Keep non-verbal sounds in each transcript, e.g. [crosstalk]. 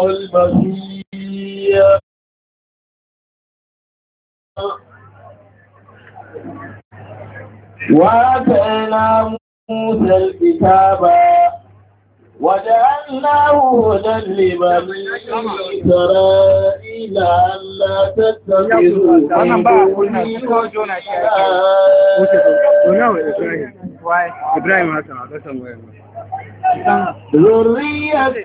المسيح وآتينا موسى الكتاب وجعلناه هدى لبني إسرائيل ألا تتخذوا ذرية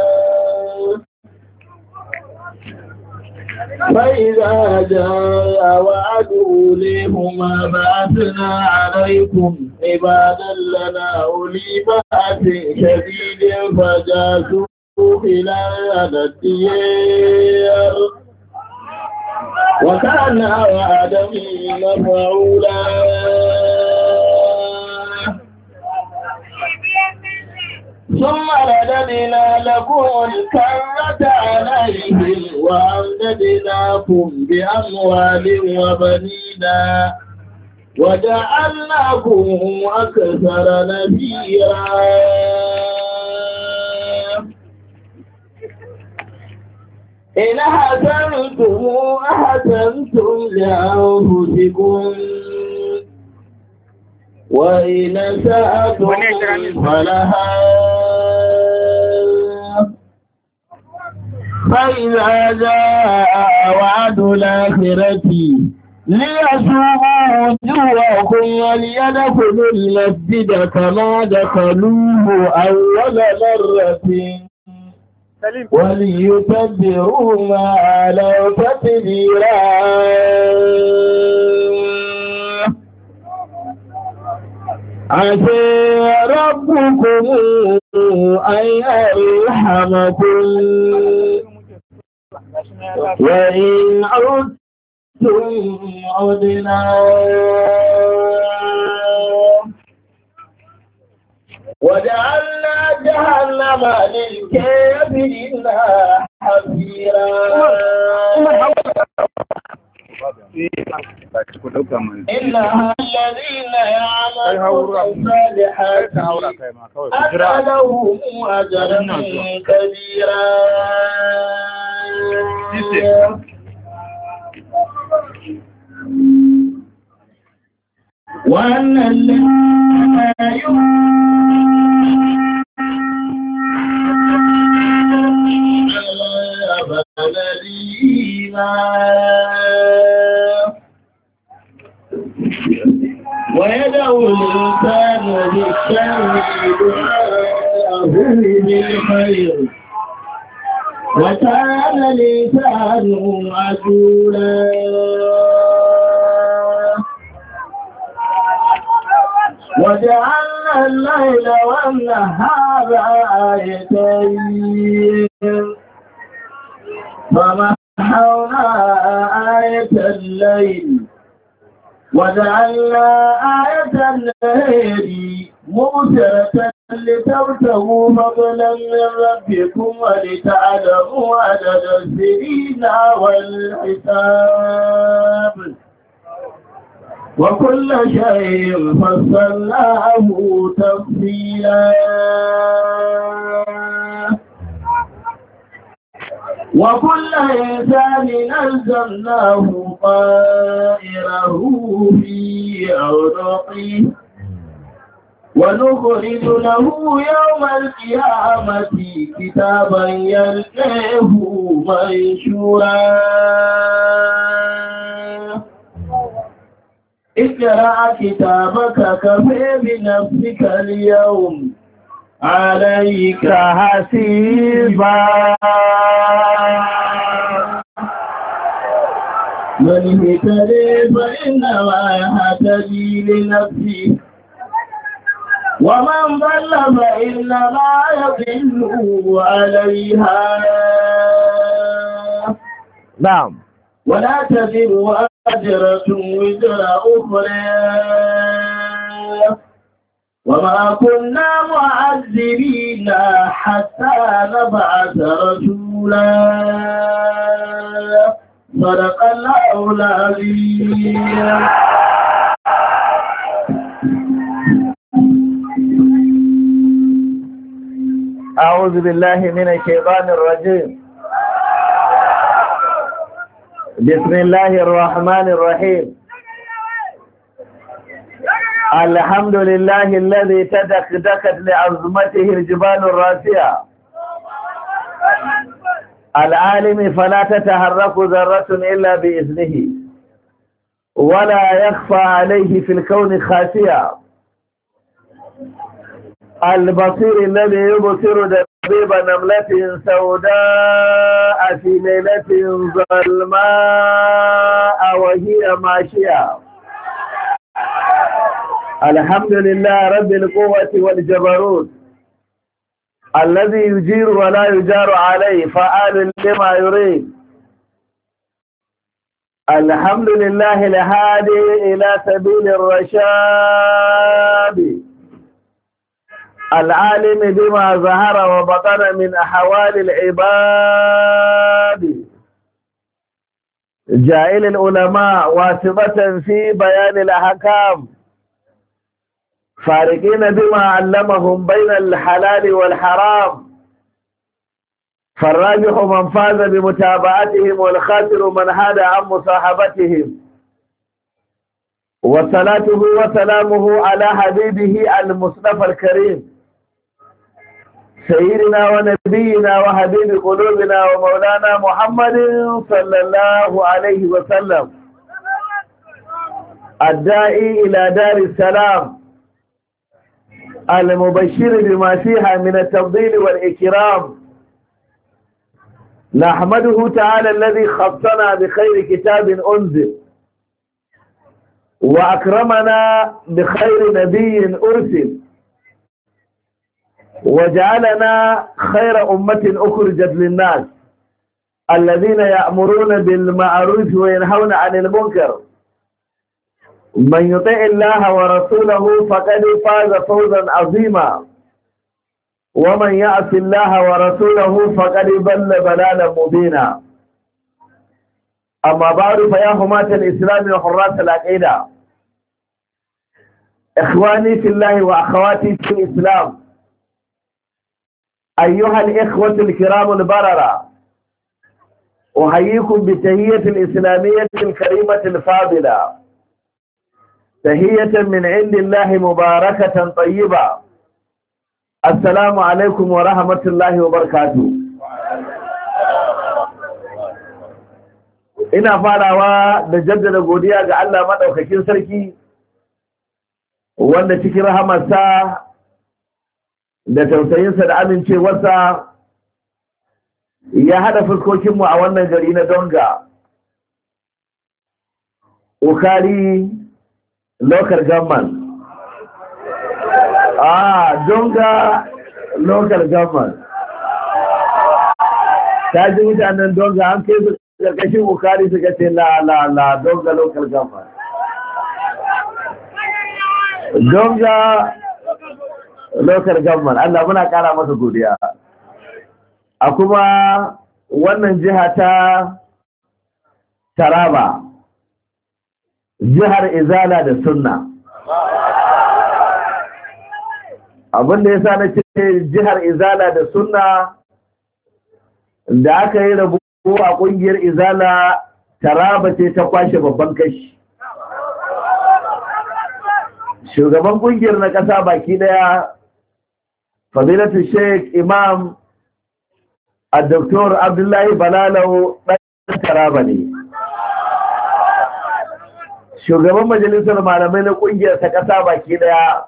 فإذا جاء وعد أوليهما بعثنا عليكم عبادا لنا أولي بأس شديد فجاسوا إلى الديار وكان وعدا مفعولا ثم رددنا لكم الكرة عليهم وأمددناكم بأموال وبنينا وجعلناكم أكثر نفيرا إن أحسنتم أحسنتم لأنفسكم وإن سأتم فلها فإذا جاء وعد الآخرة ليسوا وجوهكم وليدخلوا المسجد كما دخلوه أول مرة وليتبروا ما علوا تتبيرا عسى ربكم أن يرحمكم وإن عدتم عدنا وجعلنا جهنم للكافرين حفيرا إلا الذين يعملون الصالحات أن لهم أجرا كبيرا وأن الذين يؤمنون الذي الناس ويدعو الإنسان بالشر دعاءه بالخير وكان لسانه عجولا وجعلنا الليل والنهار آيتين فما سحرنا آية الليل وجعلنا آية الليل موسرة لتوته فضلا من ربكم ولتعلموا عدد السنين والحساب وكل شيء فصلناه تفصيلا وكل إنسان ألزمناه طائره في عنقه ونخرج له يوم القيامة كتابا يلقيه منشورا اقرأ كتابك كفي بنفسك اليوم عليك حسيبا من اهتدي فإنما يهتدي لنفسي ومن ضل فإنما يضل عليها نعم ولا تزر أجرة وزر أخرى وما كنا معذبين حتى نبعث رسولا صدق الله العظيم أعوذ بالله من الشيطان الرجيم بسم الله الرحمن الرحيم الحمد لله الذي تدخدخت لعظمته الجبال الراسية العالم فلا تتحرك ذرة إلا بإذنه ولا يخفى عليه في الكون خاسية البصير الذي يبصر دبيب نملة سوداء في ليلة ظلماء وهي ماشية الحمد لله رب القوة والجبروت الذي يجير ولا يجار عليه فآل لما يريد الحمد لله الهادي إلى سبيل الرشاد العالم بما ظهر وبطن من أحوال العباد جائل العلماء واسبة في بيان الأحكام فارقين بما علمهم بين الحلال والحرام فالراجح من فاز بمتابعتهم والخاسر من هاد عن مصاحبتهم وصلاته وسلامه على حبيبه المصطفى الكريم سيدنا ونبينا وحبيب قلوبنا ومولانا محمد صلى الله عليه وسلم الداعي إلى دار السلام المبشر بما فيها من التفضيل والإكرام نحمده تعالى الذي خصنا بخير كتاب أنزل وأكرمنا بخير نبي أرسل وجعلنا خير أمة أخرجت للناس الذين يأمرون بالمعروف وينهون عن المنكر من يطع الله ورسوله فقد فاز فوزا عظيما ومن يعص الله ورسوله فقد ضل ضلالا مبينا أما بعد فيا حماة الإسلام وحراس العقيدة إخواني في الله وأخواتي في الإسلام أيها الإخوة الكرام البررة أحييكم بتهية الإسلامية الكريمة الفاضلة تهية min indillahi mubarakatan مباركة Assalamu alaikum wa ورحمة wa وبركاته ina farawa da jaddada godiya ga Allah maɗaukakin sarki wanda cikin rahamarsa da tausayinsa da amincewarsa ya haɗa fuskokinmu a wannan gari na donga ukari local government ah donga local government ta ji mutanen donga an kai su karkashin bukari suka ce la la la donga local government donga local government Allah muna kara masa godiya a kuma wannan jiha ta taraba jihar izala da sunna abinda ya sa na ce jihar izala da sunna da aka yi rabu a kungiyar izala taraba ce ta kwashe babban kashi shugaban kungiyar na kasa baki daya fadilatu sheik imam a doktor abdullahi balalau ɗan taraba ne shugaban majalisar malamai na kungiyar ta kasa baki daya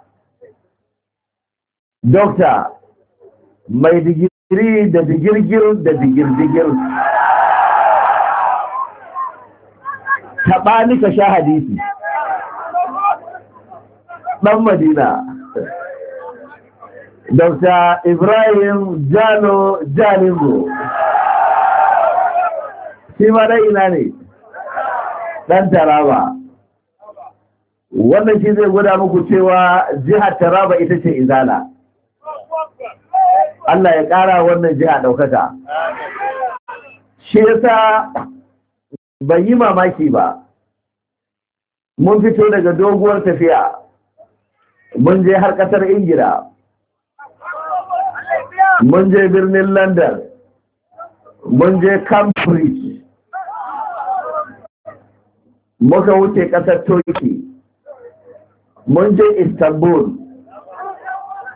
dokta mai digiri da digirgir da digirdigir taɓa ka sha hadisi ɗan madina Dr. Ibrahim jano Jalingo. Shi ma ina ne, ɗan taraba. wannan shi zai gwada muku cewa jihar taraba ita ce izala Allah ya ƙara wannan jiha ɗaukata. shi yasa ban yi mamaki ba mun fito daga doguwar tafiya mun je har ƙasar ingila mun je birnin london mun je cambridge muka wuce ƙasar turkey mun je istanbul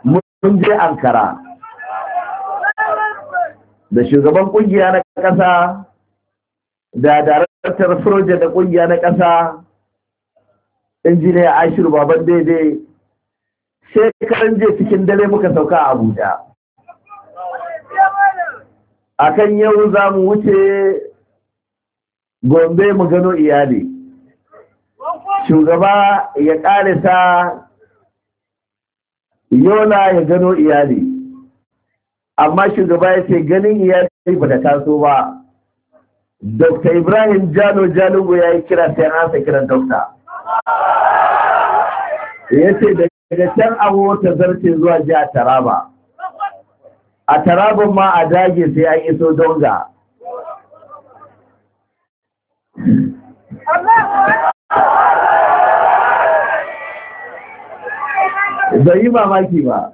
mun je ankara da shugaban kungiya na ƙasa da daraktar soja da kungiya na ƙasa injiniya ashiru baban daidai shekaran je cikin dare muka sauka a abuja akan yau za mu wuce gombe mu gano iyali shugaba ya ƙarisa yola ya gano iyali amma shugaba ya ce ganin iyali ba da taso ba dr ibrahim Jano jalugu ya yi kira sai an kiran dokta ya ce daga can abu ta zarce zuwa a taraba a tarabin ma a dage sai an iso donga Allah bai yi mamaki ba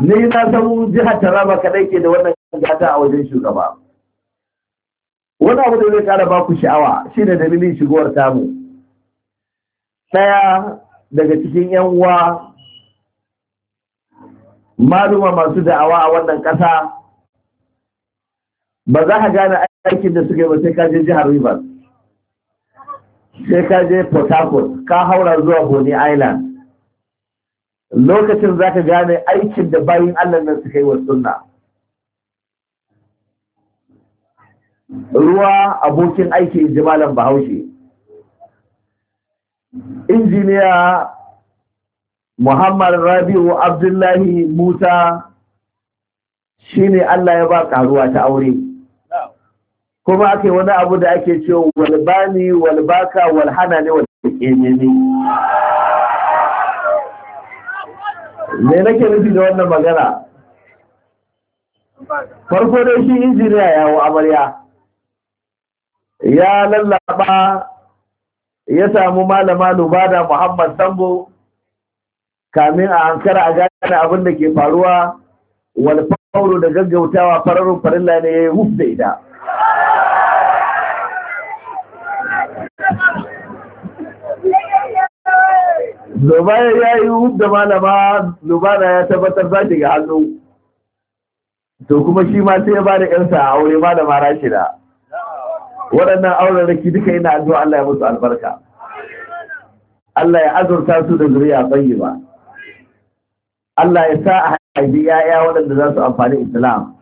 ni na san jihar taraba kadai ke da wannan gata a wajen shugaba wani abu da zai kara ba ku sha'awa da dalilin shigowar tamu ɗaya daga cikin yan uwa maluma masu da'awa a wannan ƙasa ba za ka gane aikin da suka ba sai ka je jihar rivers sai ka je port harcourt ka haura zuwa boni island lokacin za ka gane aikin da bayin Allah nan suka yi wa sunna ruwa abokin aiki jimalan bahaushe injiniya muhammad rabi'u abdullahi musa shi ne Allah ya ba karuwa ta aure kuma ake wani abu da ake cewa walbani walbaka walhana ne nemi. me nake nufi da wannan magana farko dai shi injiniya ya wa amarya ya lallaba ya samu malama lubada muhammad sambo kamin a hankara a gane abin da ke faruwa wani wal da gaggautawa fararun farilla ne ya yi da ita Zubaya ya yi hudda malama Zubana ya tabbatar za ki ga hannu. To kuma shi ma sai ya ba da ‘yansa a aure shi da Waɗannan auren raki duka yana addu'a Allah ya musu albarka. Allah ya azurta su da zuriya tsayi ba. Allah ya sa a haifi ‘ya'ya waɗanda za su amfani Islam.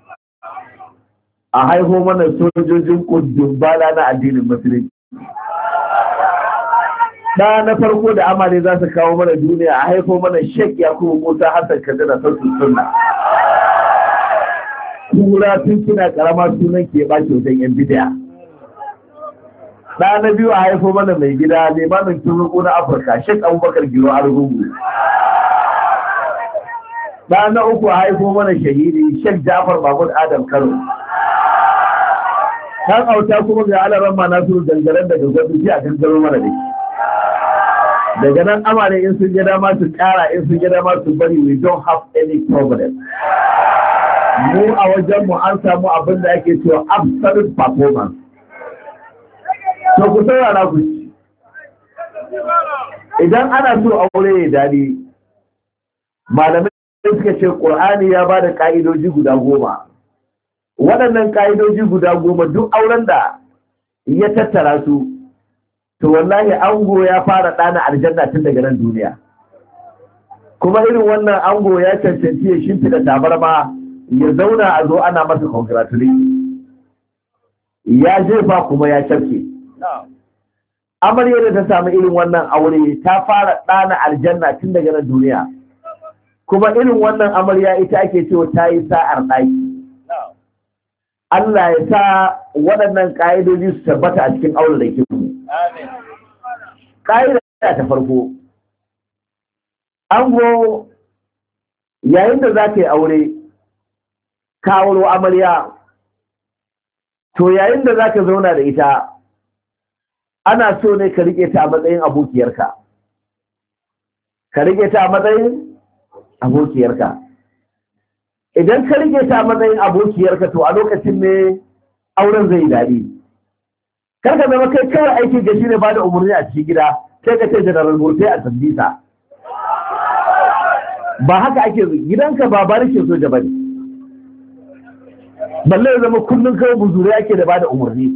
A haihu mana sojojin kudin bala na addinin Musulunci. da na farko da amare za su kawo mana duniya a haifo mana shek ya kuma musa hassan kadira su suna kura tun kina karama sunan ke ba wajen yan bidiya da na biyu a haifo mana mai gida limamin turuku na afirka shek abubakar giro argungu da na uku a haifo mana shahidi shek jafar mahmud adam kano kan auta kuma ga alaran ma na su dangaren daga gwamnati a gangaren mana da shi daga nan amare in sun gida ma su kara in sun gida ma bari we don't have any problem mu a wajen mu an samu abin da ake cewa absolute performance to ku saurara ku idan ana so aure ya dadi malamai suka ce qur'ani ya bada ka'idoji guda goma waɗannan ka'idoji guda goma duk auren da ya tattara su to wallahi ango ya fara ɗana aljanna tun daga nan duniya kuma irin wannan ango ya cancanci ya shimfiɗa tabarma ya zauna a zo ana masa congratulation ya jefa kuma ya cafke amarya da ta sami irin wannan aure ta fara ɗana aljanna tun daga nan duniya kuma irin wannan amarya ita ake cewa ta yi sa'ar ɗaki Allah ya sa waɗannan ƙa'idoji su tabbata a cikin aure da ke ƙa'ida ta farko ango yayin da za ka yi aure kawaro amarya to yayin da za ka zauna da ita ana so ne ka riƙe ta matsayin abokiyarka ka riƙe ta matsayin abokiyarka idan ka riƙe ta matsayin abokiyarka to a lokacin ne auren zai daɗi kar ka zama kai kawai aikin shi ne ba da umarni a cikin gida sai ka ce general murtai a tambisa ba haka ake gidanka ba ke soja ne. balle ya zama kullum kawai buzure ake da ba da umarni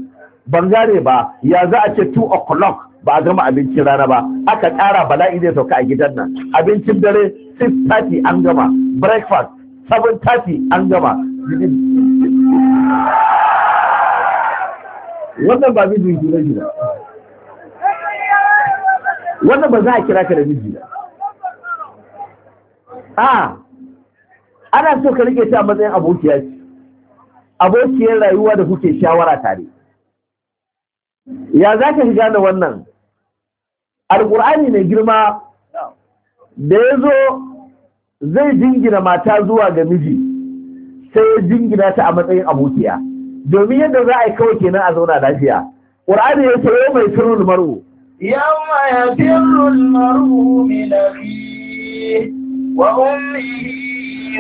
ban gane ba ya za a ce 2 o'clock ba a gama abincin rana ba aka ƙara bala'i zai sauka a gidan nan abincin dare 6:30 an gama breakfast 7:30 an gama wannan ba mijin juna juna wannan ba za a kira ka da miji ba a ana so ka rike ta matsayin abokiya ce abokiyar rayuwa da kuke shawara tare ya za ka shiga da wannan alkur'ani mai girma da ya zo zai jingina mata zuwa ga miji sai ya jingina ta a matsayin abokiya domin yadda za a yi kawai kenan a zauna lafiya ƙur'ani ya ce yau mai sirrul mar'u mar'u min wa ummihi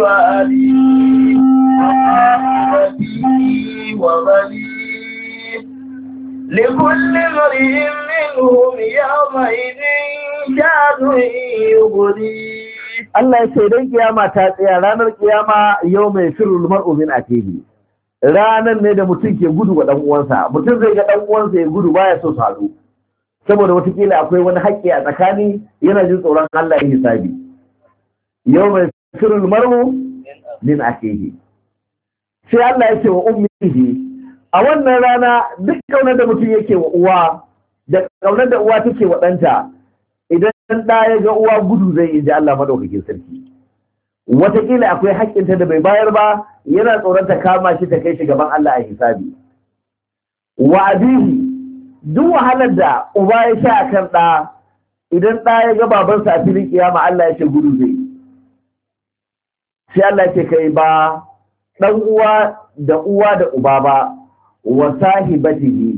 wa wa لكل امرئ منهم يومئذ Allah ya ce don kiyama ta tsaya ranar kiyama yau mai firul mar'u a Ranar ne da mutum ke gudu wa ɗan'uwansa, mutum zai ga dan uwansa ya gudu baya so su haɗu saboda watakila akwai wani haƙƙi a tsakani yana jin tsoron Allah ya hisabi yau mai sirrul mar'u min akihi sai Allah ya ce wa ummihi a wannan rana duk kaunar da mutum yake wa uwa da kaunar da uwa take wa ɗanta idan ɗa ya ga uwa gudu zai yi ji Allah madaukakin sarki wataƙila akwai haƙƙinta da bai bayar ba yana tsoron ta kama shi ta kai shi gaban Allah a hisabi wa abihi duk wahalar da uba ya sha a kan ɗa idan ɗa ya ga babansa a filin kiyama Allah ya ce gudu zai sai Allah ke ce kai ba ɗan uwa da uwa da uba ba wa sahibatihi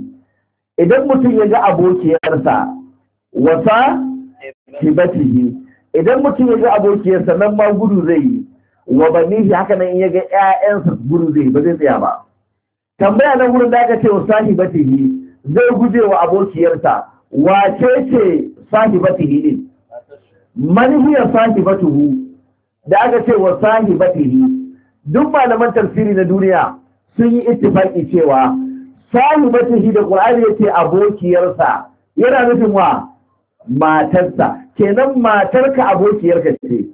idan mutum ya ga abokiyarsa wa sahibatihi idan mutum ya ga abokiyarsa nan ma gudu zai yi wa banihi haka nan in ya ga ƴaƴansa gudu zai ba zai tsaya ba tambaya na wurin da aka ce wa sahibatihi zai guje wa abokiyarsa wace ce sahibatihi din man sahibatuhu da aka ce wa sahibatihi duk malaman tafsiri na duniya sun yi ittifaki cewa sahibatihi da qur'ani yace abokiyarsa yana nufin wa matarsa kenan matarka abokiyarka ce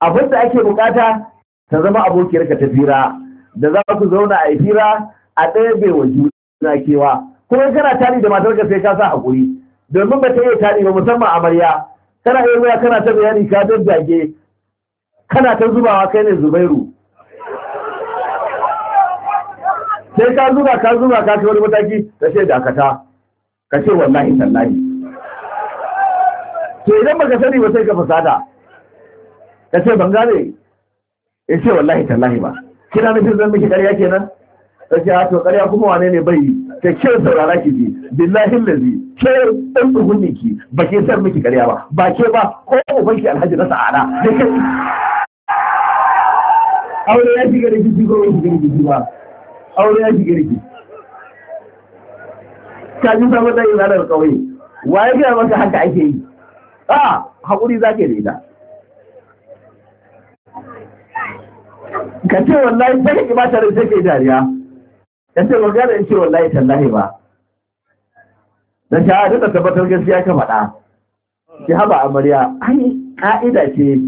abin da ake bukata ta zama abokiyar ka ta fira da za ku zauna a fira a ɗaya bai wa juna kewa kuma kana tari da matar ka sai ka sa hakuri domin ba ta iya tari ba musamman amarya kana iya ruwa kana ta bayani ka daddage kana ta zubawa kai ne zubairu sai ka zuba ka zuba ka kai wani mataki ka ce dakata ka ce wallahi tallahi to idan baka sani ba sai ka fasada ka ce ban gane in ce wallahi tallahi ba kina nufin zan miki ƙarya kenan ta ce to ƙarya kuma wane ne bai ke ke saurara ki ji billahi lazi ke ɗan tsugunni ki ba ke san miki ƙarya ba ba ke ba ko uban ki alhaji na sa'ada ke aure ya shiga rikici ko ya shiga rikici ba aure ya shiga rikici Kaji samun da yin ranar ƙauye wa ya gaya maka haka ake yi a haƙuri za ka da ita ka ce wallahi sai ka bata da sai dariya ka ce wallahi in ce wallahi tallahi ba dan ta da tabbatar gaskiya ka faɗa ki haba amarya ai ka'ida ce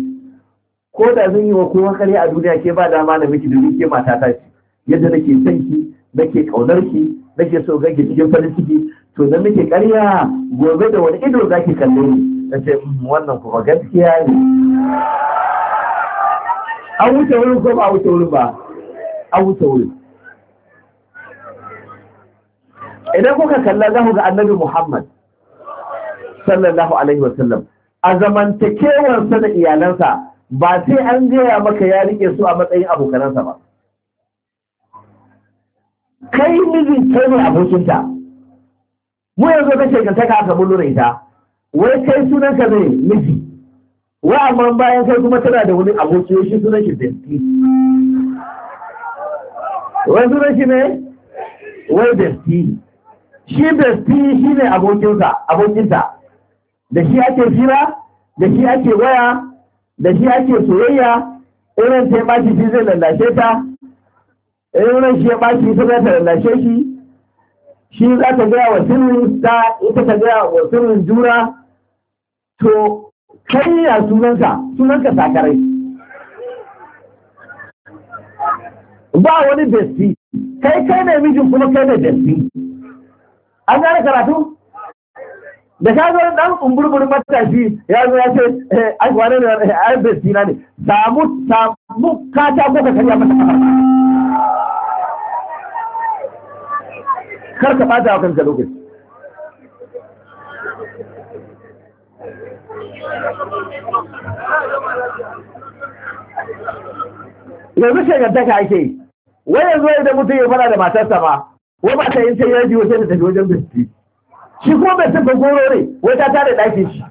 ko da zan yi wa kowa kare a duniya ke ba dama na miki dubi ke matata ce yadda nake son ki nake kaunar ki nake so ga cikin farin ciki to da nake karya gobe da wani ido zaki kalle ni nace mm, wannan kuma gaskiya ne an wuce wurin ko ba wuce wurin ba A wuce wurin idan kuka kalla za ku ga annabi muhammad sallallahu alaihi wasallam a zamantakewarsa da iyalansa ba sai an gaya maka ya rike su a matsayin abokanansa ba kai mijin kai ne abokinta mu yanzu kace ka saka ka bulura ita wai kai sunanka zai miji wa amma bayan sai kuma tana da wani aboki shi sunan shi besti wai sunan shi ne wai besti shi besti shi ne abokinsa abokinta da shi ake fira da shi ake waya da shi ake soyayya irin ta ya bashi shi zai lallashe ta irin shi ya bashi ita za ta lallashe shi shi za ta gaya wa sirrin ta ita ta gaya wa sirrin jura to kai ya sunanka sunanka sakare ba wani besti kai kai ne mijin kuma kai ne besti an gane karatu da ka zo dan kumburburin matashi ya zo ya ce eh, ai wane ne eh, ai besti na ne samu samu ka ta ko ka karya mata kar ka bata wa kanka lokaci yanzu shagantaka ake wai yanzu idan mutum ya fara da matarsa ba wai ba ta yin sai yaji wajen da tafi wajen bisti shi ko bai tafi goro ne wai ta tare ɗakin shi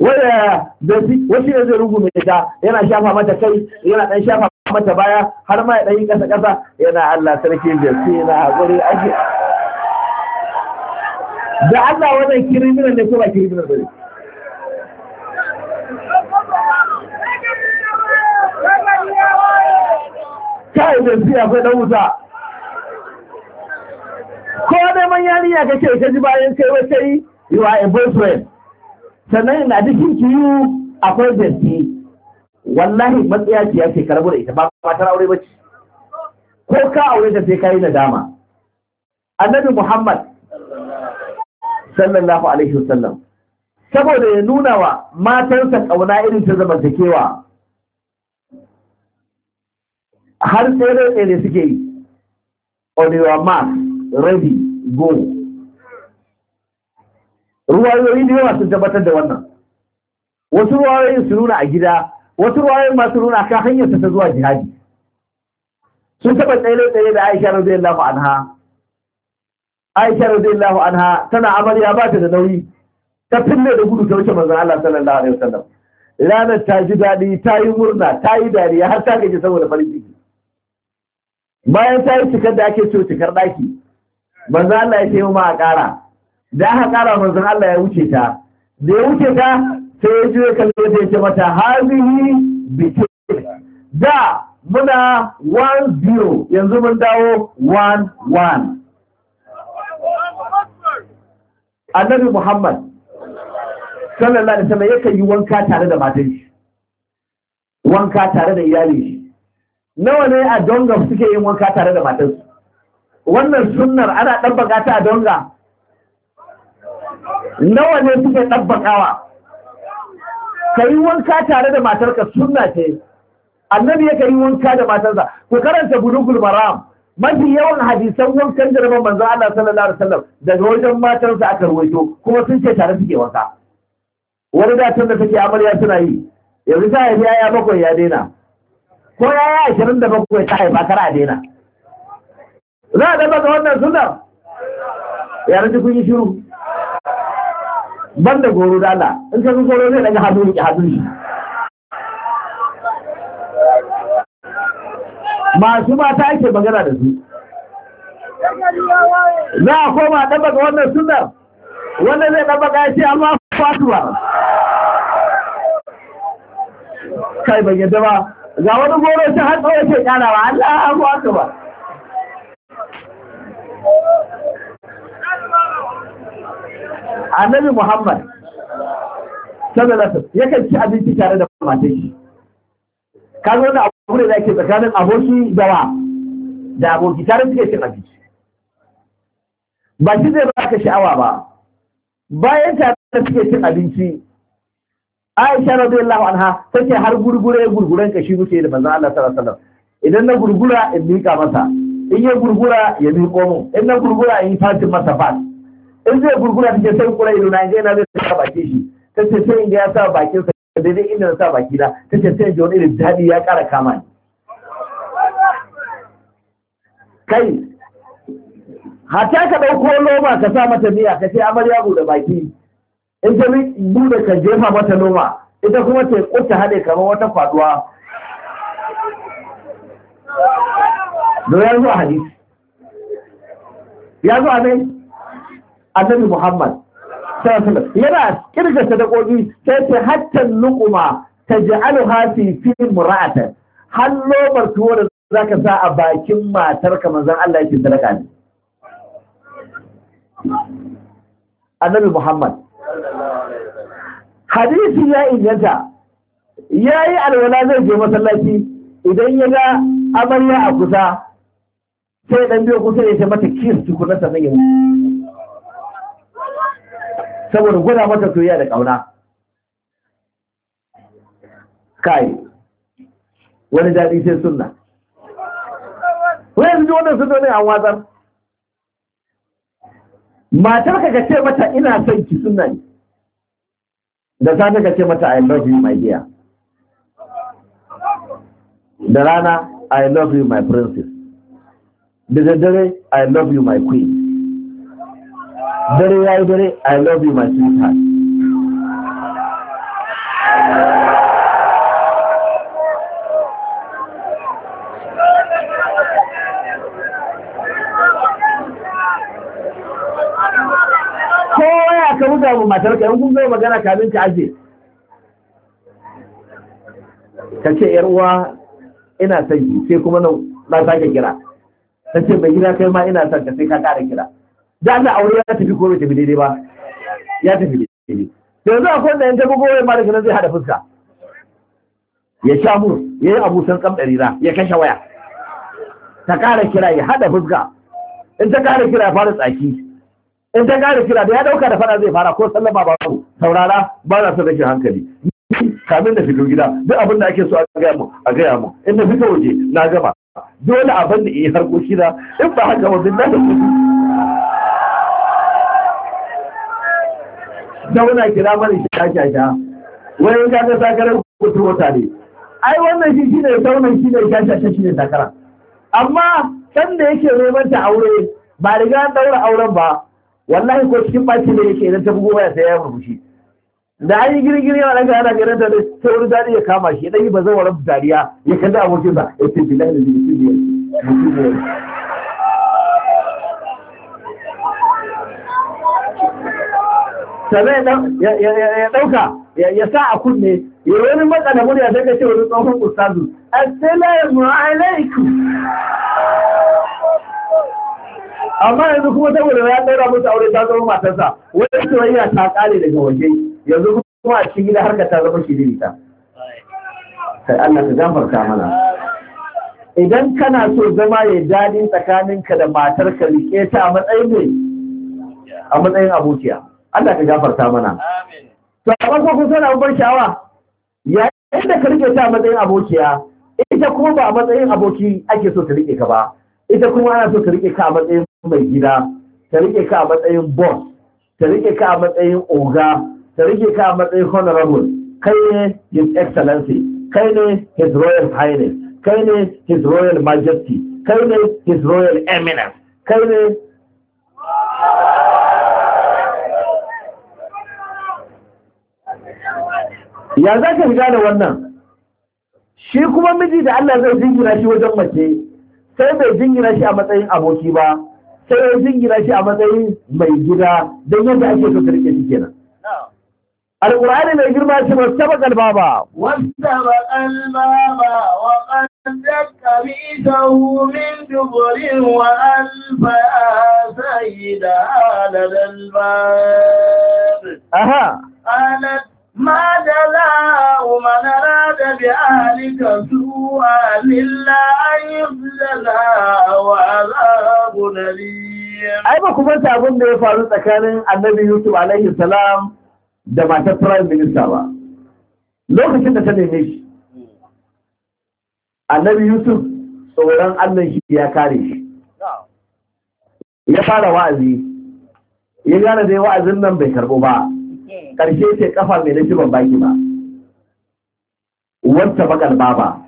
wai eh, da biski wasu yanzu rugu mai ta yana shafa mata kai yana ɗan shafa mata baya har ma ya ɗan yi ƙasa ƙasa yana Allah sarki biski yana haƙuri ake da Allah wannan kirminan ne ko ba kirminan ba ne kai da shi akwai dan wuta ko neman yariya kake ka ji bayan kai wata yi you are a boyfriend sannan in addition to you akwai denti wallahi matsaya ce yake karbu da ita ba matar aure ba ce ko ka aure ta sai kai nadama annabi muhammad sallallahu alaihi wasallam saboda ya nuna wa matansa kauna irin ta zamantakewa har tsere ne suke yi on your mark ready go ruwayoyi da yawa sun tabbatar da wannan wasu ruwayoyin su nuna a gida wasu ruwayoyin masu nuna kan hanyar ta zuwa jihadi sun taba tsere tsere da Aisha radiyallahu anha Aisha radiyallahu anha tana amarya ba ta da nauyi ta fille da gudu ta wuce manzon Allah sallallahu alaihi wasallam ranar ta ji daɗi ta yi murna ta yi dariya har ta gaji saboda farin ciki bayan ta yi cikar da ake ciwo cikar daki manzo Allah ya ce ma a ƙara da aka ƙara manzo Allah ya wuce ta da ya wuce ta sai ya juya kallo da ya ce mata hazihi biki da muna 1-0 yanzu mun dawo 1-1 annabi Muhammad sallallahu alaihi wasallam yakan yi wanka tare da matan shi wanka tare da iyalin shi nawa ne a donga suke yin wanka tare da matarsu wannan sunnar ana ɗabbaka ta a donga nawa ne suke ɗabbakawa ka yi wanka tare da matarka sunna ce annabi ya ka yi wanka da matarsa ku karanta bulugul maram mafi yawan hadisan wankan jaraban rabon Allah sallallahu alaihi wasallam daga wajen matarsa aka rawaito kuma sun ce tare suke wanka wani da da take amarya suna yi yanzu ta yi ya bakwai ya daina ko ya yi ashirin da bakwai ta haifa kar a daina za a dafa ga wannan sunan ya ji kun yi shiru ban da goro dala in ka goro zai daga hadu ki hadu ne masu mata ake magana da su za a koma dafa ga wannan sunan wanda zai dafa ga shi amma fatuwa kai ban yadda ba ga wani goro ta hatsa yake kyara ba Allah abu haka ba annabi Muhammad sallallahu yakan ci abinci tare da matan shi ka zo da abu da yake tsakanin aboki da wa da aboki tare suke cin abinci ba shi zai ba ka sha'awa ba bayan tare suke cin abinci Aisha radiyallahu anha tace har gurgure gurguren kashi muke da manzo Allah sallallahu alaihi wasallam idan na gurgura in mika masa in ya gurgura ya miƙo komo in na gurgura in fatin masa fat in zai gurgura take sai kura da na je na ta baki shi tace sai in ga ya sa bakin sa daidai inda na sa baki na tace sai jawani da dadi ya kara kama ni kai hata ka ɗauko loma ka sa mata miya ka ce amarya bude baki in ta bude ka jefa mata noma ita kuma ta kuta haɗe kamar wata faduwa don ya zuwa hadisi ya zuwa ne annabi muhammad yana kirga sadakoki sai ce hatta luquma taj'aluha fi fi mura'atan hallo lomar tuwo da zaka sa a bakin matar ka manzan Allah yake sadaka ne annabi muhammad hadisi ya inganta ya yi alwala zai je masallaci idan ya ga amarya a kusa sai dan biyo kusa ya ce mata kis tukuna sannan yi saboda gwada mata soyayya da kauna kai wani daɗi sai sunna wani yanzu wannan sunna ne an watsar matar ka ce mata ina son ki sunna ne da safe ka ce mata i love you my dear da rana i love you my princess da daddare i love you my queen dare ya yi dare i love you my sweetheart matarka yan kun zai magana kamin ta aje ka ce yar uwa ina son ki sai kuma na sake kira ta ce bai gina kai ma ina son ka sai ka kara kira da Allah aure ya tafi ko bai tafi daidai ba ya tafi daidai da yanzu akwai da yan tafi ko ma da nan zai hada fuska ya sha mu ya yi abu san kam ɗarira ya kashe waya ta kara kira ya hada fuska in ta kara kira ya fara tsaki in ta gane kira da ya dauka da fara zai fara ko sallama ba ku saurara ba na son rashin hankali kamin da fito gida duk abin da ake so a gaya mu a gaya mu in na fito waje na gama dole abin da yi harkoki na in ba haka ba na da da zauna kira mana shashasha wani ka ga sakarar kutu wata ne ai wannan shi shine zaunan shi ne ta shi ne sakara amma sanda yake neman ta aure ba riga daura auren ba wallahi ko cikin bacin da yake idan ta bugo baya sai ya murmushi da an yi girgiri yana daga ana ganin da ta wani dadi ya kama shi ɗan yi bazan waran dariya ya kalli abokin sa ya ce bilahi da zai sannan ya ɗauka ya sa a kunne ya wani matsa da murya daga ce wani tsohon ustazu assalamu alaikum amma yanzu kuma saboda ya ɗaura musu aure ta zama matarsa wani soyayya ta ƙare daga waje yanzu kuma a cikin gida harka ta zama shi ta Sai Allah ka gafarta mana idan kana so zama ya daɗi tsakaninka da matarka rike ta a matsayin ne a matsayin abokiya Allah ka gafarta mana to amma ko kun na abubuwan kyawa? yayin da ka rike ta a matsayin abokiya ita kuma ba a matsayin aboki ake so ta rike ka ba ita kuma ana so ta rike ka a matsayin mai gida ta rike ka a matsayin boss ta rike ka a matsayin oga ta rike ka a matsayin honorable kai ne his excellency kai ne his royal highness kai ne his royal majesty kai ne his royal eminence kai ne ya za ka gane wannan shi kuma miji da Allah zai jingina shi wajen mace sai bai jingina shi a matsayin aboki ba sai ya jingina shi a matsayin mai gida don yadda ake so ta rike kenan alƙur'ani mai girma ce ba saba kalba ba wanda ba kalba ba wa kanta kami ta min dubulin wa alfa a da halalan ba ما جزاء من أراد بأهلك سوءا إلا أن يبذلا وعذاب أليم أي ما كنت أقول لي فارس أكان النبي يوسف عليه السلام da matar prime minister ba lokacin da ta neme shi annabi yusuf tsoron allah shi ya kare shi ya fara wa'azi ya gane dai wa'azin nan bai karbo ba ƙarshe ce kafa mai na ban baki ba Wanta bakal baba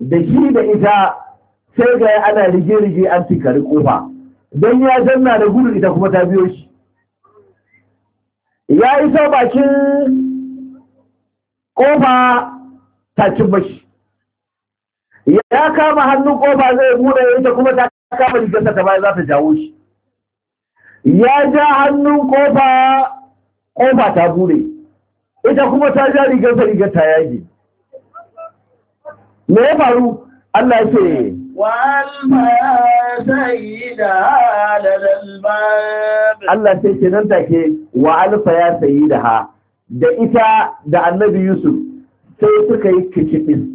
da shi da ita sai ga ana rige-rige an tikari kofa don ya zanna da gudu ita kuma ta biyo shi ya isa bakin kofa ta cin bashi ya kama hannun kofa zai buɗe ita kuma ta kama rigarsa ta baya za ta jawo shi ya ja hannun kofa ƙofa ta buɗe. ita kuma ta ja rigar ta rigar ta yage me ya faru Allah ya ce Allah ce ke nan take wa alfa ya sayi da ha da ita da annabi Yusuf sai suka yi kicifin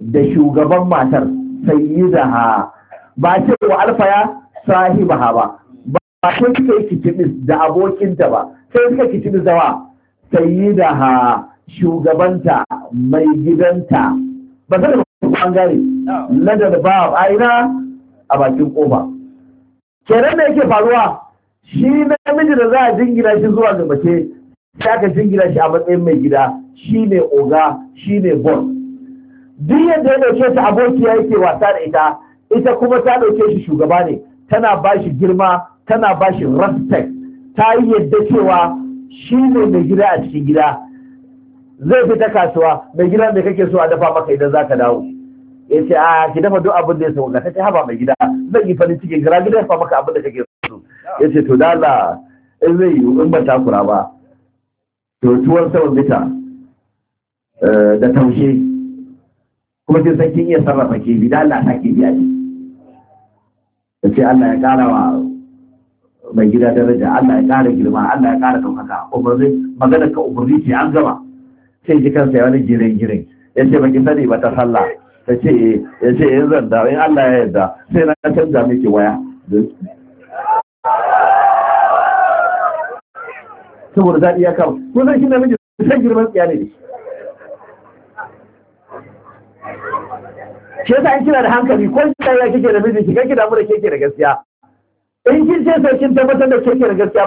da shugaban matar sayi da ha ba ce wa alfa ya sahiba ha ba ba ce suka yi kicifin da abokinta ba sai ta kici zawa ha shugabanta mai gidanta ba zai an ladar ba a aina a bakin kofa kenan da yake faruwa shi namiji da za a jingina shi zuwa ga mace sai aka jingina shi a matsayin mai gida shi ne oga shi ne bon duk yadda ya dauke ta abokiya yake wasa da ita ita kuma ta dauke shi shugaba ne tana ba shi girma tana ba shi respect ta yi yadda cewa shi ne mai gida a cikin gida zai fi ta kasuwa mai gida mai kake so a dafa maka idan za ka dawo ya ce a ah, ki dafa duk abin da ya sauka ka ce haba mai gida zan yi farin cikin gara gida ya fa maka abin da kake so ya ce to dala in zai yi in ba takura ba to tuwon saman mita eh, da taushe kuma sai kin iya sarrafa ke bi, dala ta ke biya ce ya ce Allah ya kara wa mai gida daraja Allah ya ƙara girma Allah ya ƙara ɗaukaka umarni magana ka umarni ce an gama sai ji kansa ya wani girin girin ya ce baki sani ba ta sallah ta ce ya ce in eh, zan da in Allah ya yarda sai na canza miki waya saboda zaɗi ya kawo ko zan shi namiji san girman tsiya ne ne. shi yasa in kira da hankali ko kina ya kike da miji kika kai ki damu da kike da gaskiya in kin ce sai kin tabbatar da kin da gaskiya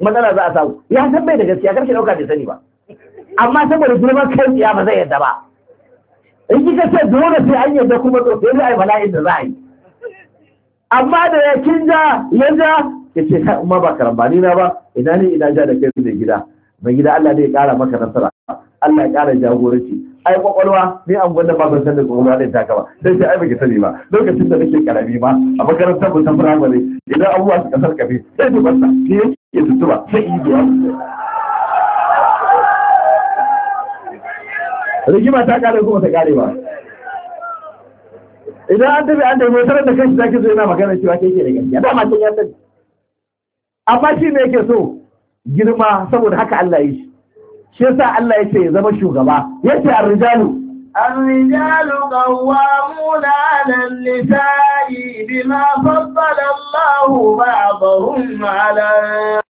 matsala za a samu ya san bai da gaskiya kar ki dauka bai sani ba amma saboda girma kai ya ba zai yadda ba in kika ce dole sai an yadda kuma to sai ai bala'in da za a yi amma da ya kin ja ya ja ya ce kai umma ba karambani na ba ina ne ina ja da kai da gida mai gida Allah ne ya kara maka nasara Allah ya kara jagoranci ai kwakwalwa ni an gwada ba ban san da ɗin ta kama sai sai ai baki sani ba lokacin da nake karami ba a makarantar mu ta firamare idan abubuwa su kasar kafi, sai su basta ki ya tuttuba sai yi biya rigima ta kare kuma ta kare ba idan an tafi an tafi tarar da kai shi zaki zo yana magana cewa ke ke da gaskiya dama can ya sani amma shi ne yake so girma saboda haka Allah yi shi shi sa Allah ce ya zama shugaba yace ar-rijalu الرجال قوامون على النساء بما فضل الله بعضهم على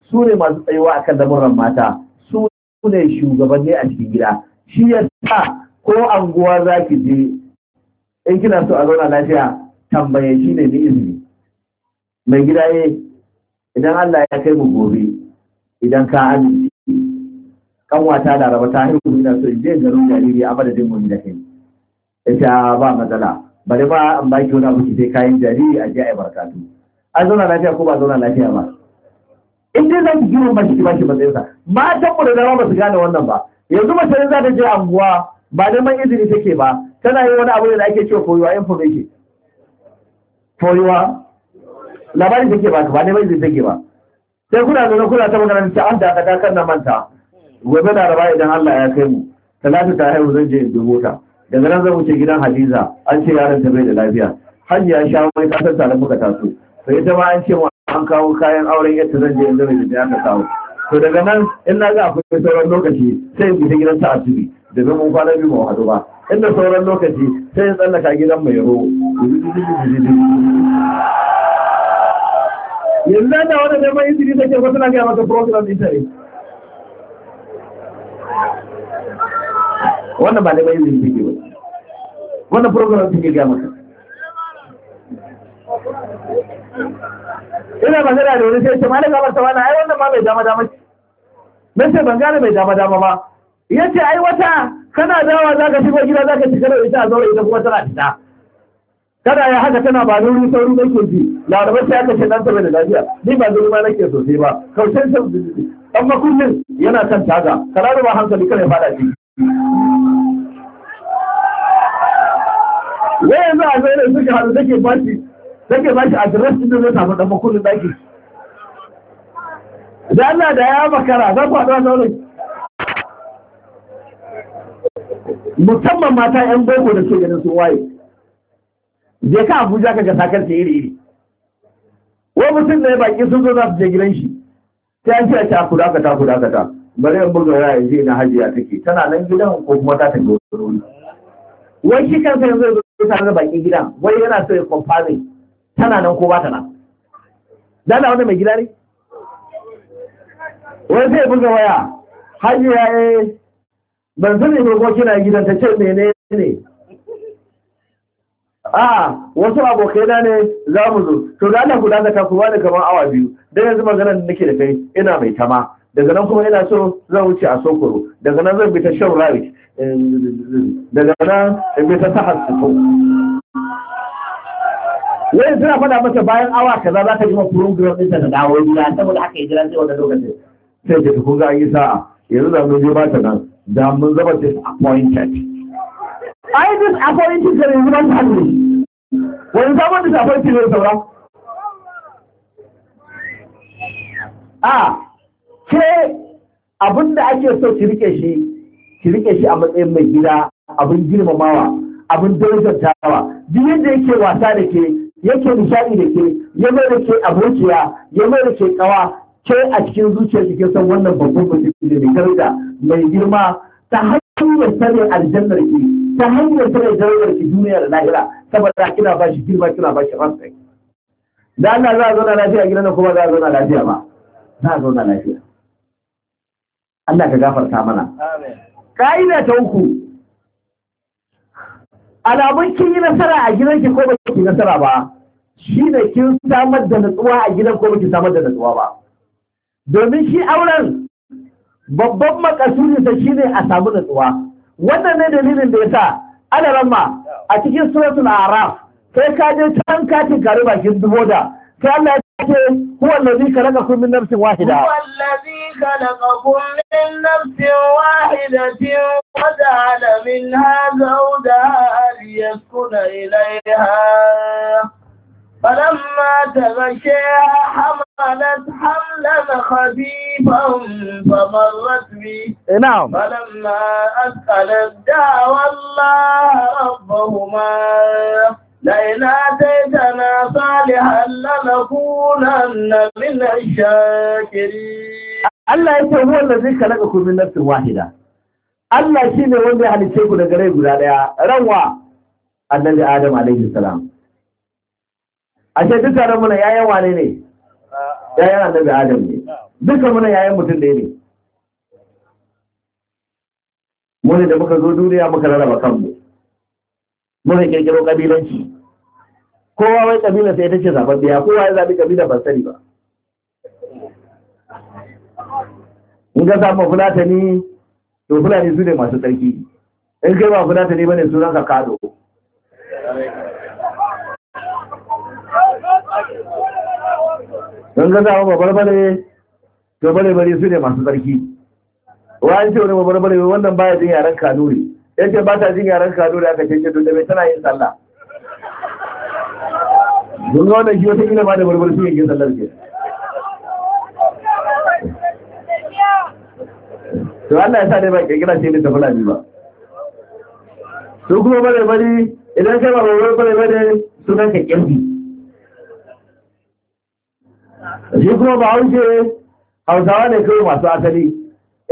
su ne masu tsayuwa akan lamuran mata su ne shugabanni a cikin gida shi ya sa ko anguwa za ki je in kina so a zauna lafiya tambaye shi ne izini mai gida ne idan Allah ya kai mu gobe idan ka amince kanwata laraba ta haihu ina so je garin jariri a madadin mu da kai ita ba matsala bari ba an baki wani abu sai kayan jariri a je barka barkatu an zauna lafiya ko ba zauna lafiya ba in dai za ki gina ba ki ba ki matsayin sa matan mu da dama ba su gane wannan ba yanzu mace ne za ta je anguwa ba man izini take ba tana yin wani abu da ake cewa koyuwa information koyuwa labarin take ba ba neman izini take ba sai kuna zaune kuna ta magana ta an da aka dakar na manta gobe raba idan Allah ya kai mu talatu ta haihu zan je in dubo ta daga nan zan wuce gidan hadiza an ce yaron ta bai da lafiya har ya sha mai kasar tare muka taso to ita ma an ce wa an kawo kayan auren yadda zan je in zama da aka kawo to daga nan in na ga akwai sauran lokaci sai in fita gidan ta asibi domin mun kwana biyu mu haɗu ba inda sauran lokaci sai in tsallaka gidan mai ro yanzu da wanda neman izini take wasu na gaya masa program ita ne wannan ba da bai zai suke ba wannan program suke ga maka ina magana da wani sai ce malaka bar ta wannan ai wannan ma bai dama dama mai ce ban gane bai dama dama ba ce ai wata kana dawa za ka shigo gida ka shiga da ita a zaure ita kuma tana fita kada ya haka tana ba nuri sauri da ke ji laraba sai aka ce dan saboda lafiya ni ba zuri ma nake sosai ba kaushen san dan makullin yana kan taga kararu ba hankali kare ya fada ji wai yanzu a zai da suka hannu take ba shi take ba shi address din da zai samu dan makullin daki da Allah da ya makara za ku haɗu saurin musamman mata 'yan boko da ke ganin sun waye je ka abuja ka ga sakar ta iri iri Wa mutum da ya baki sun zo za su je gidan shi ta yanki a ta kuda ka ta kuda ka ta bari in buga ya yi na hajiya take tana nan gidan ko kuma ta tafi wasu wani wai shi kansa yanzu ya zo tare da baki gidan wai yana so ya kwamfani tana nan ko ba ta nan dana wani mai gida ne wai sai buga waya hajiya eh ban sani ba ko kina gidan ta ce menene ne a wasu abokai na ne za mu zo to da Allah guda zaka kuma da kamar awa biyu dan yanzu maganar da nake da kai ina mai tama daga nan kuma ina so zan wuce a Sokoro daga nan zan bi ta Shan Rabi daga nan in bi ta Sahar Sito wai suna faɗa masa bayan awa kaza za ka ji ma program ɗinsa da dawo gida saboda haka ya jira sai wannan lokacin sai ka tuku ga yi sa'a yanzu da mun je ba ta nan da mun zama disappointed ai disappointed da yanzu ba ta ne wani sabon littafai ce ne saura a ke abinda ake so ki rike shi ki rike shi a matsayin mai gida abin girmamawa abin darajantawa duk yadda yake wasa da ke yake nishadi da ke ya mai da ke abokiya ya mai da ke kawa ke a cikin zuciyar jikin san wannan babban mutum ne mai da, mai girma ta hanyar sanin aljannar ki ta hanyar sanin darajar ki duniya da lahira saboda kina ba shi girma kina ba shi ransa da Allah za a zauna lafiya gidan kuma za a zauna lafiya ba za a zauna lafiya Allah ka gafarta mana ka'ida ta uku alamun kin yi nasara a gidan ki ko ba ki nasara ba shi ne kin samar da natsuwa a gidan ko ba ki samar da natsuwa ba domin shi auren babban makasudinsa shi ne a samu natsuwa wannan ne dalilin da ya sa ana ramma a cikin suratul araf sai ka je can ka tinkari bakin da sai Allah ya ce huwa allazi khalaqakum min nafsin wahida huwa allazi khalaqakum min nafsin wahidatin wa ja'ala minha zawjaha liyaskuna ilayha فلما تغشاها حملت حملا خفيفا فمرت به نعم فلما أثقلت دعوى الله ربهما لئن آتيتنا صالحا لنكونن من الشاكرين Allah ya ce huwa allazi khalaqa min nafsin wahida Allah ne wanda ya halice ku daga gare guda daya ranwa annabi Adam alaihi salam ashe dukkanin muna yayan wane ne yayan annabi adam ne duka muna yayan mutum ɗaya ne mu da muka zo duniya muka rarraba kanmu muna kirkiro kabilanci kowa wai kabila sai ta ce zaɓen biya kowa ya zaɓi kabila ban sani ba in ga samun fulatani to fulani su ne masu tsarki in kai ba fulatani ne sunan ka kado don gazawa ba barbare to bare su ne masu tsarki wa an ce wani ba barbare wannan baya jin yaren kanuri ce ba ta jin yaren kanuri aka ce to da bai tana yin sallah don ga wannan shi wata gina ma da barbare su yankin sallar ke to Allah ya sa dai ba kirkira ce ta fulani ba su kuma bare idan kai ba bare bare sunan ka kirki shi kuma bahaushe hausawa ne kawai masu asali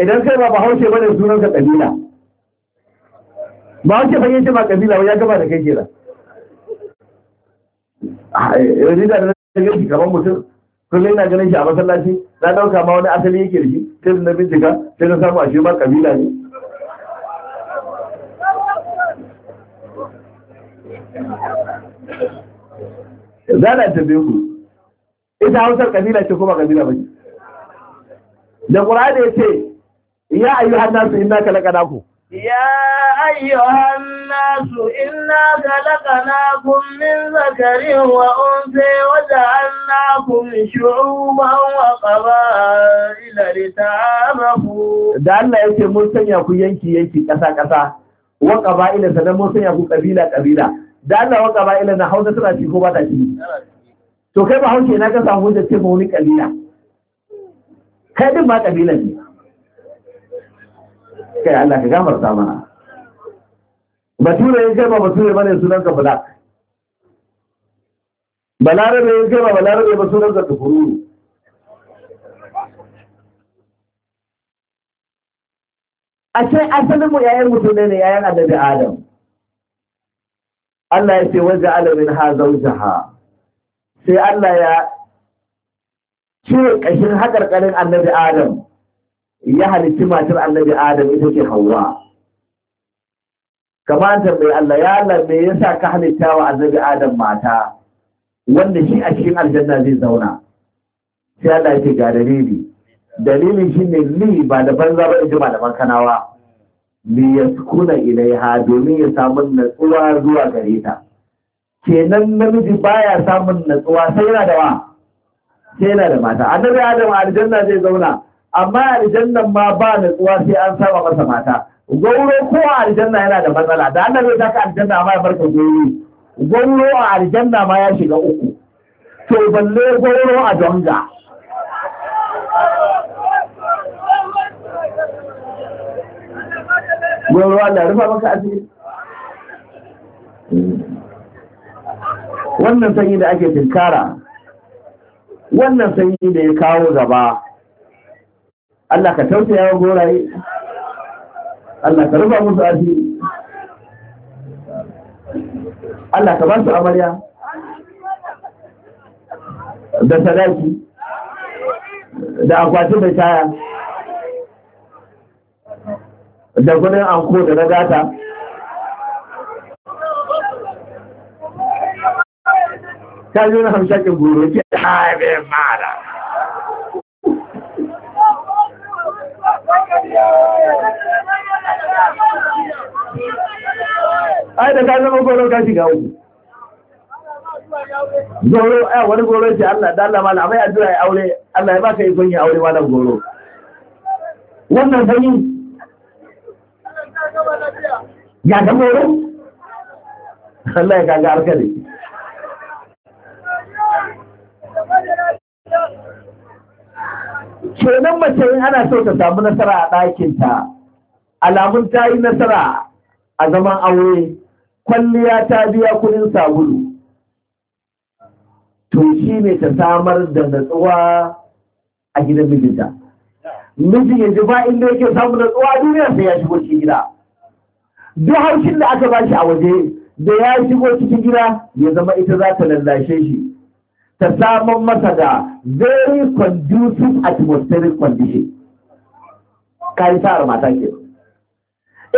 idan kai ba bahaushe ba ne sunanka ƙabila bahaushe ba yace ba ƙabila ba ya gaba da kai kira yanzu da na ganin shi kamar mutum kullum na ganin shi a masallaci na ɗauka ma wani asali yake da shi sai na bincika sai na samu a shi ma ƙabila ne zana ta biyu ita hausar kabila ce kuma kabila ba da ƙura'ani ya ce ya ayyu hannasu inna kalakanaku ya أيها الناس إنا خلقناكم من wa وأنثى وجعلناكم شعوبا ta لتعارفوا da Allah yake mun sanya ku yanki yanki ƙasa ƙasa wa qaba'ila sanan mun sanya ku ƙabila ƙabila da Allah wa qaba'ila na Hausa tana ci ko ba ta ci to kai ba hauke na ga samu da cewa wani kabila kai din ba kabila ne kai Allah ka gamar gamarta mana bature ya kai ba bature bane sunan ka bala balare ne yake ba balare ne ba sunan ka tukururu a asalin mu yayin mutum ne yayan annabi adam Allah ya ce wajen alamin ha zaujaha sai Allah ya ce ƙashin haƙarƙarin annabi Adam ya halitti matar annabi Adam ita ce Hawwa kamar tambayi Allah ya Allah me yasa ka halitta wa annabi Adam mata wanda shi a cikin aljanna zai zauna sai Allah ya ce ga dalili dalili ne li ba da banza ba malaman kanawa li sukuna ilaiha domin ya samu natsuwa zuwa gare ta kenan namiji baya samun natsuwa sai yana da wa sai yana da mata annabi adam aljanna zai zauna amma aljannan ma ba natsuwa sai an saba masa mata gauro ko a aljanna yana da matsala da annabi ta ka aljanna ma ya barka gauro gauro a aljanna ma ya shiga uku to balle gauro a donga gauro Allah rufa maka asiri hmm. wannan sanyi da ake tinkara wannan sanyi da ya kawo gaba Allah ka tausaya yawon goraye Allah ka rufa musu asiri Allah ka ba su amarya da sadaki da akwati da kaya da kudin anko da na gata ta zo na ke goro ke haibe mara ai da ta zama goro ta shiga uku goro ai wani goro ce Allah da Allah mala mai addu'a ya aure Allah ya baka ikon ya aure wannan goro wannan sanyi ya ga goro Allah ya kaga alkali kenan mace in ana so ta samu nasara a ɗakinta alamun ta yi nasara a zaman aure kwalliya ta biya kuɗin sabulu to shi ne ta samar da natsuwa a gidan mijinta miji ya ba inda yake samun natsuwa duniya sai ya shigo cikin gida duk haushin da aka ba shi a waje da ya shigo cikin gida ya zama ita za ta lallashe shi ta samun masa da very conducive atmospheric condition kayi sa'ar mata ke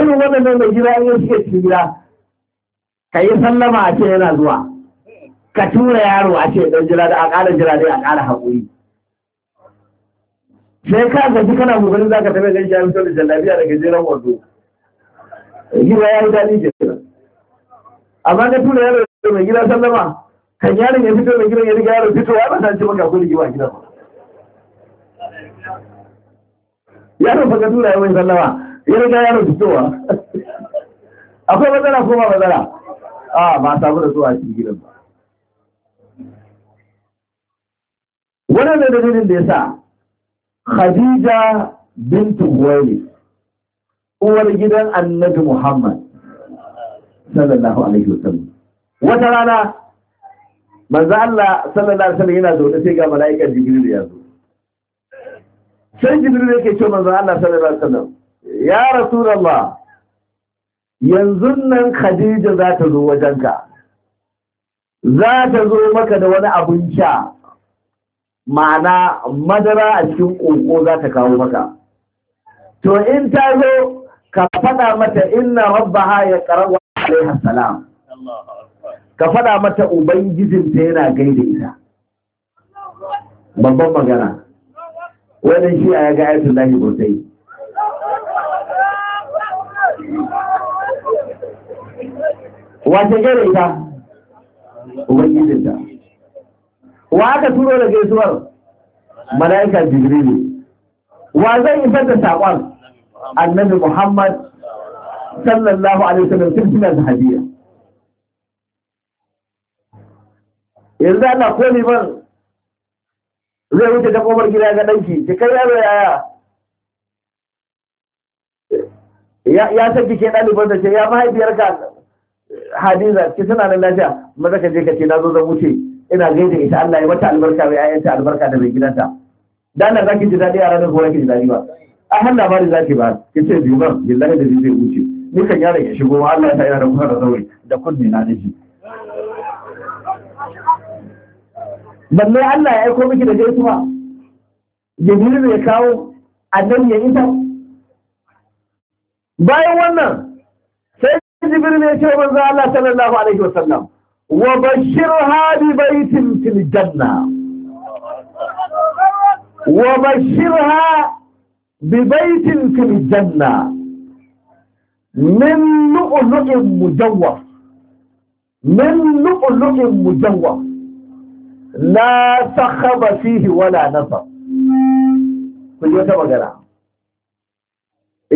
irin waɗannan mai gida ya shi cikin gida ka yi sallama a ce yana zuwa ka tura yaro a ce ɗan jira da a ƙara jira dai a ƙara haƙuri sai ka gaji kana mugurin za ka tafi gan shi hamsin da jallabiya da gajeren wando gida ya yi daɗi ke amma ka tura yaro mai gida sallama kan yaron ya fito da gidan ya riga yaron fitowa ya ba ta ci maka ko rigima a gidan yaron fa ka tura ya mai sallama ya riga yaron fitowa akwai matsala ko ba matsala a ba samu da zuwa a cikin gidan ba wannan ne dalilin da ya sa Khadija bintu Huwaili uwar gidan Annabi Muhammad sallallahu alaihi wasallam wata rana manzo Allah sallallahu alaihi wasallam yana zaune sai ga malaika Jibril ya zo sai Jibril yake ce manzo Allah sallallahu alaihi wasallam ya rasulullah yanzu nan Khadija za ta zo wajenka za ta zo maka da wani abun sha ma'ana madara a cikin ƙoƙo za ta kawo maka to in ta zo ka faɗa mata inna rabbaha ya qarawa alaihi salam ka faɗa mata ubangijinta yana gaida ita babban magana wani shi ya ga ayatul lahi bautai. wace da ita ubangijinta wa aka turo da gaisuwar mala'ika jibrilu wa zai isar da saƙon annabi muhammad sallallahu alaihi wasallam sun suna Hadiyya? yanzu ana ko liman zai wuce ta komar gida ga ɗanki ki kai yaro yaya ya san kike ɗaliban da ce ya ka hadiza ki suna nan lafiya maza ka je ka ce na zo zan wuce ina gaida ita Allah ya mata albarka mai ayyanta albarka da mai gidanta dan nan zaki ji daɗi a ranar gobe ki ji daɗi ba a har labarin zaki ba ki ce biyu ba billahi da zai wuce ni kan yaron ya shigo Allah ya sa yana da kusa da zauri da kunne na da shi balle Allah ya aiko miki da gaisuwa jibril ya kawo annabi ya isa bayan wannan sai jibril ya ce manzo Allah sallallahu alaihi wasallam wa bashirha bi baitin fil janna wa bashirha bi baitin fil janna min lu'lu'in mujawwaf min lu'lu'in mujawwaf la sakhaba fihi wala nasa ku yi wata magana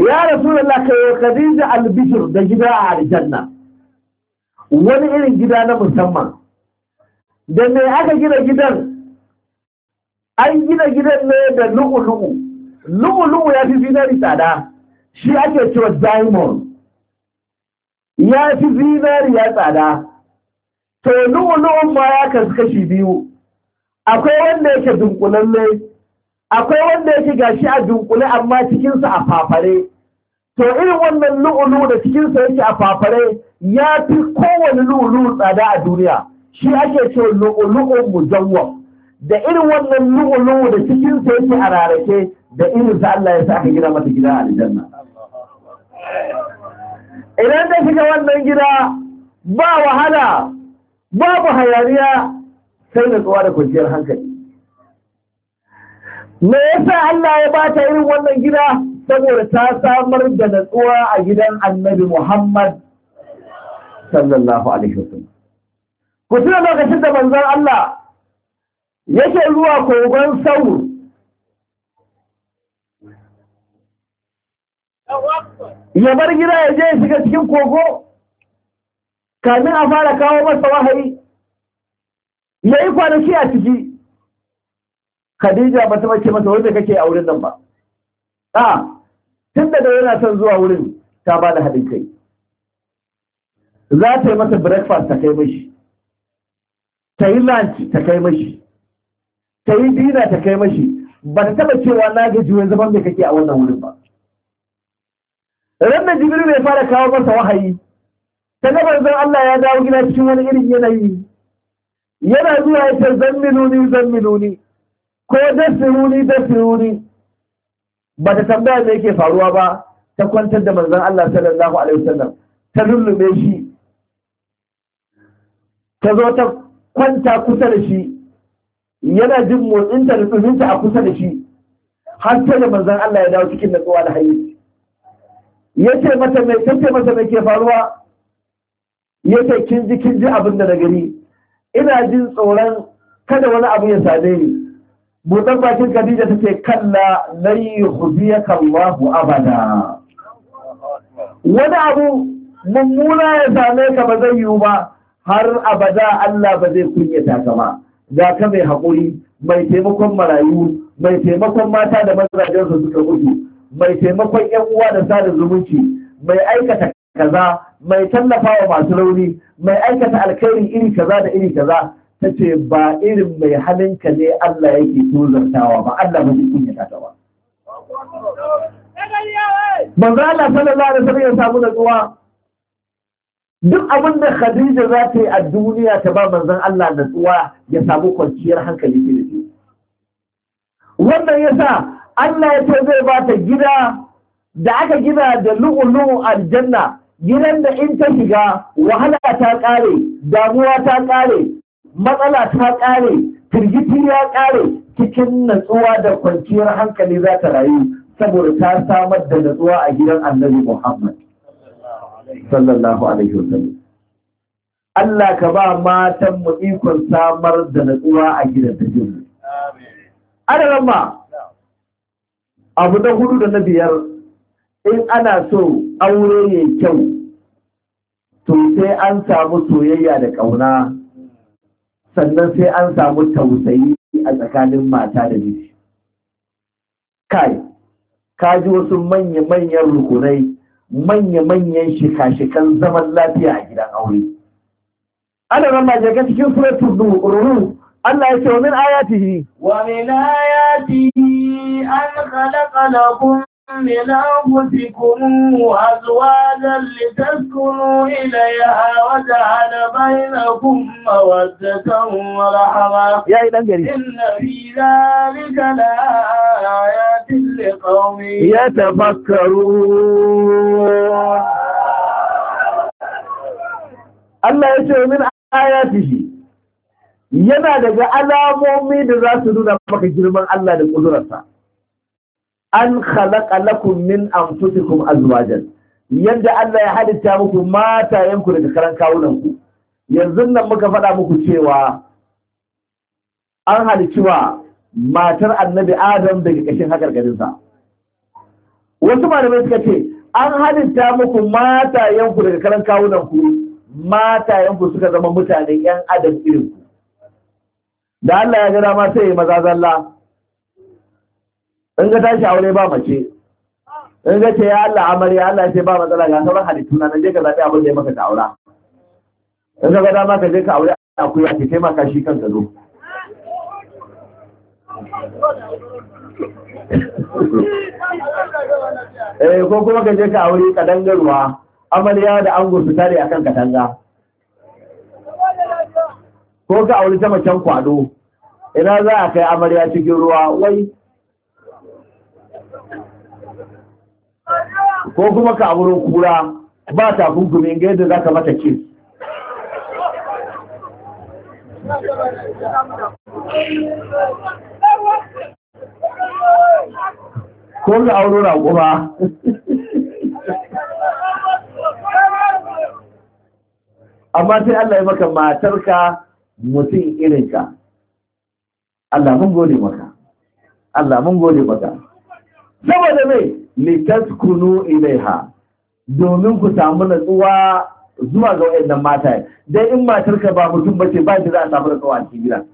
ya rasulullah kai khadija albishir da gida a aljanna wani irin gida na musamman da me aka gina gidan an gina gidan ne da lu'ulu'u lu'ulu'u ya fi zinari tsada shi ake cewa diamond ya fi zinari ya tsada to lu'ulu'un ma ya kasu kashi biyu akwai wanda yake dunkulalle akwai wanda yake gashi a dunkule amma cikinsa a fafare to irin wannan lu'ulu da cikinsa yake a fafare ya fi kowane lu'ulu tsada a duniya shi ake ce lu'ulu'un mujawwaf da irin wannan lu'ulu da cikinsa yake a rarake da irinsa Allah ya sa aka gina mata gida a aljanna idan ka shiga wannan gida ba wahala babu hayaniya sai natsuwa da kwanciyar hankali me yasa Allah ya bata irin wannan gida saboda ta samar da natsuwa a gidan annabi Muhammad sallallahu alaihi wasallam ku tuna lokacin da manzon Allah yake zuwa kogon sau ya bar gida ya je shiga cikin kogo kamin a fara kawo masa wahayi ya yi kwanaki a ciki khadija ba ta mace masa wanda kake a wurin nan ba a tun da yana son zuwa wurin ta ba da haɗin kai za ta yi masa breakfast ta kai mashi ta yi lunch ta kai mashi ta yi dina ta kai mashi ba ta taba cewa na gaji wani zaman da kake a wannan wurin ba ran da jibril ya fara kawo masa wahayi kaga manzon Allah ya dawo gida cikin wani irin yanayi yana zuwa ya ce zammiluni zammiluni ko dasiruni dasiruni ba ta tambaya me yake faruwa ba ta kwantar da manzon Allah sallallahu alaihi wasallam ta lullume shi ta zo ta kwanta kusa da shi yana jin motsinta da tsuminta a kusa da shi har sai da manzon Allah ya dawo cikin natsuwa da hayyaci Yace mata mai tace mata mai ke faruwa ya ce kin ji kin ji abin da na gani ina jin tsoron kada wani abu ya same ni buɗan bakin Khadija take kalla lan yukhziyaka Allahu abada wani abu mummuna ya same ka ba zai yiwu ba har abada Allah ba zai kunya ka ba ga ka mai haƙuri mai taimakon marayu mai taimakon mata da mazajensu suka mutu mai taimakon yan uwa da sada zumunci mai aikata kaza mai tallafawa masu rauni mai aikata alkhairi iri kaza da iri kaza ta ce ba irin mai halinka ne Allah yake tozartawa ba Allah ba zai kunyata ta ba manzo Allah sallallahu alaihi wasallam ya samu natsuwa duk abin da Khadija za ta yi a duniya ta ba manzon Allah natsuwa ya samu kwanciyar hankali ke da shi wannan yasa Allah ya ce zai ba ta gida da aka gina da lu'ulu'u aljanna gidan da in ta shiga wahala ta ƙare damuwa ta ƙare matsala ta ƙare firgiti ya ƙare cikin natsuwa da kwanciyar hankali za ta rayu saboda ta samar da natsuwa a gidan annabi Muhammad sallallahu alaihi wasallam Allah ka ba matan mu ikon samar da natsuwa a gidan da jirgin. Amin. abu na hudu da na biyar in ana so aure ya kyau to sai an samu soyayya da ƙauna sannan sai an samu tausayi a tsakanin mata da miji kai ka ji wasu manya-manyan rukunai manya-manyan shika-shikan zaman lafiya a gidan aure ana nan ga cikin suratul ruhu Allah ya ce wa min ayatihi wa min ayatihi an khalaqa lakum من أزواجا لتسكنوا إليها وجعل بينكم مودة ورحمة إن في ذلك لآيات لقوم يتفكرون Allah ya ce min ayatihi yana daga alamomi da za su nuna maka girman Allah da kudurarsa. an khalaqa lakum min anfusikum azwajan yadda Allah ya halitta muku matayenku daga karan kawunanku yanzu nan muka faɗa muku cewa an halicci wa matar annabi Adam daga ƙashin hakarkarinsa wasu malamai suka ce an halitta muku matayenku daga karan kawunanku matayenku suka zama mutane 'yan adam irinku da Allah ya ga dama sai ya maza zalla in ga tashi aure ba mace in ga ce ya Allah ya Allah ce ba matsala ga sauran halittu na je ka zaɓi abin da ya maka ta aura in ga gada maka je ka aure a akuya ke taimaka shi kanka zo [laughs] eh ko kuma ka je ka aure kadangarwa amarya da ango su tare akan katanga ko ka aure ta macen kwado ina za a kai amarya cikin ruwa wai ko kuma ka wurin kura ba takunkumi ga yadda za ka mata kis ko ga auro kuma amma sai Allah ya maka matarka mutum irinka Allah mun gode maka Allah mun gode maka saboda mai litaskunu ilaiha domin ku samu natsuwa zuwa ga wayannan mata dai in matarka ba mutum bace ba ki za a samu natsuwa a cikin gida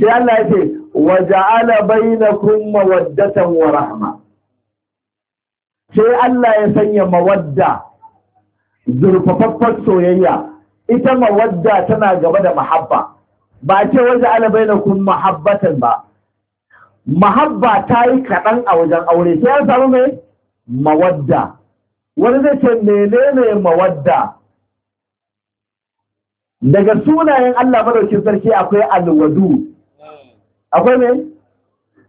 sai Allah ya ce wa ja'ala bainakum mawaddatan wa rahma sai Allah ya sanya mawadda zurfafaffar soyayya ita mawadda tana gaba da mahabba ba ce wa ja'ala bainakum mahabbatan ba mahabba ta yi kaɗan a wajen aure sai an samu mai mawadda wani zai ce ne mawadda daga sunayen Allah madaukin sarki akwai alwadu akwai mai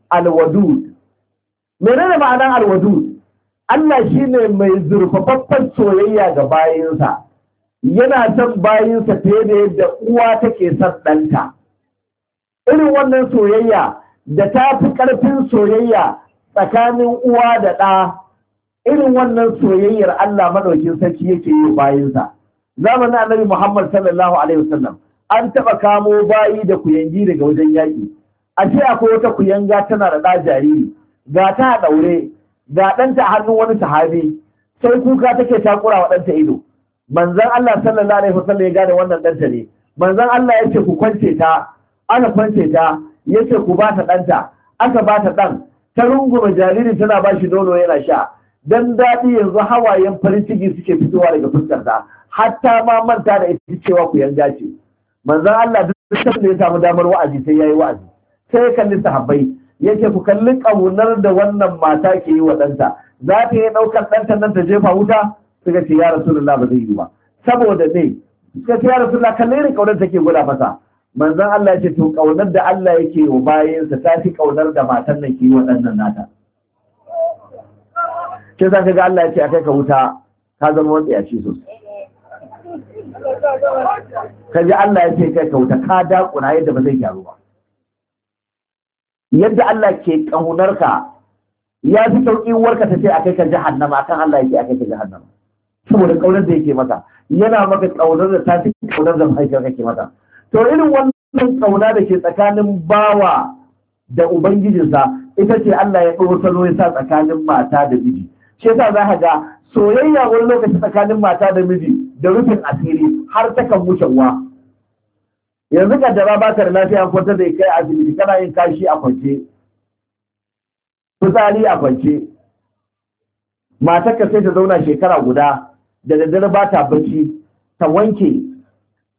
alwadu ne ma'anar alwadu Allah shi ne mai zurfafaffen soyayya ga bayinsa yana son bayinsa fiye da yadda uwa take son ɗanta irin wannan soyayya da ta fi ƙarfin soyayya tsakanin uwa da ɗa irin wannan soyayyar Allah maɗaukin sarki yake yi bayansa zamanin annabi Muhammad sallallahu alaihi wasallam an taɓa kamo bayi da kuyangi daga wajen yaƙi a ce akwai wata kuyanga tana da ɗa jariri ga ta ɗaure ga ɗanta hannun wani sahabi sai kuka take takura wa ɗanta ido manzon Allah sallallahu alaihi wasallam ya gane wannan ɗanta ne manzon Allah ya ce ku kwance ta ana kwance ta ya ce ku ba ta ɗanta aka ba ta ɗan ta rungume jariri tana ba shi nono yana sha Don daɗi yanzu hawayen farin ciki suke fitowa daga fuskarta hatta ma manta da ita cewa ku yanga ce manzon Allah duk da ya samu damar wa'azi sai yayi wa'azi sai ya kalli sahabbai yace ku kalli ƙaunar da wannan mata ke yi wa ɗanta za ta yi ɗaukar ɗanta nan ta jefa wuta suka ce ya rasulullah ba zai yi ba saboda ne suka ce ya rasulullah kalli ne ƙaunar take gwada masa manzan Allah ce to ƙaunar da Allah yake wa bayansa ta fi ƙaunar da matan nan ke yi waɗannan nata ke sa kaga Allah ya ce akai ka wuta ka zama ya ce sosai kaji Allah ya ce kai ka wuta ka ƙuna yadda ba zai gyaru ba yadda Allah ke ƙaunar ka ya fi sauƙin warka ta ce akai ka jahannama kan Allah ya ce akai ka jahannama saboda ƙaunar da yake mata yana maka ƙaunar da ta fi ƙaunar da mahaifiyar kake mata to irin wannan kauna da ke tsakanin bawa da ubangijinsa ita ce Allah ya ɗoro salo ya sa tsakanin mata da miji shi yasa za ka ga soyayya wani lokaci tsakanin mata da miji da rufin asiri har ta kan uwa yanzu ka jaba ba ta da lafiya kwanta da kai asibiti kana yin kashi a kwance fitsari a kwance matar ka sai ta zauna shekara guda da daddare ba ta bacci ta wanke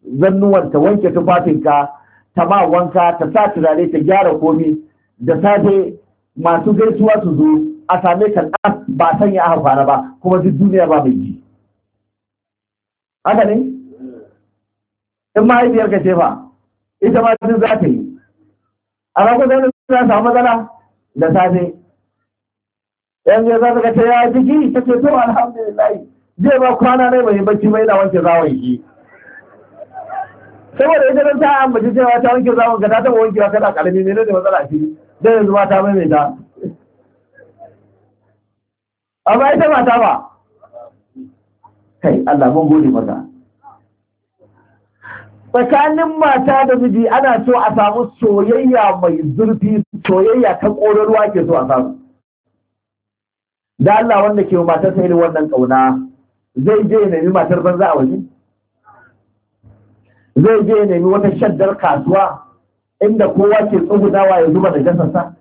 zannuwan ta wanke tufafinka ta ma wanka ta sa turare ta gyara komi da safe masu gaisuwa su zo a same ka ba sanya aka kwana ba kuma duk duniya ba mai ji haka ne in mahaifiyar ka ce fa ita ma duk za ta yi a ranar da za samu matsala da safe yan zai za ta ce ya jiki ta ce to alhamdulillah zai ba kwana ne bai bacci bai na wanke zawon shi saboda ita don ta ambaci cewa ta wanke zamun ka ta taba wa kada karami mai da matsala a fili dan yanzu mai ta maimaita amma ita mata ba kai Allah mun gode mata tsakanin mata da miji ana so a samu soyayya mai zurfi soyayya ta ƙorarwa ke so a samu da Allah wanda ke matar sai wannan ƙauna zai je ya nemi matar banza a waje zai je ya nemi wata shaddar kasuwa inda kowa ke tsugunawa ya zuba da jasasa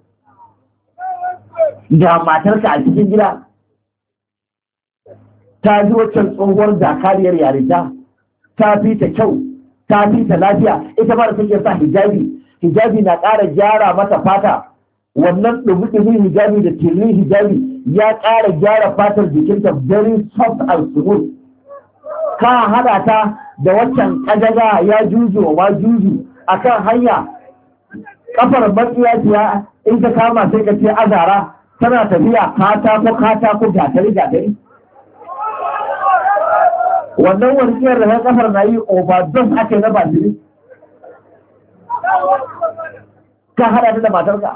ga matarka a cikin gida ta ji waccan tsohuwar dakariyar yarinta ta fi ta kyau ta fi ta lafiya ita mara take sa hijabi hijabi na ƙara gyara mata fata wannan ɗumi hijabi da tilin hijabi ya ƙara gyara fatar jikinta very soft and smooth ka hada ta da waccan kadaga ya juzo wa a akan hanya kafar matsiyaciya in ka kama sai ka ce azara tana tafiya kata ko kata ko gatari gatari wannan warkiyar da kafar na yi overdose ake na bajiri ka hada da matar ka.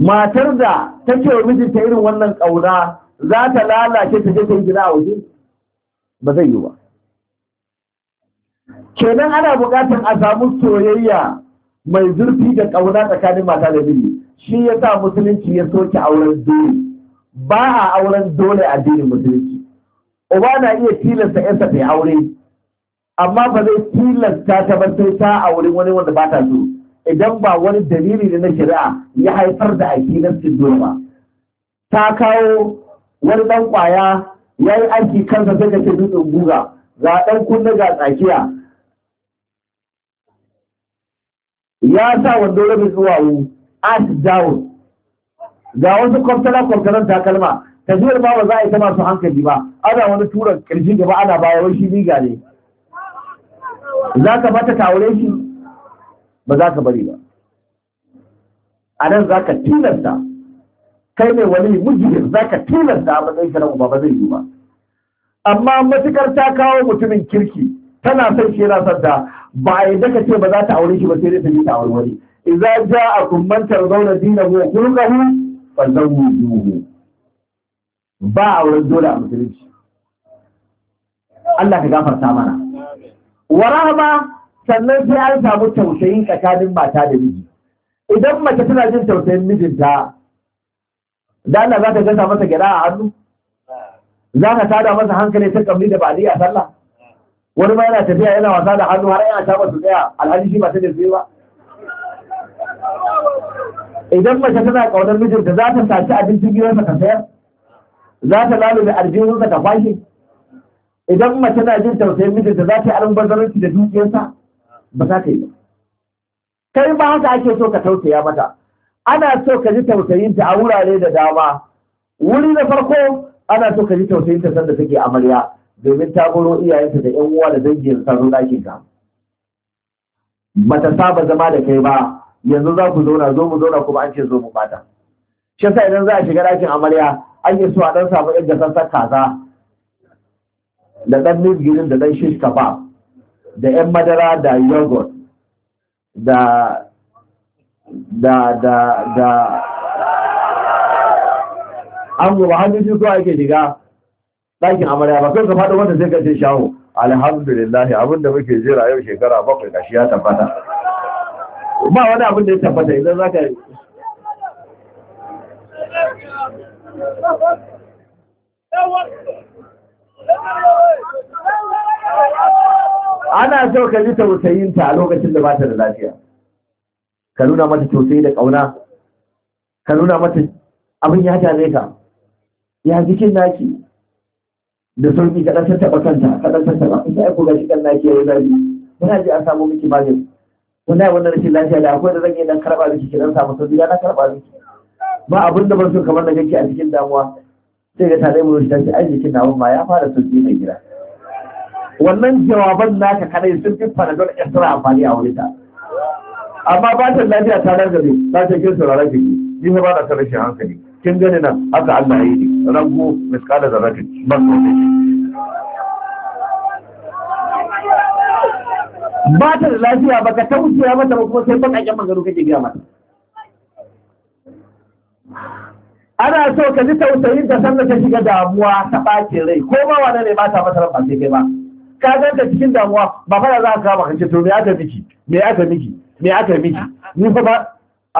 matar da take mijinta irin wannan ƙauna za ta lalace ta je ta yi gida a waje ba zai yi ba kenan ana buƙatar a samu soyayya mai zurfi da ƙauna tsakanin mata da miji shi ya sa musulunci ya soke auren dole ba a auren dole a addinin musulunci uba na iya tilasta yansa ta aure amma ba zai tilasta ta ba sai ta aure wani wanda ba ta so idan ba wani dalili ne na shari'a ya haifar da aƙidar dole ba ta kawo wani ɗan ƙwaya ya yi aiki kansa sai ka ce dutsen guga ga ɗan kunne ga tsakiya ya sa wando rabin wu at down ga wasu kwaftara kwaftaran takalma tafiyar ba ba za a yi ta masu hankali ba ana wani turan ƙarshen gaba ana bayawar shi riga ne za ka bata kawure shi ba za ka bari ba a nan za ka tilasta kai mai wani mujibin za ka tilasta a matsayin ka na ba zai yi ba amma matukar ta kawo mutumin kirki tana son shi yana son ta ba a yadda ka ce ba za ta aure shi ba sai dai ta bi ta aure wani idza ja'a kum man tarzawna dina wa khuluquhu fazawwijuhu ba auren dole a musulunci Allah ka gafarta mana wa rahama sannan sai an samu tausayin tsakanin mata da miji idan mace tana jin tausayin mijinta da Allah za ta gasa masa gyada a hannu za ka tada masa hankali ta kamni da ba a sallah wani ma yana tafiya yana wasa da hannu har yana ta masu tsaya alhaji shi ba ta da ba idan mace tana kaunar mijinta za ta saci abincin gidan ta sayar za ta lalube aljihunsa ta kwashe idan mace na jin tausayin mijinta za ta yi almubazzaranci da dukiyarsa ba za ta yi ba kai ba haka ake so ka tausaya mata ana so ka ji tausayinta a wurare da dama wuri na farko ana so ka ji tausayinta sanda take amarya domin ta goro iyayensa da ‘yan uwa da dangin sarrun ɗakin ka. Bata saba zama da kai ba, yanzu za ku zauna zo mu zauna kuma an ce zo mu bata. Shi yasa idan za a shiga dakin amarya an yi so a dan samu ‘yan gasar kaza da ɗan mizgirin da ɗan shish kafa da ‘yan madara da yogurt da da da da an gobe hannun shi ake shiga ɗakin amarya ba sai ka faɗo wanda sai ka ce shawo alhamdulillah abin da muke jira yau shekara bakwai kashi ya tabbata ba wani abin da ya tabbata idan za ka ana so ka ji tausayinta a lokacin da ba ta da lafiya ka nuna mata tausayi da ƙauna ka nuna mata abin ya dame ka ya jikin naki da sauki ka dan tattaba kanta ka dan tattaba in sai ko gashi kan lafiya ya zabi muna ji a samu miki magani yi wannan rashin lafiya da akwai da zan yi dan karba miki ki dan samu sauki na karba miki ba abin da ban so kamar na kake a cikin damuwa sai ga tare mu shi ai na nawa ma ya fara sauki mai gida wannan jawaban naka kadai sun fi faradon extra amfani a wurin ta amma ba ta lafiya ta nan gabe ta ce kin sauraron ki ni ba na ta rashin hankali kin gani nan haka Allah ya yi ne rago miskala zarratin ban ba ta da lafiya ba ka ya mata ba kuma sai bakakken maganganu kake gaya mata ana so ka ji tausayin ta sannan ta shiga damuwa ta ɓace rai ko ba wani ne ba ta mata ba sai kai ba ka ganta cikin damuwa ba fara za ka kama kace to me aka miki me aka miki me aka miki ni fa ba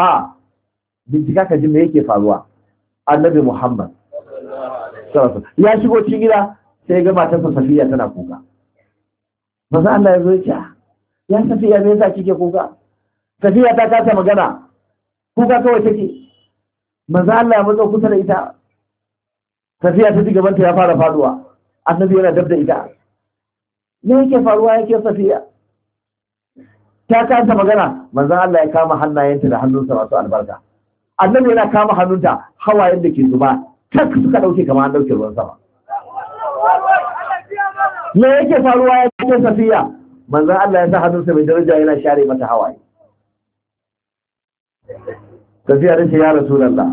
a bincika ka ji me yake faruwa annabi Muhammad ya shigo cikin gida sai ga sa Safiya tana kuka maza Allah ya zo ya ya Safiya me yasa kike kuka Safiya ta kasa magana kuka kawai take maza Allah ya matsa kusa da ita Safiya ta ji ta ya fara faduwa annabi yana dab da ita me yake faruwa yake Safiya ta kasa magana maza Allah ya kama hannayenta da hannunsa masu albarka annabi yana kama hannunta hawayen da ke zuba tak suka ɗauke kamar an ɗauke ruwan sama me yake faruwa ya ce safiya manzon Allah ya sa hannunsa mai daraja yana share mata hawaye safiya ta ce ya rasulullah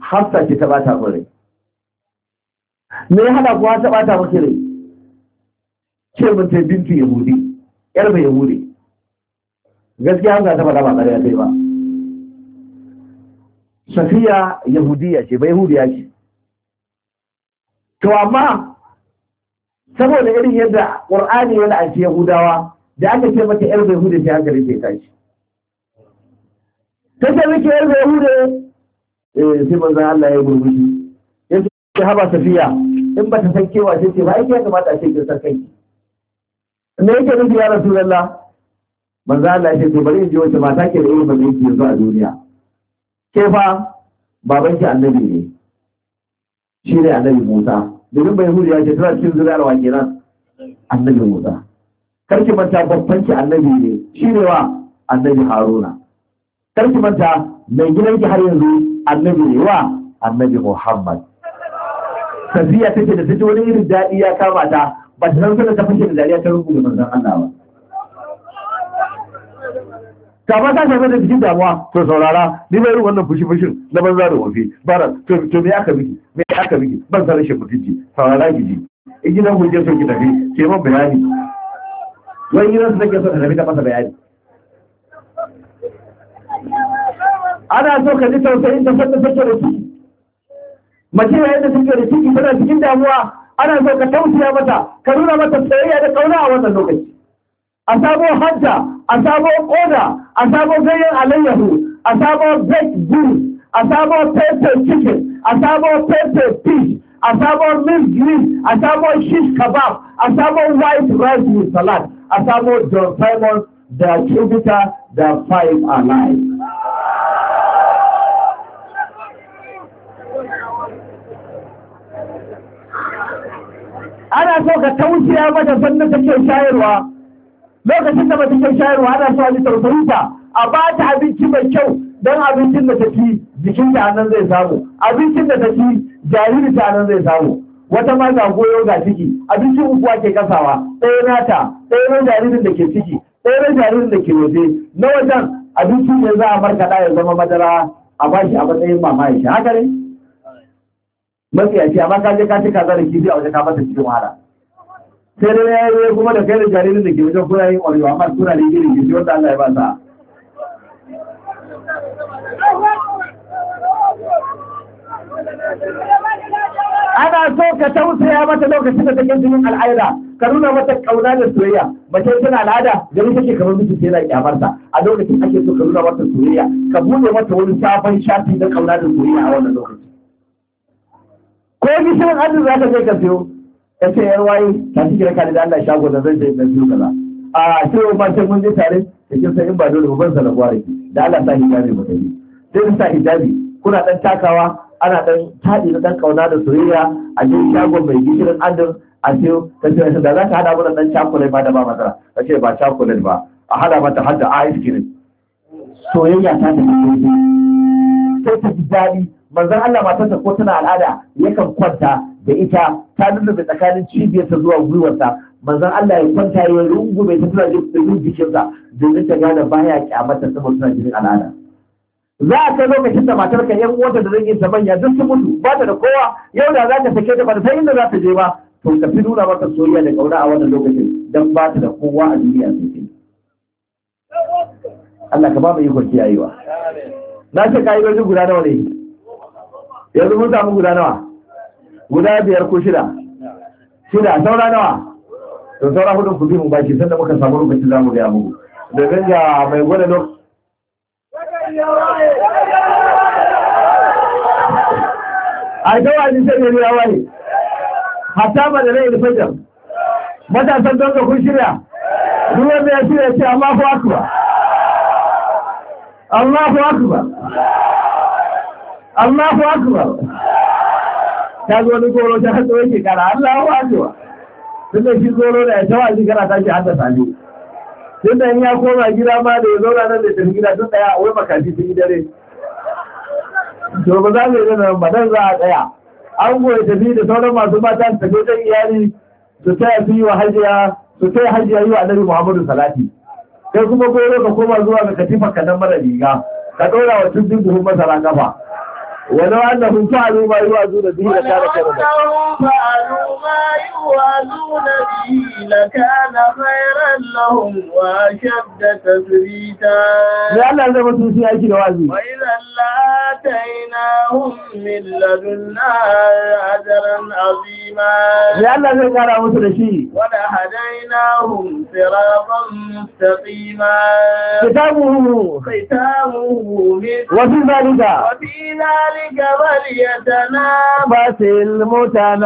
hafsa ki ta bata mun me ya hada kuwa ta bata miki rai ce mun ta bintu yahudi yar mai yahudi gaskiya hanga ta faɗa ba ƙarya sai ba safiya yahudiya ce ba yahudiya ce to amma saboda irin yadda ƙur'ani yana a yahudawa da aka ce mata yar yahudiya ta hankali sai tashi ta ce miki yar yahuda eh sai manzon Allah ya gurgushi yace ta haba safiya in ba ta san kewa sai ce ba ai ke kamata a ce kin san kai me yake nufi ya rasulullah manzon Allah ya ce to bari in je wata mata ke da irin ba zai yanzu a duniya ke fa baban ki annabi ne shi ne annabi Musa domin bai huri ya ce tana cikin zuriyarwa kenan annabi Musa karki manta babban ki annabi ne shi ne wa annabi Haruna karki manta mai gidan ki har yanzu annabi ne wa annabi Muhammad tafiya take da take wani irin daɗi ya kama ta ba ta san sanar ta fashe da dariya ta rubuta manzan Allah ba da ba ta shafe da cikin damuwa to saurara ni bai irin wannan fushi fushin na banza da wafi bara to to me aka miki me aka miki ban san rashin mutunci saurara ki ji in ji ku je so ki tafi ke man bayani wai gidan su take so ka tafi ta masa bayani ana so ka ji tausayin ta fadda take da ciki mace yayin da suke da ciki tana cikin damuwa ana so ka tausaya mata ka nuna mata tsayayya da kauna a wannan lokaci a samo hanta a samo koda a samo ganyen alayyahu a samo baked beans a pepper chicken a samo pepper fish a samo minced meat a samo shish kebab a white rice with salad a samo John Simon The tributary their five alive. ana so ka tausaya mata sannan kake shayarwa lokacin da mace kai shayarwa ana so a ji a ba ta abinci mai kyau don abincin da ta jikin ta nan zai samu abincin da ta ci jariri ta nan zai samu wata ma ga goyo ga ciki abincin uku ke kasawa ɗaya nata ɗaya na jaririn da ke ciki ɗaya na jaririn da ke waje na wajen abincin ne za a markaɗa ya zama madara a ba shi a matsayin mama ya shi haka ne mafiyaci amma ka je ka ci kaza da kifi a waje ka mata cikin wahala sai dai ya yi kuma da kai da jaririn da ke wajen kuna yin ƙwarewa amma kuna da yin gishi wanda Allah ya ba sa ana so ka tausaya mata lokacin da take jinin al'aida ka nuna mata kauna da soyayya mace tana al'ada gari take kamar miji yana kyamarta a lokacin ake so ka nuna mata soyayya ka bude mata wani sabon shafi na kauna da soyayya a wannan lokacin ko gishirin arziki za ka kai ka siyo ta yar waye ta cikin kira kare da Allah shago da zai zai na biyu kaza a ce ba sai mun je tare da kin sai in ba dole ban sa da da Allah sa hijabi mu dai sai sa hijabi kuna dan takawa ana dan tadi da dan kauna da soyayya a cikin shagon mai gishirin adam a ce ta ce da za ka hada wannan dan cakulet ba da ba matsala ta ce ba cakulet ba a hada mata har da ice cream soyayya ta ta sai ta ji daɗi manzon Allah matarsa ko tana al'ada yakan kwanta da ita ta lullube tsakanin cibiyarta zuwa gwiwarta manzon Allah ya kwanta ya rungume ta tana jin jikinsa domin ta gane baya kyamata saboda suna jinin al'ada za a kai lokacin da matar ka yan uwanta da zan ta manya duk su mutu ba ta da kowa yau da za ka sake ta ba ta inda za ta je ba to ka fi nuna maka soyayya da ƙauna a wannan lokacin dan ba ta da kowa a duniya sosai Allah ka ba mu ikon kiyayewa na ce ka yi guda nawa ne yanzu mun samu guda nawa guda biyar ko shida shida saura nawa to saura hudun ku bi mu baki sanda muka samu lokacin zamu ga mu da ganga mai gwada lok a da wani sai ne wani hatta ba da rai da fajar matasan don da kun shirya ruwan da ya shirya ce Allahu akbar Allahu akbar Allahu akbar ta zo ni goro ta hatsa yake kara Allah wa ajewa tun da shi goro da ya tawa shi kara tashi hata sami tun da ya koma gida ma da ya zauna nan da tafi gida tun daya wai makashi sun yi dare to ba za mu yi nan ba dan za a tsaya an goyi tafi da sauran masu mata su tafi wajen iyali su taya su yi wa hajiya su taya hajiya yi wa annabi Muhammadu salati kai kuma goro ka koma zuwa ga katifa ka mara riga ka ɗaura wa tun buhun masara kafa wani wannan hun fa’aru ma yi wa zuna biyu na kana kanar da ya Allah zama a sun yaki da wazi ya Allah zai kara musu da shi wani hadainahun firafon mustaqima kitabu wasu zalika wasu zalika gabar mutana fi المتنافسون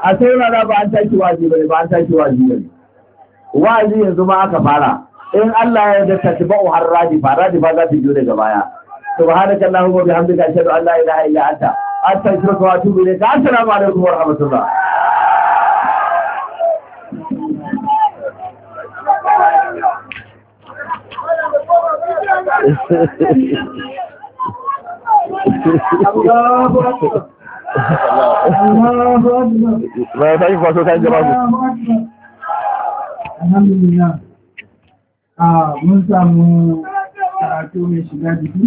a sai da ba an tashi waji bane ba an tashi waji bane waji yanzu ma aka fara in Allah ya yarda tatba'u har radi ba radi ba za ta biyo daga baya subhanaka allahumma bihamdika ashhadu an la ilaha illa anta astaghfiruka wa atubu ilayk assalamu alaikum wa rahmatullah Vai, vai, vai, vai, vai. Alhamdulillah. Ah, mun samu karatu mai shiga jiki?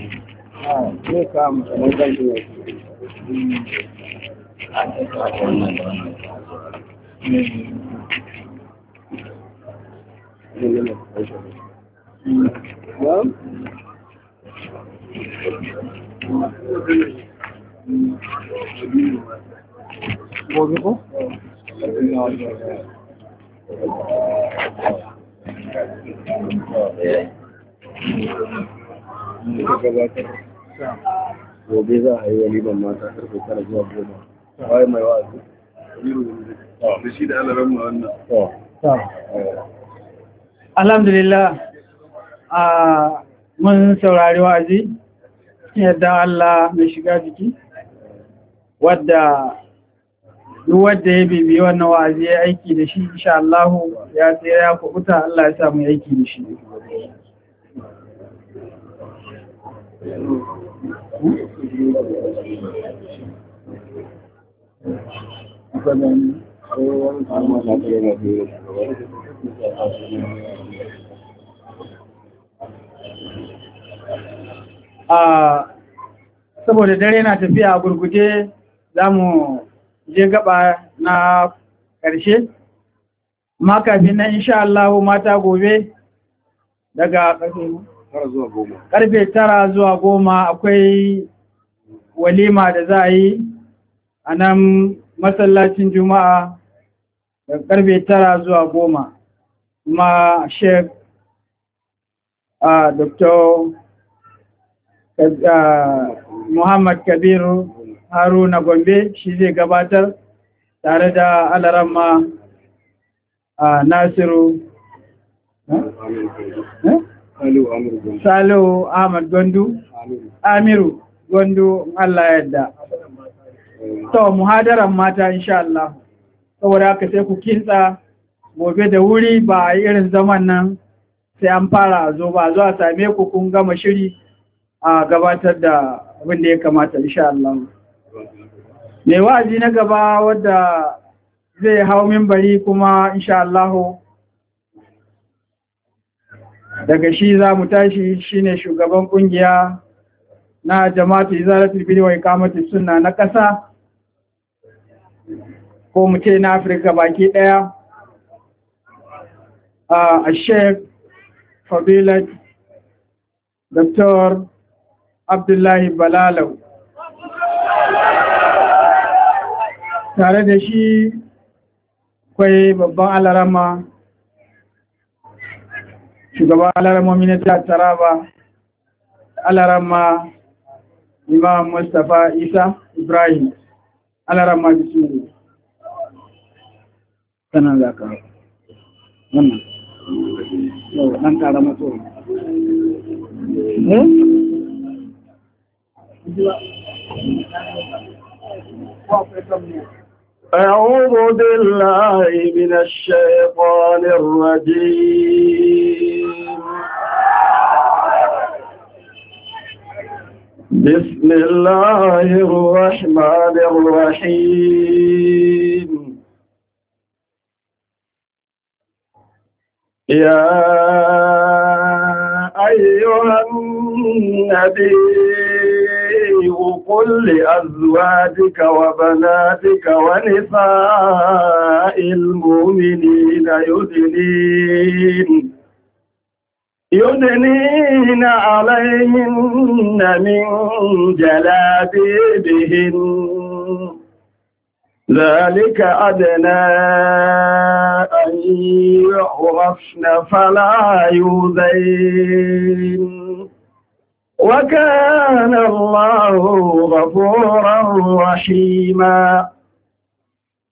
zai kama kamar zan yi Gobe ko? gobe za a yi waliban mata karfe tara zuwa goma waye mai wa'azi da shi da alaran mu wannan alhamdulillah mun saurari wa'azi yadda Allah mai shiga jiki wadda duk wadda ya bibi wannan wa'azi ya aiki da shi insha Allah ya tsira ya kubuta Allah ya samu aiki da shi saboda dare na tafiya a gurguje za mu je gaba na ƙarshe fi na insha Allah mata gobe daga ƙarfe karfe tara zuwa goma akwai walima da za a yi a nan masallacin juma'a da karfe tara zuwa goma kuma shek a dr muhammad kabiru haruna gombe shi zai gabatar tare da alarama nasiru Salo Ahmad Gwandu? Amiru Gwandu Allah yadda. To, muhadaran mata insha Allah. Saboda haka sai ku kintsa gobe da wuri ba a irin zaman nan sai an fara zo ba zuwa same ku kun gama shiri a gabatar da abin da ya kamata insha Allah. Mai wa'azi na gaba wadda zai hau mimbari kuma insha Allah daga shi za mu tashi shi ne shugaban kungiya na jama'atu izalatul bid'a wa sunna na ƙasa ko mu ce na Afirka baki ɗaya a ashef fabilat Dr. Abdullahi Balalau tare da shi kwai babban alarama shugaba alaramomi na taraba alarama imam mustapha isa ibrahim alarama sanar da ka wannan yau ɗan ƙara matso أعوذ بالله من الشيطان الرجيم بسم الله الرحمن الرحيم يا أيها النبي قل لأزواجك وبناتك ونساء المؤمنين يدنين يدنين عليهن من جلابيبهن ذلك أدنى أن يعرفن فلا يؤذين وكان الله غفورا رحيما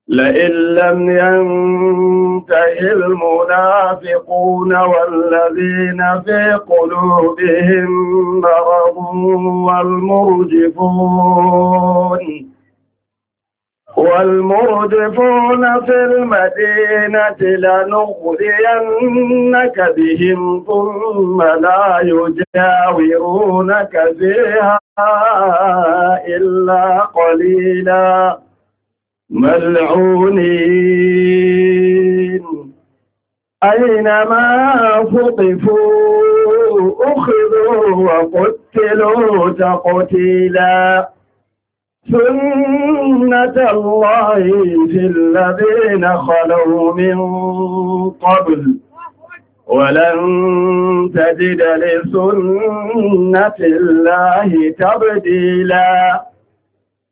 لئن لم ينته المنافقون والذين في قلوبهم مرض والمرجفون والمردفون في المدينة لنغذينك بهم ثم لا يجاورونك فيها إلا قليلا ملعونين أينما فطفوا أخذوا وقتلوا تقتيلا سنة الله في الذين خلوا من قبل ولن تجد لسنة الله تبديلا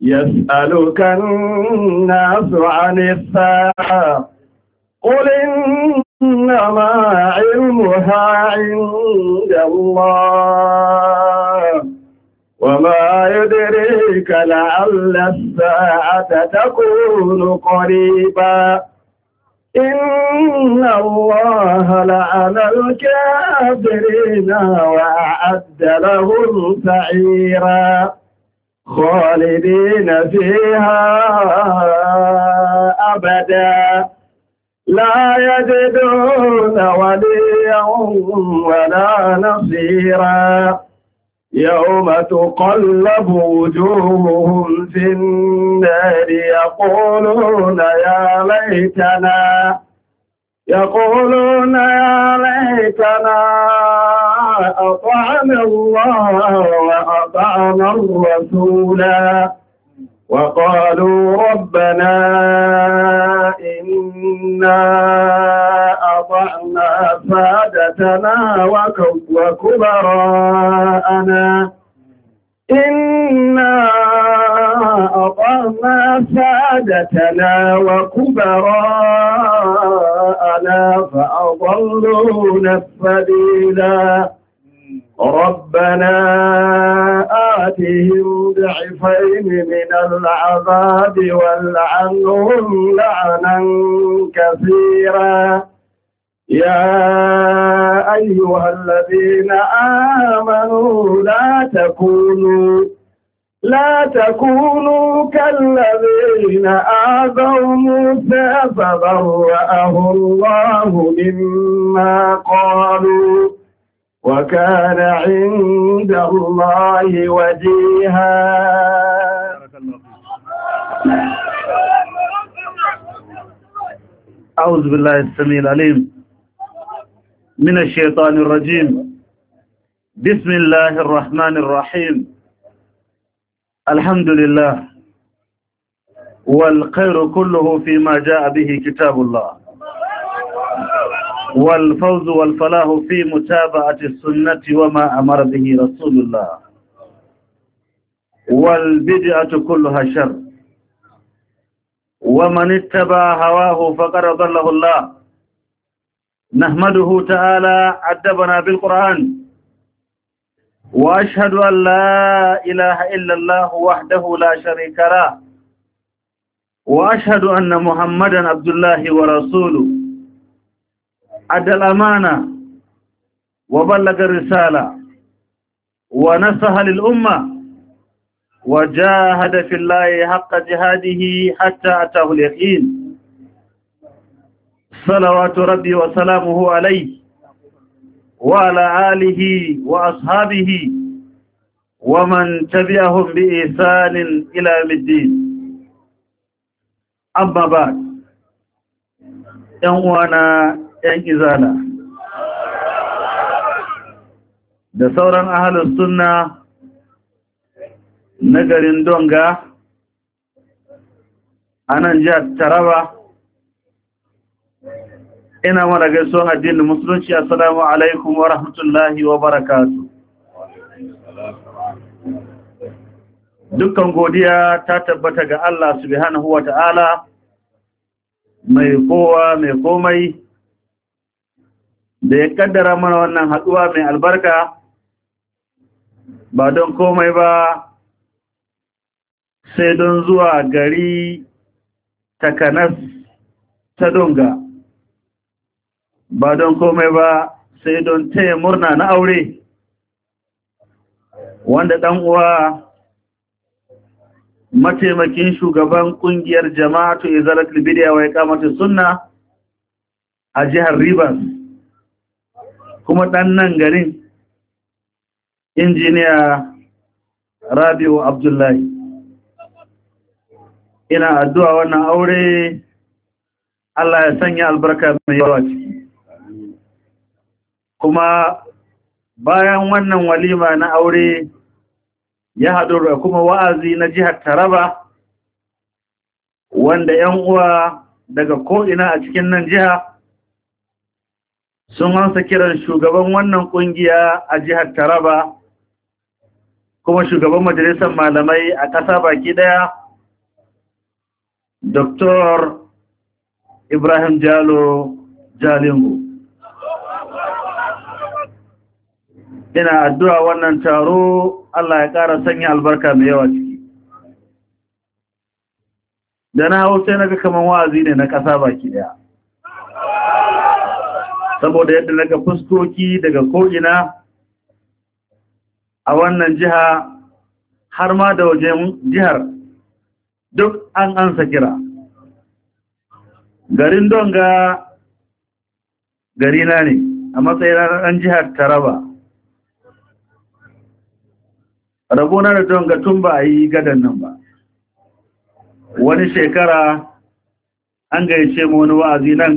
يسألك الناس عن الساعة قل إنما علمها عند الله وما يدريك لعل الساعة تكون قريبا إن الله لعن الكافرين وأعد لهم سعيرا خالدين فيها أبدا لا يجدون وليا ولا نصيرا يوم تقلب وجوههم في النار يقولون يا ليتنا يقولون يا ليتنا أطعنا الله وأطعنا الرسولا وقالوا ربنا إنا أطعنا سادتنا وكبراءنا إنا أطعنا سادتنا وكبراءنا فأضلونا السبيلا ربنا آتهم ضعفين من العذاب والعنهم لعنا كثيرا يا أيها الذين آمنوا لا تكونوا لا تكونوا كالذين آذوا موسى فبرأه الله مما قالوا وكان عند الله وجيها أعوذ بالله السميع العليم من الشيطان الرجيم بسم الله الرحمن الرحيم الحمد لله والخير كله فيما جاء به كتاب الله والفوز والفلاح في متابعة السنة وما أمر به رسول الله والبدعة كلها شر ومن اتبع هواه فقد ضله الله نحمده تعالى عدبنا بالقرآن وأشهد أن لا إله إلا الله وحده لا شريك له وأشهد أن محمدا عبد الله ورسوله أدى الأمانة وبلغ الرسالة ونصح للأمة وجاهد في الله حق جهاده حتى أتاه اليقين صلوات ربي وسلامه عليه وعلى آله وأصحابه ومن تبعهم بإحسان إلى يوم الدين أما بعد ‘yan ‘yan izana da sauran ahalin suna na garin donga a nan jihar taraba ina mara gaisuwan addinin musulunci assalamu alaikum wa rahmatullahi wa barakatu dukkan godiya ta tabbata ga Allah subhanahu wa ta'ala mai kowa mai komai da ya kaddara mana wannan haɗuwa mai albarka ba don komai ba sai don zuwa gari takanas ta donga ba don komai ba sai don taya murna na aure wanda ɗan uwa mataimakin shugaban ƙungiyar jama'atu izalat libidiya wa ya kamata sunna a jihar Rivers kuma ɗan nan garin injiniya rabiu abdullahi ina addu'a wannan aure Allah ya sanya albarka mai yawa ciki kuma bayan wannan walima na aure ya haɗu da kuma wa'azi na jihar taraba wanda ‘yan uwa daga ko'ina a cikin nan jiha sun hansa kiran shugaban wannan kungiya a jihar Taraba kuma shugaban majalisar malamai a ƙasa baki ɗaya Dr. Ibrahim Jalo Jalingo ina addu'a wannan taro Allah ya ƙara sanya albarka mai yawa ciki da na hau sai na ga kamar wa'azi ne na ƙasa baki ɗaya saboda yadda na ga fuskoki daga ko'ina a wannan jiha har ma da wajen jihar duk an ansa kira garin donga garina ne a matsayin ɗan jihar taraba rabona da donga tun ba a yi gadon nan ba wani shekara an gayyace mu wani wa'azi nan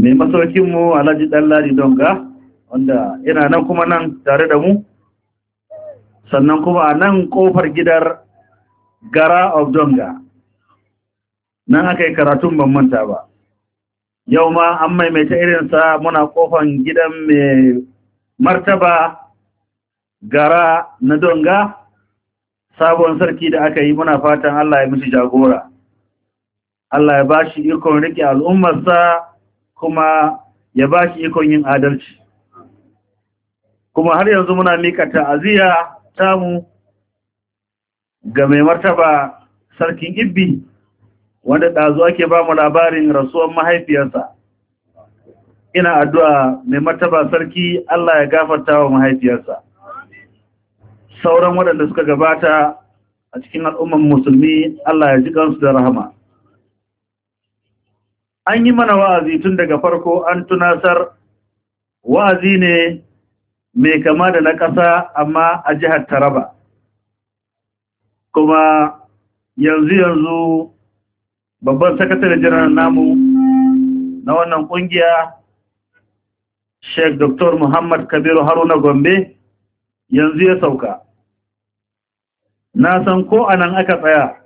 mai masaukinmu alhaji ɗanlari donga wanda ina nan kuma nan tare da mu sannan kuma a nan ƙofar gidar gara of donga nan aka yi karatun ban manta ba yau ma an maimaita irinsa muna ƙofan gidan mai martaba gara na donga sabon sarki da aka yi muna fatan Allah ya mishi jagora Allah ya bashi ikon rike al'ummarsa kuma ya ba shi ikon yin adalci kuma har yanzu muna mika ta'aziyya tamu ga mai martaba sarkin ibbi wanda ɗazu ake ba mu labarin rasuwan mahaifiyarsa ina addu'a mai martaba sarki Allah ya gafarta wa mahaifiyarsa sauran waɗanda suka gabata a cikin al'umman musulmi Allah ya ji kansu da rahama an yi mana wa'azi tun daga farko an tunasar wa'azi ne mai kama da na ƙasa amma a jihar Taraba kuma yanzu yanzu babban sakatare jiran namu na wannan ƙungiya Sheik Dr. Muhammad Kabiru Haruna Gombe yanzu ya sauka. Na san ko anan aka tsaya,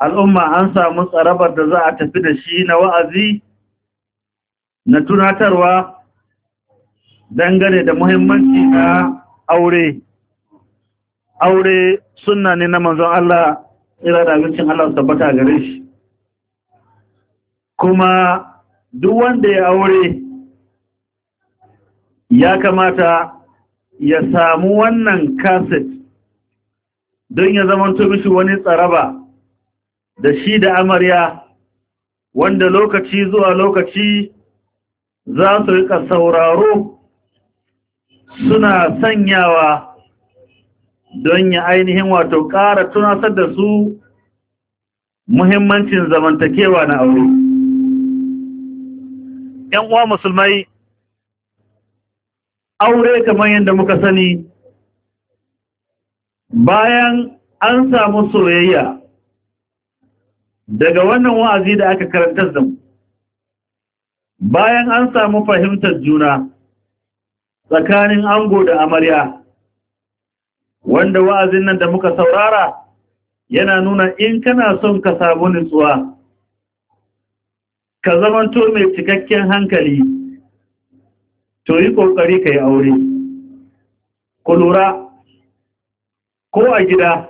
al'umma an samu tsarabar da za a tafi da shi na wa'azi na tunatarwa dangane da muhimmanci na aure aure suna ne na manzon Allah ira da abincin Allah tabbata gare shi kuma duk wanda ya aure ya kamata ya samu wannan kaset don ya zama tumishi wani tsaraba da shi da amarya wanda lokaci zuwa lokaci za su rika sauraro suna sanyawa don ya ainihin wato ƙara tunasar da su muhimmancin zamantakewa na aure. ‘Yan uwa musulmai, aure kamar yadda muka sani bayan an samu soyayya daga wannan wa'azi da aka karantar da mu bayan an samu fahimtar juna tsakanin ango da amarya wanda wa'azin nan da muka saurara yana nuna in kana son ka samu nutsuwa ka zamanto mai cikakken hankali to yi ƙoƙari ka yi aure ku lura ko a gida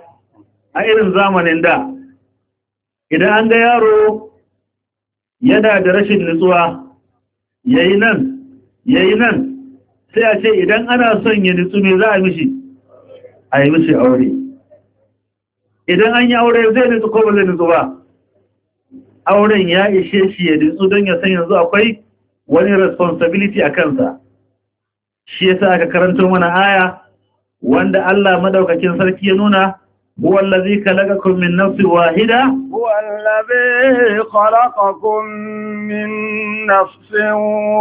a irin zamanin da idan an ga yaro yana da rashin nutsuwa yayi nan yayi nan sai a ce idan ana son ya nutsu me za a mishi a yi mishi aure idan an yi aure zai nutsu ko ba zai nutsu ba auren ya ishe shi ya nutsu don ya san yanzu akwai wani responsibility a kansa shi yasa aka karanto mana aya wanda Allah madaukakin sarki ya nuna هو الذي خلقكم من نفس واحدة هو الذي خلقكم من نفس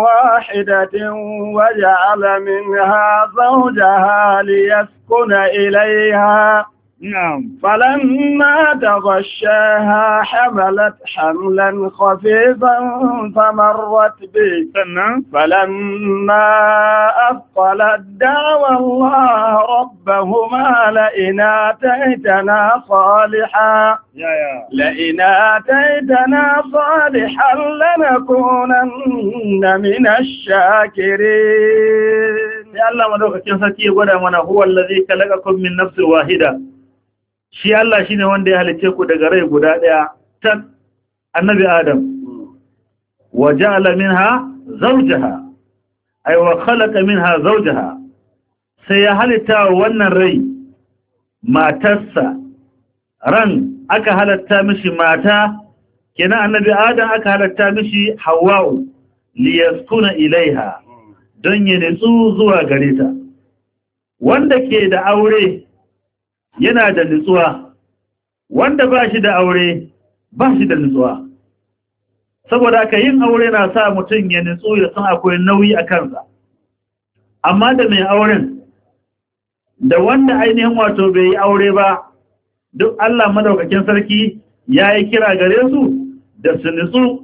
واحدة وجعل منها زوجها ليسكن إليها نعم فلما تغشاها حملت حملا خفيفا فمرت به نعم فلما أفقلت دعوى الله ربهما لئن آتيتنا صالحا لئن آتيتنا صالحا لنكونن من الشاكرين يا الله مدوكتين سكي ولا هو الذي خلقكم من نفس واحدة shi Allah shine wanda ya halice ku daga rai guda daya tan annabi adam wa ja'ala minha zawjaha ay wa khalaqa minha zawjaha sai ya halitta wannan rai matarsa ran aka halatta mishi mata kenan annabi adam aka halatta mishi hawa'u liyaskuna ilaiha don ya nitsu zuwa gare ta wanda ke da aure yana da nutsuwa wanda ba shi da aure ba shi da nutsuwa saboda aka yin aure na sa mutum ya nutsu ya san akwai nauyi a kansa amma da mai auren da wanda ainihin wato bai yi aure ba duk Allah madaukakin sarki ya yi kira gare su da su nutsu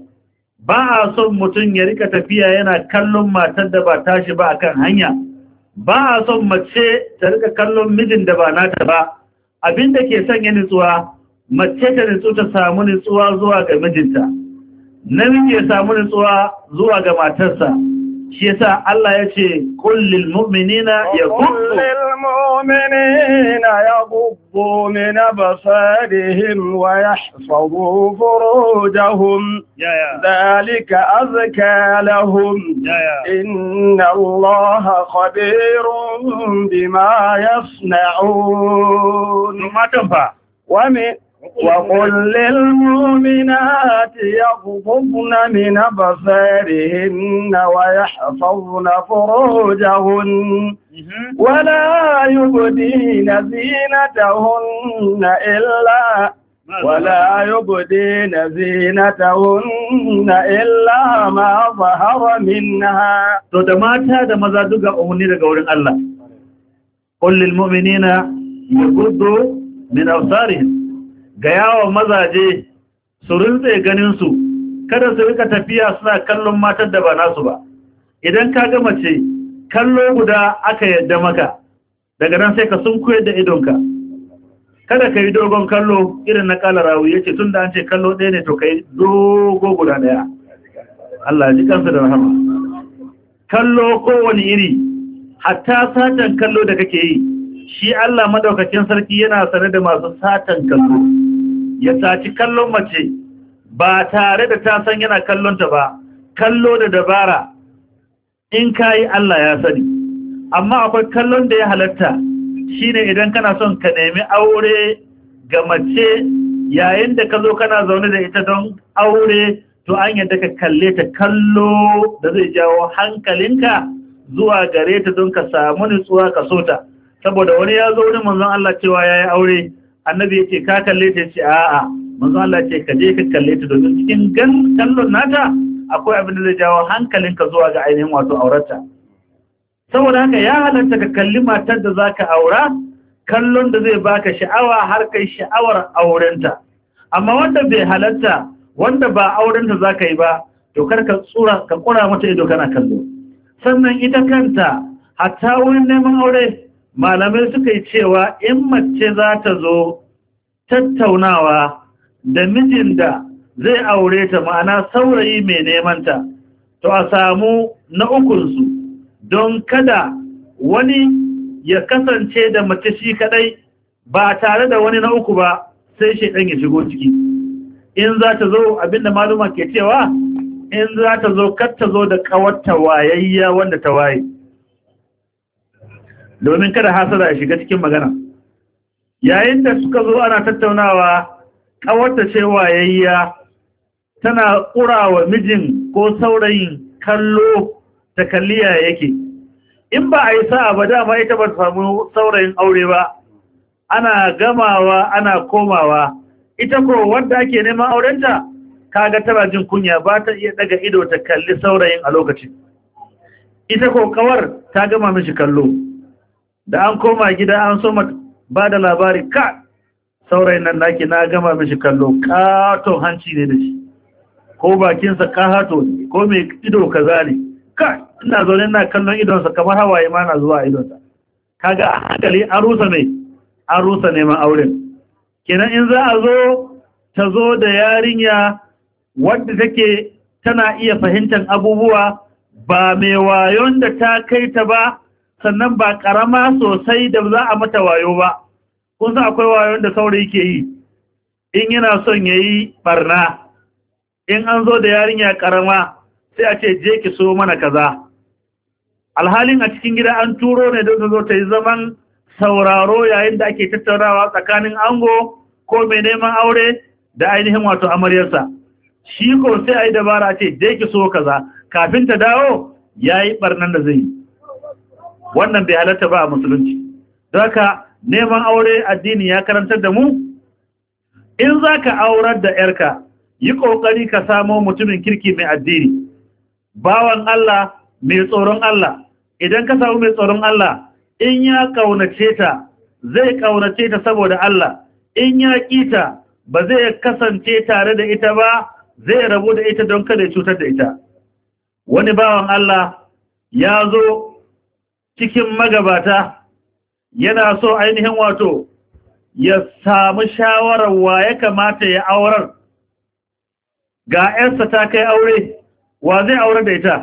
ba a son mutum ya rika tafiya yana kallon matar da ba tashi ba akan hanya ba a son mace ta rika kallon mijin da ba nata ba Abin abinda ke sanya nutsuwa mace ta nutsu ta samu nutsuwa zuwa ga mijinta namiji ya samu nutsuwa zuwa ga matarsa shi yasa Allah ya ce kullil mu'minina yaghuddu mu'minina yaghuddu min absarihim wa yahfazu furujahum dhalika azka lahum inna Allaha khabirun bima yasna'un wa min وقل للمؤمنات يغضبن من أبصارهن ويحفظن فروجهن ولا يبدين زينتهن إلا ولا يبدين زينتهن إلا ما ظهر منها تدماتها دمزا دقا أمني لقول الله قل للمؤمنين يغضوا من أبصارهم ga yawon mazaje su rinse ganinsu kada su rika tafiya suna kallon matar da ba nasu ba idan ka gama ce kallo guda aka yadda maka daga nan sai ka sun koyar da idonka kada ka yi dogon kallo irin na kala rawu ya ce tun da an ce kallo ɗaya ne to ka yi dogo guda ɗaya Allah ji kansa da rahama kallo kowane iri hatta satan kallo da kake yi shi Allah madaukakin sarki yana sane da masu satan kallo ya saci kallon mace ba tare da ta san yana kallonta ba kallo da dabara in kayi Allah ya sani amma akwai kallon da ya halatta shine idan kana son ka nemi aure ga mace yayin da ka zo kana zaune da ita don aure to an yadda ka kalle ta kallo da zai jawo hankalinka zuwa gare ta don ka samu nutsuwa ka so ta saboda wani ya zo wani manzon Allah cewa yi aure annabi yake ka kalle ta ce a'a manzo Allah ce ka je ka kalle ta domin cikin gan kallon nata akwai abin da zai jawo hankalinka zuwa ga ainihin wato aurata saboda haka ya halatta ka kalli matar da zaka aura kallon da zai baka sha'awa har kai sha'awar aurenta amma wanda bai halatta wanda ba aurenta zaka yi ba to kar ka tsura ka kura mata ido kana kallo sannan ita kanta hatta wurin neman aure malamai suka yi cewa in mace za ta zo tattaunawa da mijin da zai aure ta ma'ana saurayi mai nemanta to a samu na ukunsu don kada wani ya kasance da mace shi kadai ba tare da wani na uku ba sai ɗan ya shigo ciki in za ta zo abinda maluma ke cewa in za ta zo kar ta zo da kawar wayayya wanda ta waye domin kada hasada ya shiga cikin magana yayin da suka zo ana tattaunawa ƙawarta cewa yayya tana ƙurawa mijin ko saurayin kallo ta kalliya yake in ba a yi sa'a ba dama ita ba samu saurayin aure ba ana gamawa ana komawa ita ko wanda ake neman aurenta kaga tana jin kunya ba ta iya daga ido ta kalli saurayin a lokacin ita ko kawar ta gama mishi kallo da an koma gida an so ba da labari ka saurayin nan naki na gama mishi kallo katon hanci ne da shi ko bakinsa hato ne ko mai ido kaza ne ka ina zaune na kallon idonsa kamar hawaye ma na zuwa idonsa kaga a hankali an rusa mai an rusa neman auren kenan in za a zo ta zo da yarinya wadda take tana iya fahimtar abubuwa ba mai wayon da ta kai ta ba sannan ba karama sosai da za a mata wayo ba kun san akwai wayon da saurayi ke yi in yana son ya yi barna in an zo da yarinya karama sai a ce je ki so mana kaza alhalin a cikin gida an turo ne don zo ta yi zaman sauraro yayin da ake tattaunawa tsakanin ango ko mai neman aure da ainihin wato amaryarsa shi ko sai a yi dabara ce je ki so kaza kafin ta dawo ya yi barnan da zai yi wannan bai halatta ba a musulunci haka neman aure addini ya karantar da mu in za ka aurar da ‘yarka yi ƙoƙari ka samo mutumin kirki mai addini bawan Allah mai tsoron Allah idan ka samu mai tsoron Allah in ya ƙaunace ta zai ƙaunace ta saboda Allah in ya ƙita, ba zai kasance tare da ita ba zai rabu da ita don kada ya cutar da ita wani bawan Allah ya zo cikin magabata yana so ainihin wato ya samu shawarar wa ya kamata ya aurar ga ‘yarsa ta kai aure wa zai aure da ita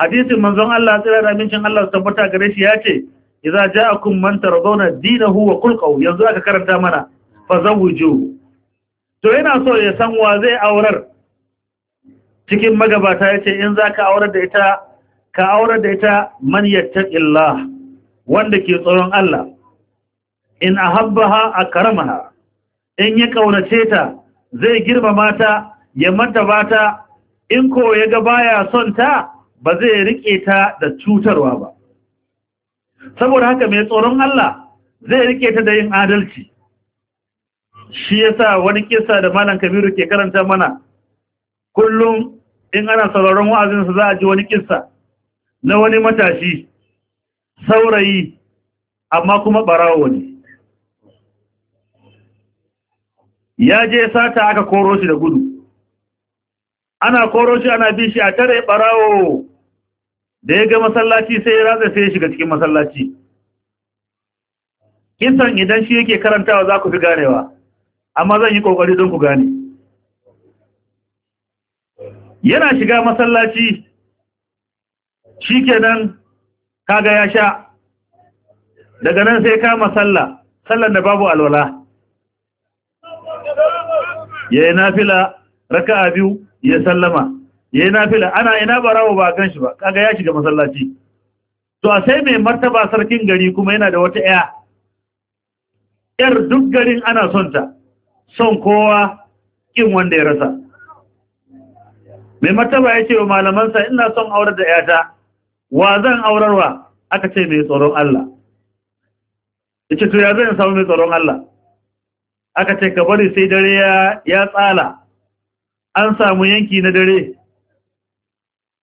hadisin manzon Allah tsira da amincin Allah tabbata gare shi ya ce idza ja'akum man tarzawna dinahu wa qulqahu yanzu aka karanta mana fa to yana so ya san wa zai aurar cikin magabata yace in zaka aurar da ita ka aurar da ita man yattaqillah wanda ke tsoron Allah in ahabbaha akramaha in ya kaunace ta zai girmama ta ya martaba ta in ko ya ga baya son ta ba zai rike ta da cutarwa ba saboda haka mai tsoron Allah zai rike ta da yin adalci shi yasa wani kisa da malam Kabiru ke karanta mana kullum in ana sauraron wa'azinsa za a ji wani kissa na wani matashi saurayi amma kuma barawo ne ya je sata aka koro shi da gudu ana koro shi ana bi shi a tare barawo da ya ga masallaci sai ya ratsa sai ya shiga cikin masallaci kisan idan shi yake karantawa za ku fi ganewa amma zan yi kokari don ku gane yana shiga masallaci Shi nan, kaga ya sha daga nan sai kama sallah sallar da babu alwala ya yi nafila a biyu ya sallama ya yi nafila ana ina barawo ba kan shi ba kaga ya shiga masallaci to a sai mai martaba sarkin gari kuma yana da wata ya yar duk garin ana son ta son kowa kin wanda ya rasa mai martaba ya ce wa malamansa ina son aure da yata wa zan aurarwa aka ce mai tsoron Allah yace to ya zan samu mai tsoron Allah aka ce ka bari sai dare ya ya tsala an samu yanki na dare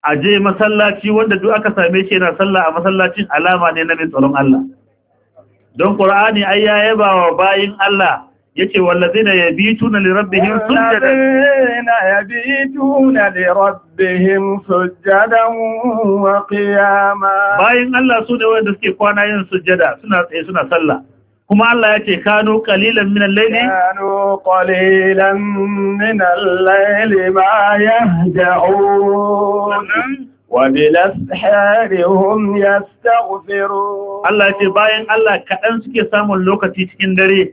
Aje, masallaci wanda duk aka same shi yana sallah a masallacin alama ne na mai tsoron Allah don Qur'ani ai ya yaba wa bayin Allah yace wallazina yabituna li rabbihim sujadan wallazina yabituna li rabbihim sujadan wa qiyama bayin Allah su da wanda suke kwana yin sujada suna tsaye suna sallah kuma Allah yace kanu qalilan min al-layli kanu qalilan min al-layli ma yahja'un وبالأسحار يستغفرون Allah ce bayan Allah kaɗan suke samun lokaci cikin dare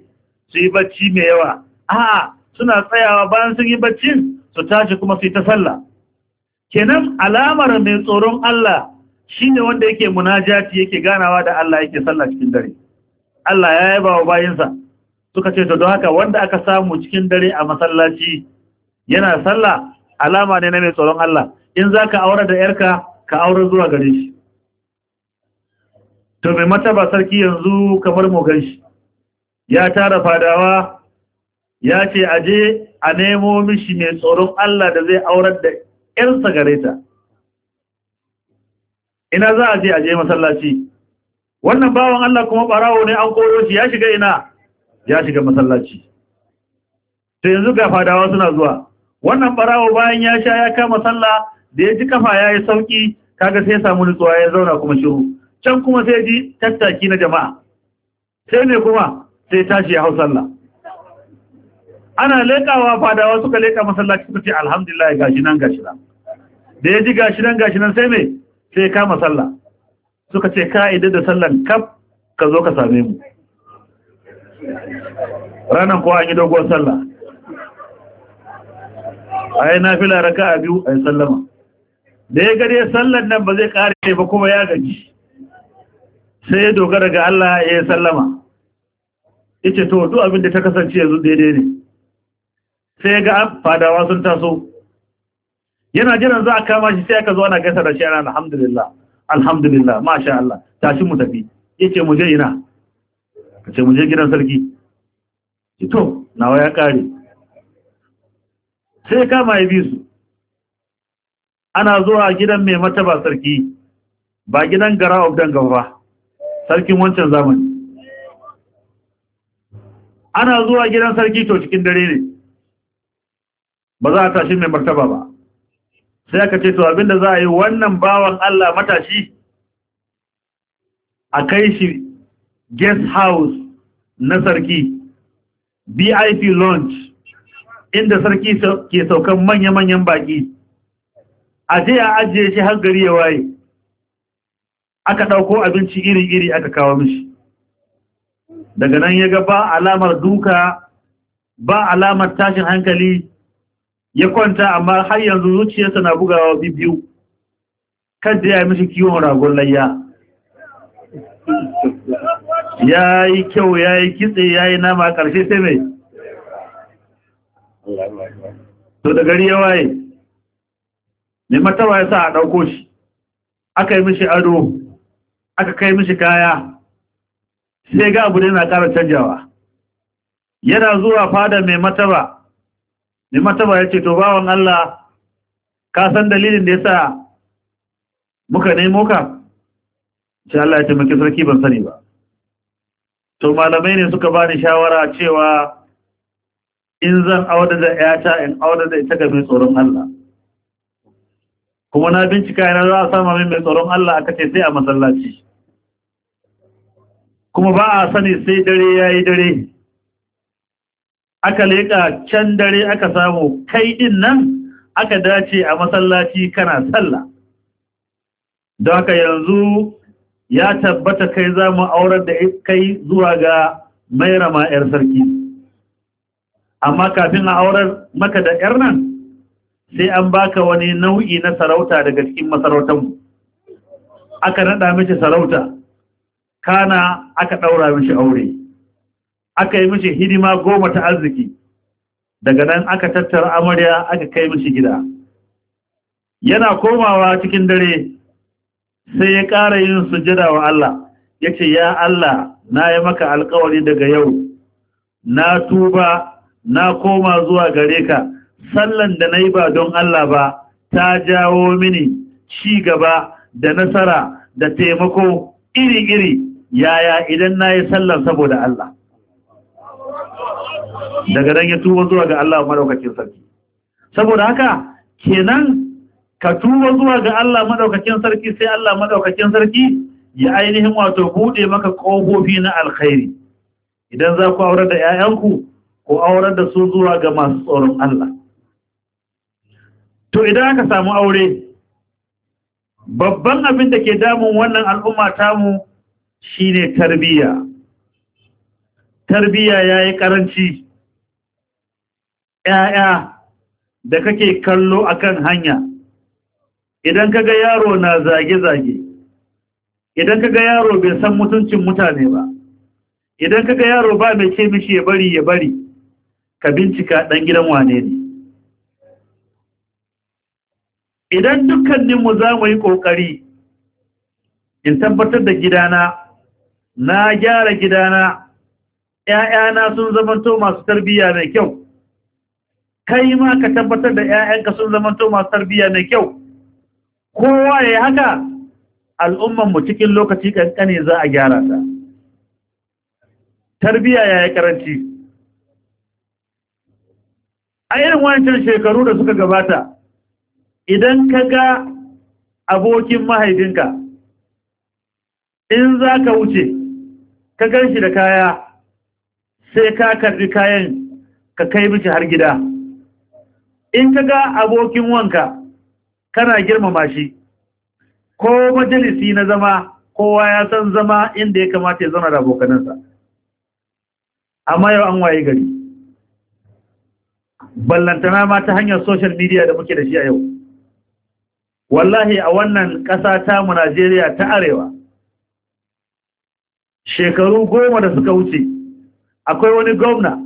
su yi bacci mai yawa a'a suna tsayawa bayan sun yi baccin su tashi kuma su yi ta sallah kenan alamar mai tsoron Allah shi ne wanda yake munajati yake ganawa da Allah yake sallah cikin dare Allah ya yaba wa bayinsa suka ce to don haka wanda aka samu cikin dare a masallaci yana sallah alama ne na mai tsoron Allah in za ka aura da yarka ka aure zuwa gare shi to mai mataba sarki yanzu kamar mu gan shi ya tara fadawa ya ce aje a nemo mishi mai tsoron Allah da zai aurar da ƴansa gare ta ina za a je aje masallaci wannan bawan Allah kuma barawo ne an koro shi ya shiga ina ya shiga masallaci sai yanzu ga fadawa suna zuwa wannan barawo bayan ya sha ya kama sallah da ya ji kafa ya yi sauki kaga sai ya samu nutsuwa ya zauna kuma shiru can kuma sai ji tattaki na jama'a sai ne kuma sai tashi ya hau sallah ana lekawa fadawa suka leka masallaci suka ce alhamdulillah gashi nan gashi nan da ya ji gashi nan gashi nan sai me sai kama sallah suka ce ka da sallan kaf ka zo ka same mu ranan ko an yi dogon sallah ai nafila raka'a biyu ai sallama da ya gare sallan nan ba zai kare ba kuma ya gaji sai ya dogara ga Allah ya sallama yace to duk abin da ta kasance yanzu daidai ne sai ga fadawa sun taso yana jiran za a kama shi sai aka zo ana gaisa da shi ana alhamdulillah alhamdulillah masha Allah tashi mu tafi yace mu je ina kace mu je gidan sarki to nawa ya kare sai kama ya bi su ana zuwa gidan mai mataba sarki ba gidan gara of dangan ba sarkin wancan zamani ana zuwa gidan sarki to cikin dare ne ba za a tashi mai martaba ba sai aka ce to abinda za a yi wannan bawan Allah matashi a kai shi guest house na sarki bip launch inda sarki ke saukan manya-manyan baki a je a ajiye shi har gari ya waye aka ɗauko abinci iri-iri aka kawo mishi daga nan ya ga ba alamar duka ba alamar tashin hankali ya kwanta amma har yanzu zuciyarsa na bugawa biyu kada ya yi mishi kiwon ragon layya ya yi kyau ya yi kitse ya yi nama ƙarshe sai mai to da gari ya waye ne matawa ya sa a ɗauko shi aka yi mishi ado aka kai mishi kaya sai ga abu da yana ƙara canjawa yana zuwa fada mai mataba mai mataba ya ce to bawan Allah ka san dalilin da ya sa muka nemo ka ce Allah ya taimaki sarki ban sani ba to malamai ne suka bani shawara cewa in zan auda da ‘yata in auda da ita mai tsoron Allah kuma na bincika yana za a sama mai tsoron Allah aka ce sai a masallaci kuma ba a sani sai dare ya yi dare aka leƙa can dare aka samu kai ɗin nan aka dace a masallaci kana sallah don haka yanzu ya tabbata kai za mu aurar da kai zuwa ga mairama 'yar sarki amma kafin a aurar maka da 'yar nan sai an baka wani nau'i na sarauta daga cikin masarautanmu aka naɗa miki sarauta kana aka ɗaura mishi aure aka yi mishi hidima goma ta arziki daga nan aka tattara amarya aka kai mishi gida yana komawa cikin dare sai ya ƙara yin sujada wa Allah ya ce ya Allah na yi maka alkawari daga yau na tuba na koma zuwa gare ka sallan da na yi ba don Allah ba ta jawo mini ci gaba da nasara da taimako iri-iri yaya idan na yi sallar saboda Allah daga nan ya tuba zuwa ga Allah maɗaukakin sarki saboda haka kenan ka tuba zuwa ga Allah maɗaukakin sarki sai Allah maɗaukakin sarki ya ainihin wato buɗe maka ƙofofi na alkhairi idan za ku aurar da 'ya'yanku ko aurar da su zuwa ga masu tsoron Allah to idan aka samu aure babban abin da ke damun wannan al'umma tamu Shi shine tarbiya tarbiya yi ƙaranci. Ya'ya da kake kallo akan hanya idan ka ga yaro na zage-zage idan ka ga yaro bai san mutuncin mutane ba idan ka ga yaro ba mai ce mishi ya bari ya bari ka bincika ɗan gidan wane ne idan dukkaninmu za mu yi ƙoƙari in tabbatar da gidana na gyara gidana ‘ya'yana sun zamanto masu tarbiyya mai kyau kai ma ka tabbatar da ‘ya'yanka sun zamanto masu tarbiyya mai kyau kowa ya haka al'ummanmu cikin lokaci ƙanƙane za a gyara ta tarbiyya ya yi karanci a irin wancan shekaru da suka gabata idan ka ga abokin mahaifinka in za ka wuce ka gan shi da kaya sai ka karbi kayan ka kai mishi har gida in ka ga abokin wanka kana girmama shi ko majalisi na zama kowa ya san zama inda ya kamata ya zama da abokanansa amma yau an waye gari ballantana ma ta hanyar social media da muke da shi a yau wallahi a wannan ƙasa ta mu Najeriya ta arewa shekaru goma da suka wuce akwai wani gwamna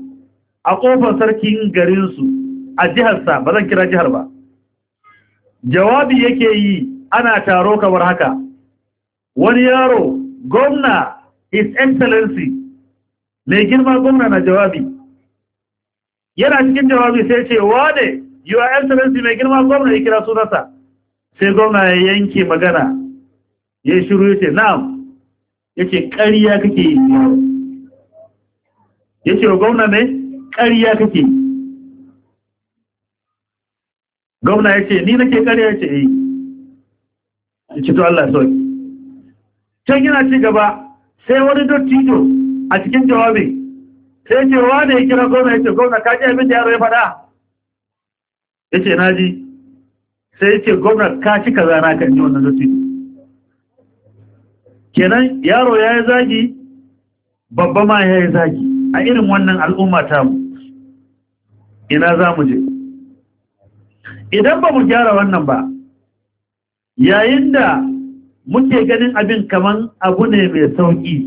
a ƙofar sarkin garinsu a jiharsa ba zan kira jihar ba jawabi yake yi ana taro kamar haka wani yaro gwamna his excellency mai girma gwamna na jawabi yana cikin jawabi sai ce wane your excellency mai girma gwamna ya kira sunansa sai gwamna ya yanke magana ya shiru ya ce na'am yake ƙariya kake yi yace wa gwamna mai ƙariya kake yi gwamna ce ni nake ya ce yi a to Allah sauki can yana ci gaba sai wani dottijo a cikin jawabi sai ce wa da ya kira gwamna ce gwamna ka ji abin da yaro ya faɗa ce na ji sai ce gwamna ka ci ka zana kan ji wannan dottijo kenan yaro ya yi zagi babba ma ya yi zagi a irin wannan al'umma mu. ina za mu je idan ba mu gyara wannan ba yayin da muke ganin abin kaman abu ne mai sauƙi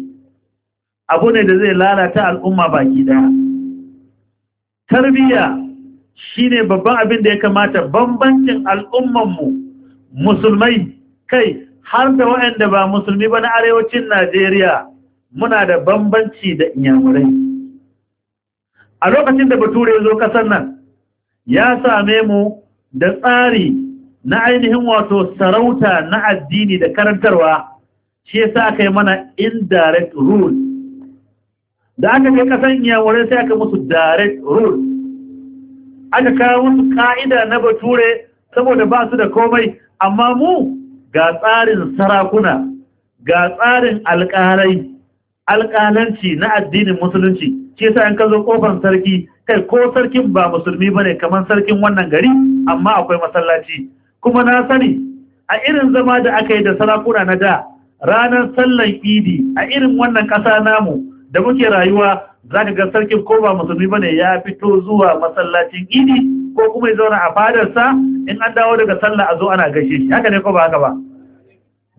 abu ne da zai lalata al'umma baki daya tarbiyya shine babban abin da ya kamata bambancin al'ummanmu musulmai kai har da waɗanda ba musulmi ba na arewacin Najeriya muna da bambanci da inyamurai. A lokacin da bature zo kasar nan ya same mu da tsari na ainihin wato sarauta na addini da karantarwa shi yasa aka yi mana indirect rule. Da aka kai kasar inyamurai sai aka musu direct rule. Aka kawo musu ka'ida na bature saboda ba su da komai amma mu ga tsarin sarakuna ga tsarin alƙalai alƙalanci na addinin musulunci ke sa in ka zo kofar sarki kai ko sarkin ba musulmi bane kamar sarkin wannan gari amma akwai masallaci kuma na sani a irin zama da aka yi da sarakuna na da ranar sallan idi a irin wannan ƙasa namu da muke rayuwa za ga sarkin ko ba musulmi bane ya fito zuwa masallacin idi ko kuma ya zauna a fadarsa in an dawo daga sallah a zo ana gaishe shi haka ne ko ba haka ba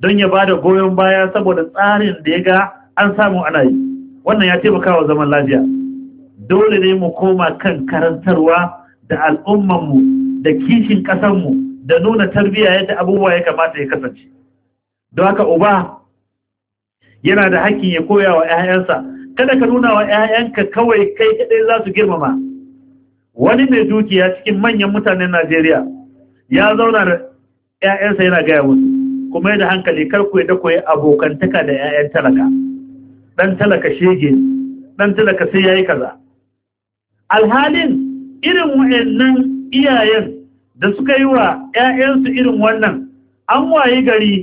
don ya bada goyon baya saboda tsarin da ya ga an samu ana yi wannan ya taimaka wa zaman lafiya dole ne mu koma kan karantarwa da al'ummanmu da kishin ƙasanmu da nuna tarbiyya yadda abubuwa ya kamata ya kasance don haka uba yana da hakkin ya koya wa 'ya'yansa kada ka nuna wa 'ya'yanka kawai kai kaɗai za su girmama wani mai dukiya cikin manyan mutanen najeriya ya zauna da 'ya'yansa yana gaya musu kuma da hankali kar ku da ku abokantaka da 'ya'yan talaka dan talaka shege dan talaka sai ya yi kaza alhalin irin wayannan iyayen da suka yi wa 'ya'yansu irin wannan an wayi gari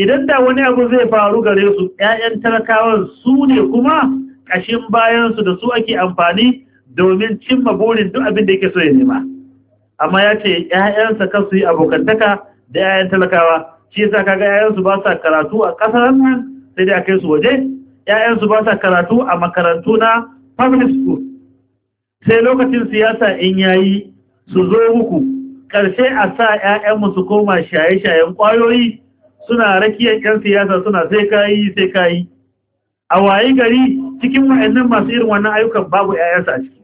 idan da wani abu zai faru gare su 'ya'yan talakawan su ne kuma ƙashin bayansu da su ake amfani domin cimma burin duk abin da yake so ya nema amma ya ce ‘ya'yansa kan su yi abokantaka da ‘ya'yan talakawa shi yasa kaga ‘ya'yansu ba sa karatu a ƙasar nan sai da a kai su waje ‘ya'yansu ba sa karatu a makarantu na public school sai lokacin siyasa in yayi su zo muku ƙarshe a sa ‘ya'yanmu su koma shaye-shayen ƙwayoyi suna rakiyar ‘yan siyasa suna sai kayi sai kayi a wayi gari cikin wa'annan masu irin wannan ayyukan babu ‘ya'yansa a ciki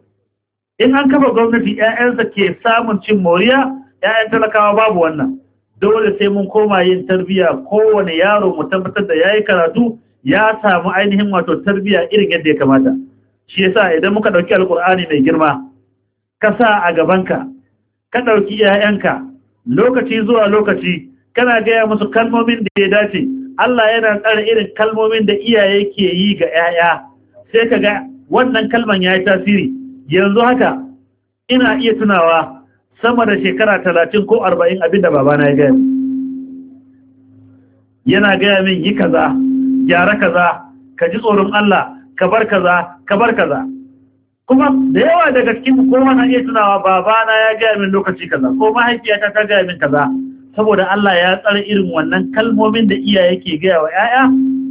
in an kafa gwamnati 'ya'yansa ke samun cin moriya 'ya'yan talakawa babu wannan dole sai mun koma yin tarbiyya kowane yaro mu tabbatar da ya yi karatu ya samu ainihin wato tarbiyya irin yadda ya kamata shi yasa idan muka ɗauki Alƙur'ani mai girma ka sa a gabanka ka ɗauki 'ya'yanka lokaci zuwa lokaci kana gaya musu kalmomin da ya dace Allah yana tsara irin kalmomin da iyaye ke yi ga 'ya'ya sai ka ga wannan kalman ya yi tasiri yanzu haka ina iya tunawa sama da shekara talatin ko arba'in abinda babana ya gaya yana gaya min yi kaza gyara kaza ka ji tsoron Allah ka bar kaza ka bar kaza kuma da yawa daga cikin kowa na iya tunawa babana ya gaya min lokaci kaza ko mahaifiyata ta gaya min kaza saboda Allah ya tsara irin wannan kalmomin da iyaye yake gaya wa 'ya'ya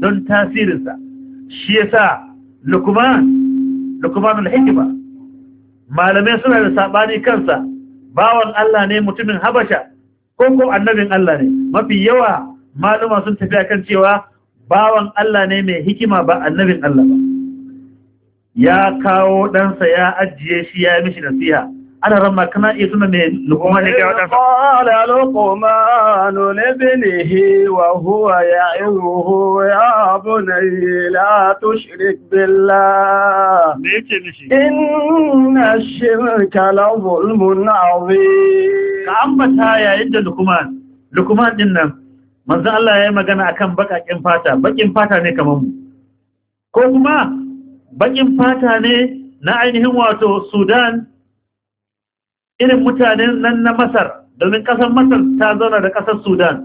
don tasirinsa shi yasa lukman lukmanul hikima malamai suna da sabani kansa bawan Allah ne mutumin Habasha ko ko annabin Allah ne mafi yawa malama sun tafi akan cewa bawan Allah ne mai hikima ba annabin Allah ba ya kawo ɗansa ya ajiye shi ya mishi nasiha ana ramma kana iya tuna mai lukuma ne ga wadansa qala luqman libnihi wa huwa ya ya'izuhu ya yi latu shirik billah me yake mishi inna ash-shirka la zulmun 'azim ka ambata yayin da lukuma, lukuma din nan manzan Allah yi magana kan baƙaƙen fata Baƙin fata ne kamar mu ko kuma baƙin fata ne na ainihin wato Sudan irin mutanen nan na masar domin ƙasar masar ta zauna da ƙasar sudan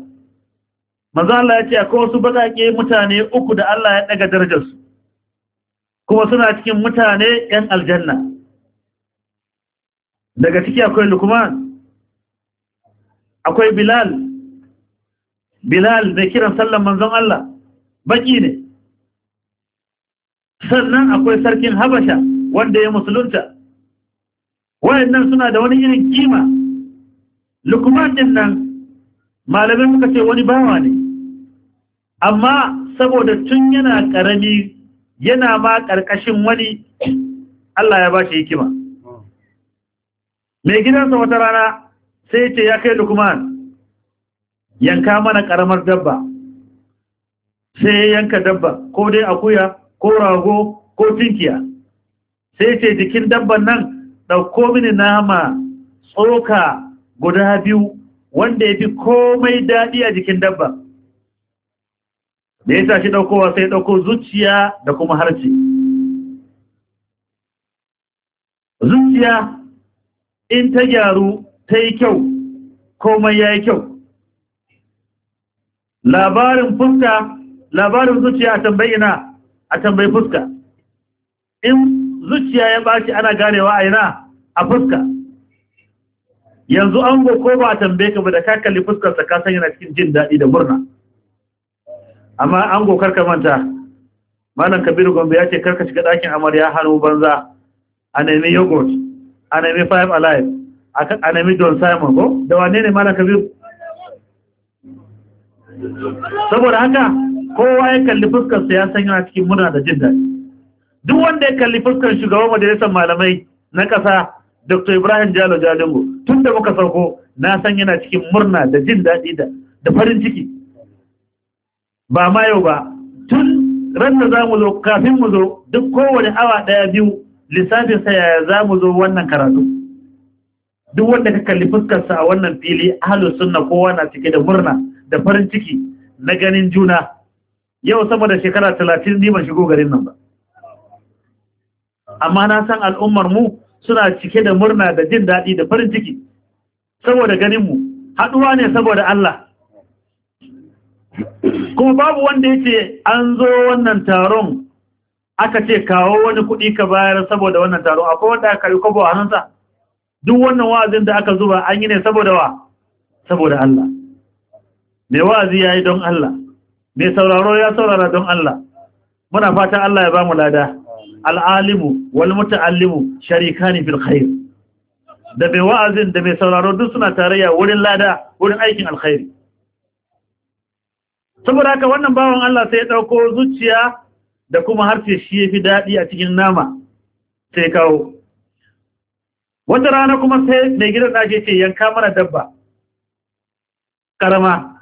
maza Allah ya ce akwai wasu baƙaƙe mutane uku da Allah ya ɗaga darajarsu kuma suna cikin mutane 'yan aljanna daga ciki akwai lukman akwai bilal bilal mai kiran sallan manzon Allah baƙi ne sannan akwai sarkin habasha wanda ya musulunta wayannan suna da wani irin kima lukman din nan malamin muka ce wani bawa ne amma saboda tun yana karami yana ma karkashin wani Allah ya ba shi hikima mai gidansa wata rana sai ce ya kai lukman yanka mana karamar dabba sai yanka dabba ko dai akuya ko rago ko tinkiya sai ce jikin dabban nan ɗauko mini nama tsoka guda biyu wanda ya fi komai daɗi a jikin dabba da ya tashi ɗaukowa sai ɗauko zuciya da kuma harci zuciya in ta gyaru ta yi kyau komai ya yi kyau labarin fuska labarin zuciya a tambayi na a tambayi fuska in zuciya ya bashi ana ganewa a yana a fuska yanzu an ko ba tambaye ka ba da ka kalli fuskarsa ka san yana cikin jin daɗi da murna amma an go ka manta malam kabiru gombe ya ce karka shiga ɗakin amarya hannu banza a nemi yogurt a nemi five alive a nemi don simon ko da wane ne malam kabiru saboda haka kowa ya kalli fuskarsa ya san yana cikin murna da jin daɗi duk wanda ya kalli fuskar shugaban majalisar malamai na ƙasa dr ibrahim jalo jalingo tun da muka sauko na san yana cikin murna da jin daɗi da farin ciki ba ma yau ba tun ran da za mu zo kafin mu zo duk kowane awa ɗaya biyu lissafinsa yaya za mu zo wannan karatu duk wanda ka kalli fuskarsa a wannan fili ahalu sunna kowa na cike da murna da farin ciki na ganin juna yau sama da shekara talatin ni ban shigo garin nan ba amma na san al'ummar mu suna cike da murna da jin daɗi da farin ciki saboda ganin mu haɗuwa ne saboda Allah kuma babu wanda yake an zo wannan taron aka ce kawo wani kuɗi ka bayar saboda wannan taron akwai wanda aka yi kwabo a hansa, duk wannan wa'azin da aka zuba an yi ne saboda wa saboda Allah mai wa'azi ya yi don Allah mai sauraro ya saurara don Allah muna fatan Allah ya ba mu lada al'alimu wal muta'allimu ne fil khair da mai wa'azin da mai sauraro duk suna tarayya wurin lada wurin aikin alkhairi saboda haka wannan bawan Allah sai ya dauko zuciya da kuma harshe shi ya fi daɗi a cikin nama sai kawo wata rana kuma sai mai gidan ɗaki ce yanka mana dabba ƙarama,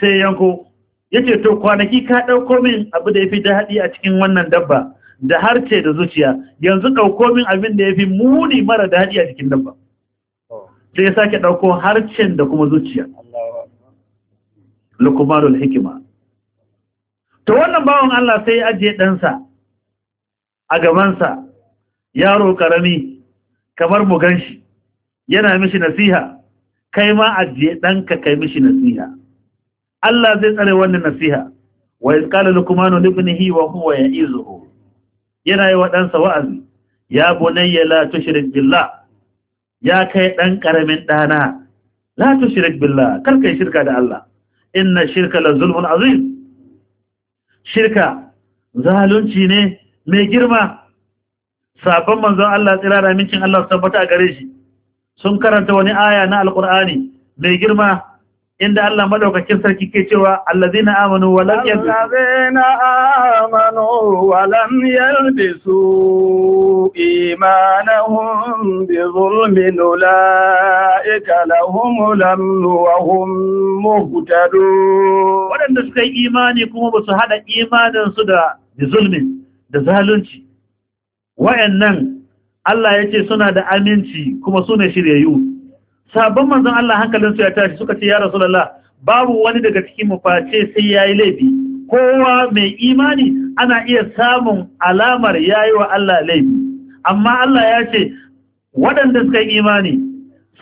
sai yanko yace to kwanaki ka ɗauko min abu da ya fi daɗi a cikin wannan dabba da harce da zuciya yanzu ɗauko min abin da ya fi muni mara daɗi a jikin dabba sai ya sake ɗauko harcen da kuma zuciya lukumarul hikima ta wannan bawon Allah sai ajiye ɗansa a gabansa yaro ƙarami kamar mu gan shi, yana mishi nasiha kai ma ajiye ɗanka kai mishi nasiha Allah zai tsare wannan nasiha wa iz qala lukumanu libnihi wa huwa izo yana yi wa ɗansa wa'azi ya bunayya latu shirin billa. ya kai ɗan ƙaramin ɗana la shirin billa. kar yi shirka da Allah inna shirka la zulmun azim shirka zalunci ne mai girma sabon manzon Allah tsira da mincin Allah tabbata gare shi sun karanta wani aya na Alƙur'ani. mai girma inda Allah madaukakin sarki ke cewa allazina amanu wa lam yalbisu allazina amanu wa lam yalbisu imanuhum bi zulmin ulaika lahumul amnu wa hum muhtadun wadanda suka yi imani kuma ba su hada imanin su da zulmin da zalunci wayannan Allah yace suna da aminci kuma suna shiryayyu sabon manzon Allah hankalin su ya tashi suka ce ya rasulullah babu wani daga cikin mu face sai yayi laifi kowa mai imani ana iya samun alamar yayi wa Allah laifi amma Allah ya ce waɗanda suka yi imani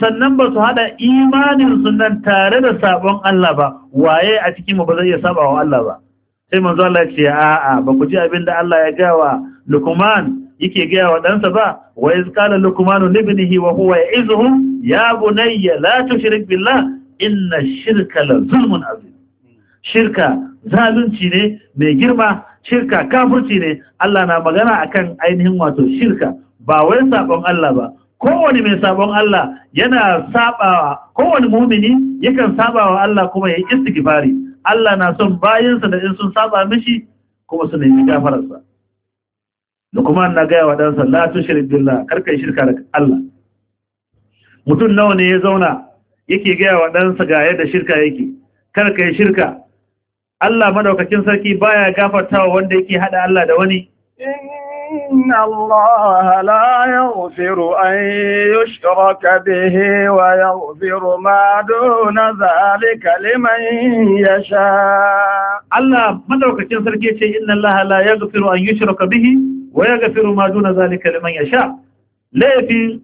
sannan ba su haɗa imanin su nan tare da sabon Allah ba waye a cikin mu ba zai iya saba wa Allah ba sai manzo Allah ya ce a'a ba ku ji abin da Allah ya wa Luqman yake gaya wa ɗansa ba wa iz qala luqmanu li wa huwa ya'izuhu ya bunayya la tushrik billah inna shirka la zulmun azim shirka zalunci ne mai girma shirka kafirci ne Allah na magana akan ainihin wato shirka ba wai sabon Allah ba kowane mai sabon Allah yana sabawa kowane mumini yakan sabawa Allah kuma ya istighfari Allah na son bayinsa da in sun saba mishi kuma su nemi gafararsa Lukman na gaya wa ɗansa la shirin billah karka shirka da Allah mutum nawa ne ya zauna yake gaya wa ɗansa ga yadda shirka yake karka yi shirka Allah madaukakin sarki baya gafartawa wanda yake hada Allah da wani إن الله لا يغفر أن يشرك به ويغفر ما دون ذلك لمن يشاء الله ماذا وكتن كيشي إن الله لا يغفر أن يشرك به wa yaghfiru ma duna zalika liman yasha laifi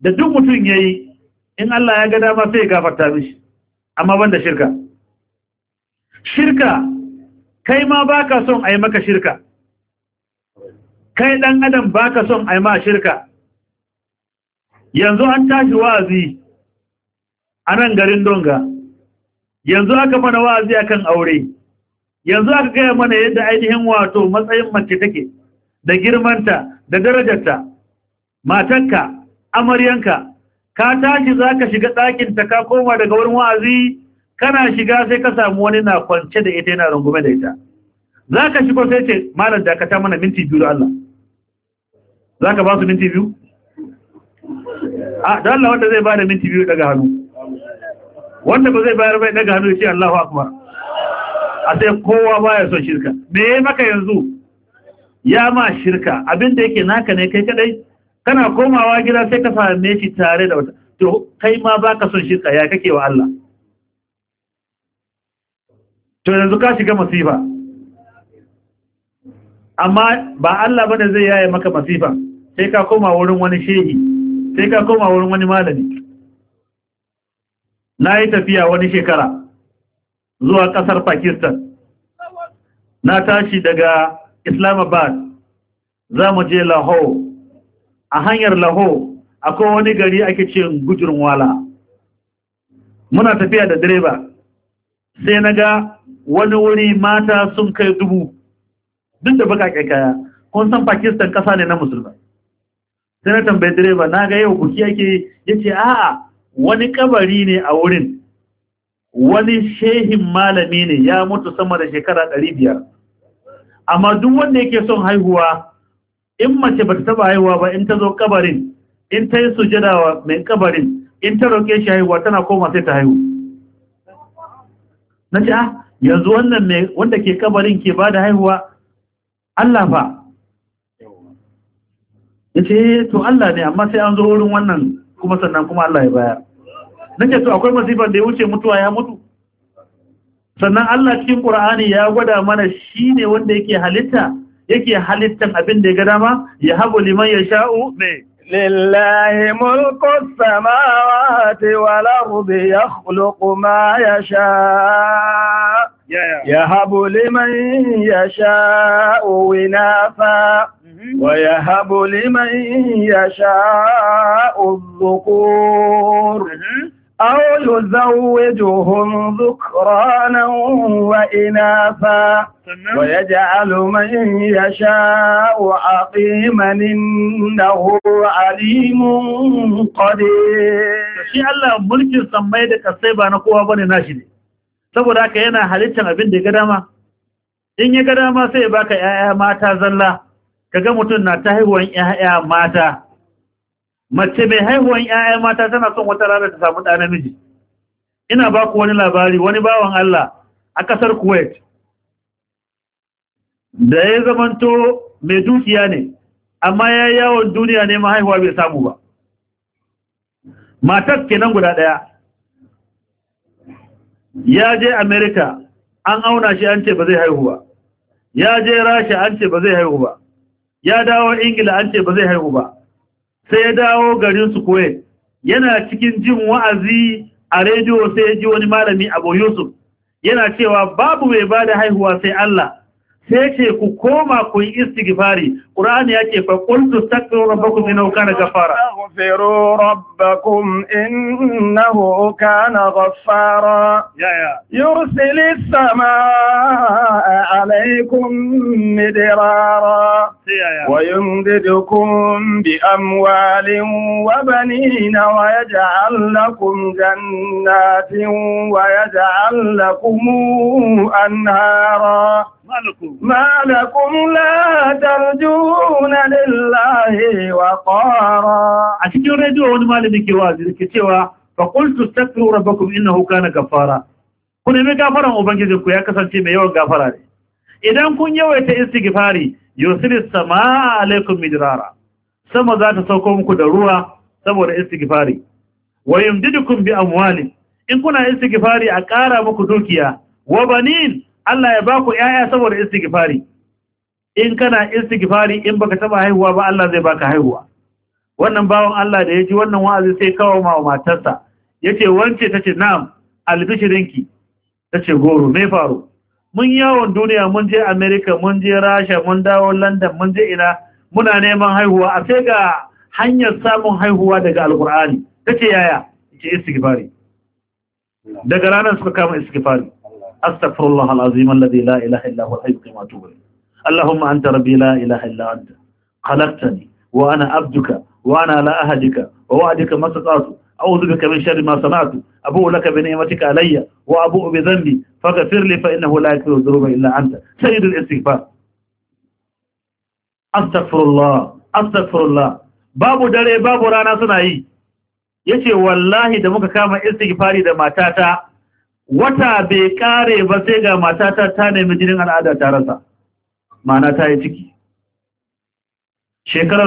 da duk mutum yayi in Allah ya ga dama sai ya gafarta mishi amma banda shirka shirka kai ma baka son a maka shirka kai dan adam baka son a ma shirka yanzu an tashi wa'azi anan garin donga yanzu aka mana wa'azi akan aure yanzu aka gaya mana yadda ainihin wato matsayin mace take da girmanta da darajarta matanka amaryanka ka tashi za ka shiga ɗakinta ka koma daga wurin wa'azi kana shiga sai ka samu wani na kwance da ita yana rungume da ita za ka shigo sai ce malam da ka ta mana minti biyu da Allah za ka ba su minti biyu? a da Allah wanda zai ba da minti biyu daga hannu wanda ba zai bayar bai daga hannu ya ce Allahu Akbar a sai kowa baya son shirka me maka yanzu ya ma shirka abinda da yake naka ne kai kadai kana komawa gida sai ka same shi tare da wata to kai ma baka son shirka ya kake wa Allah to yanzu ka shiga masifa amma ba Allah bane zai yaye maka masifa sai ka koma wurin wani shehi sai ka koma wurin wani malami na yi tafiya wani shekara zuwa kasar Pakistan na tashi daga islamabad za mu je laho a hanyar laho akwai wani gari ake ce gujirin wala muna tafiya da direba sai na ga wani wuri mata sun kai dubu duk da bakaƙe kaya kun san pakistan ƙasa ne na musulman. sai na tambayi direba na ga yau kuki yake ya ce a'a wani kabari ne a wurin wani shehin malami ne ya mutu sama da shekara ɗari biyar. amma duk wanda yake son haihuwa in mace ba ta taba haihuwa ba in ta zo kabarin in ta yi sujada wa mai kabarin in ta roƙe shi haihuwa tana koma sai ta haihu na ce ah yanzu wannan mai wanda ke kabarin ke bada haihuwa Allah ba. ya ce eh, to Allah ne amma sai an zo wurin wannan kuma sannan kuma Allah ya bayar na ce to akwai masifar da ya wuce mutuwa ya mutu sannan Allah cikin ƙura'ani ya gwada mana shi ne wanda yake halitta yake halittan abin da ya gada ma ya hagu liman yasha'u ne lillahi mulku samawati wal ardi yakhluqu ma yasha يهب mhm. wa ya ونافا liman yasha يشاء أو يزوجهم ذكرانا وإناثا ويجعل من يشاء Wa إنه عليم قدير شيء الله ملك سمي da kasai ba na kowa bane nashi ne saboda haka yana halittar abinda da ya ga dama in ya ga dama sai baka 'ya'ya mata zalla ka ga mutum na ta haihuwar 'ya'ya mata mace mai haihuwan 'ya'ya mata tana son wata rana ta samu ɗa namiji ina ba ku wani labari wani bawan Allah a ƙasar Kuwait da ya zamanto mai dukiya ne amma ya yi yawon duniya ne mahaihuwa bai samu ba matar kenan guda ɗaya ya je Amerika an auna shi an ce ba zai haihu ya je Rasha an ce ba zai haihu ba ya dawo Ingila an ce ba zai haihu ba sai ya dawo garin su kuwe yana cikin jin wa'azi a rediyo sai ya ji wani malami abu yusuf yana cewa babu mai ba da haihuwa sai allah sai ce ku koma ku yi istighfari qur'ani yake fa qul tastaghfiru rabbakum innahu kana ghaffara astaghfiru rabbakum innahu kana ghaffara ya ya yursilis samaa alaykum midrara wa yumdidukum bi amwalin wa banina wa yaj'al lakum jannatin wa yaj'al lakum anhara malakum cikin لكم wani ترجون ke wa أشكي رجوع cewa لديك وازي كتوا فقلت استكروا ربكم إنه كان غفارا kuna mai gafaran ubangijinku ya kasance mai yawan gafara ne idan kun yawaita istighfari yusilis samaa alaikum midrara sama za ta sauko muku da ruwa saboda istighfari wa yumdidukum bi amwali in kuna istighfari a ƙara muku dukiya wa banin Allah ya baku 'ya'ya saboda istighfari in kana istighfari in baka taba haihuwa ba Allah zai baka haihuwa wannan bawan Allah da yaji wannan wa'azi sai kawo ma matarsa yace wance tace na'am albishirinki tace goro me faru mun yawon duniya mun je America mun je Russia mun dawo London mun je ina muna neman haihuwa a sai ga hanyar samun haihuwa daga alkur'ani tace yaya ce istighfari daga ranar suka kama istighfari أستغفر الله العظيم الذي لا إله إلا هو الحي القيوم وأتوب إليه اللهم أنت ربي لا إله إلا أنت خلقتني وأنا عبدك وأنا على أهدك ووعدك ما استطعت أعوذ بك من شر ما صنعت أبوء لك بنعمتك علي وأبوء بذنبي فاغفر لي فإنه لا يغفر الذنوب إلا أنت سيد الاستغفار أستغفر الله أستغفر الله babu dare babu rana suna yi yace wallahi da muka kama istighfari da matata wata bai kare ba sai ga matata ta nemi jinin al'ada ta rasa mana ta yi ciki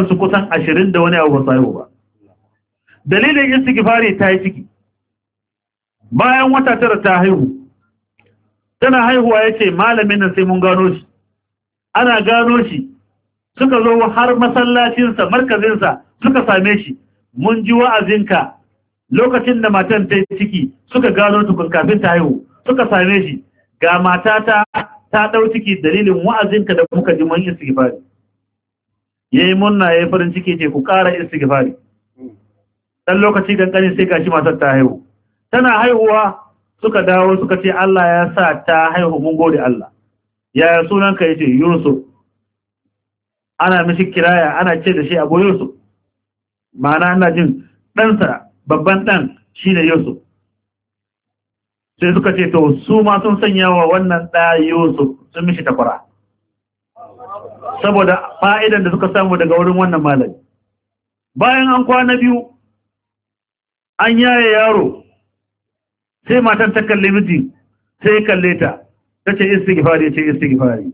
su kusan ashirin da wani abu ba sayo ba dalilin istighfari ta yi ciki bayan wata tara ta haihu tana haihuwa ya ce malamin nan sai mun gano shi ana gano shi suka zo har masallacinsa markazinsa suka same shi mun ji wa'azinka lokacin da matan ta yi ciki suka gano tukun kafin ta haihu suka same shi ga matata ta ɗau ciki dalilin wa'azinka da muka ji mun istighfari yayi munna yi farin ciki ce ku ƙara istighfari dan lokaci kankani sai gashi matar ta haihu tana haihuwa suka dawo suka ce Allah ya sa ta haihu mun gode Allah yaya ka yace Yusuf ana mishi kiraya ana ce da shi abu Yusuf ma'ana ana jin ɗansa babban ɗan shi ne Yusuf sai suka ce to su ma sun sanya wa wannan ɗaya Yusuf sun mishi takwara saboda fa'idan da suka samu daga wurin wannan malami bayan an kwana biyu an yaye yaro sai matan ta kalli miji sai kalle ta ta ce istighfari ce istighfari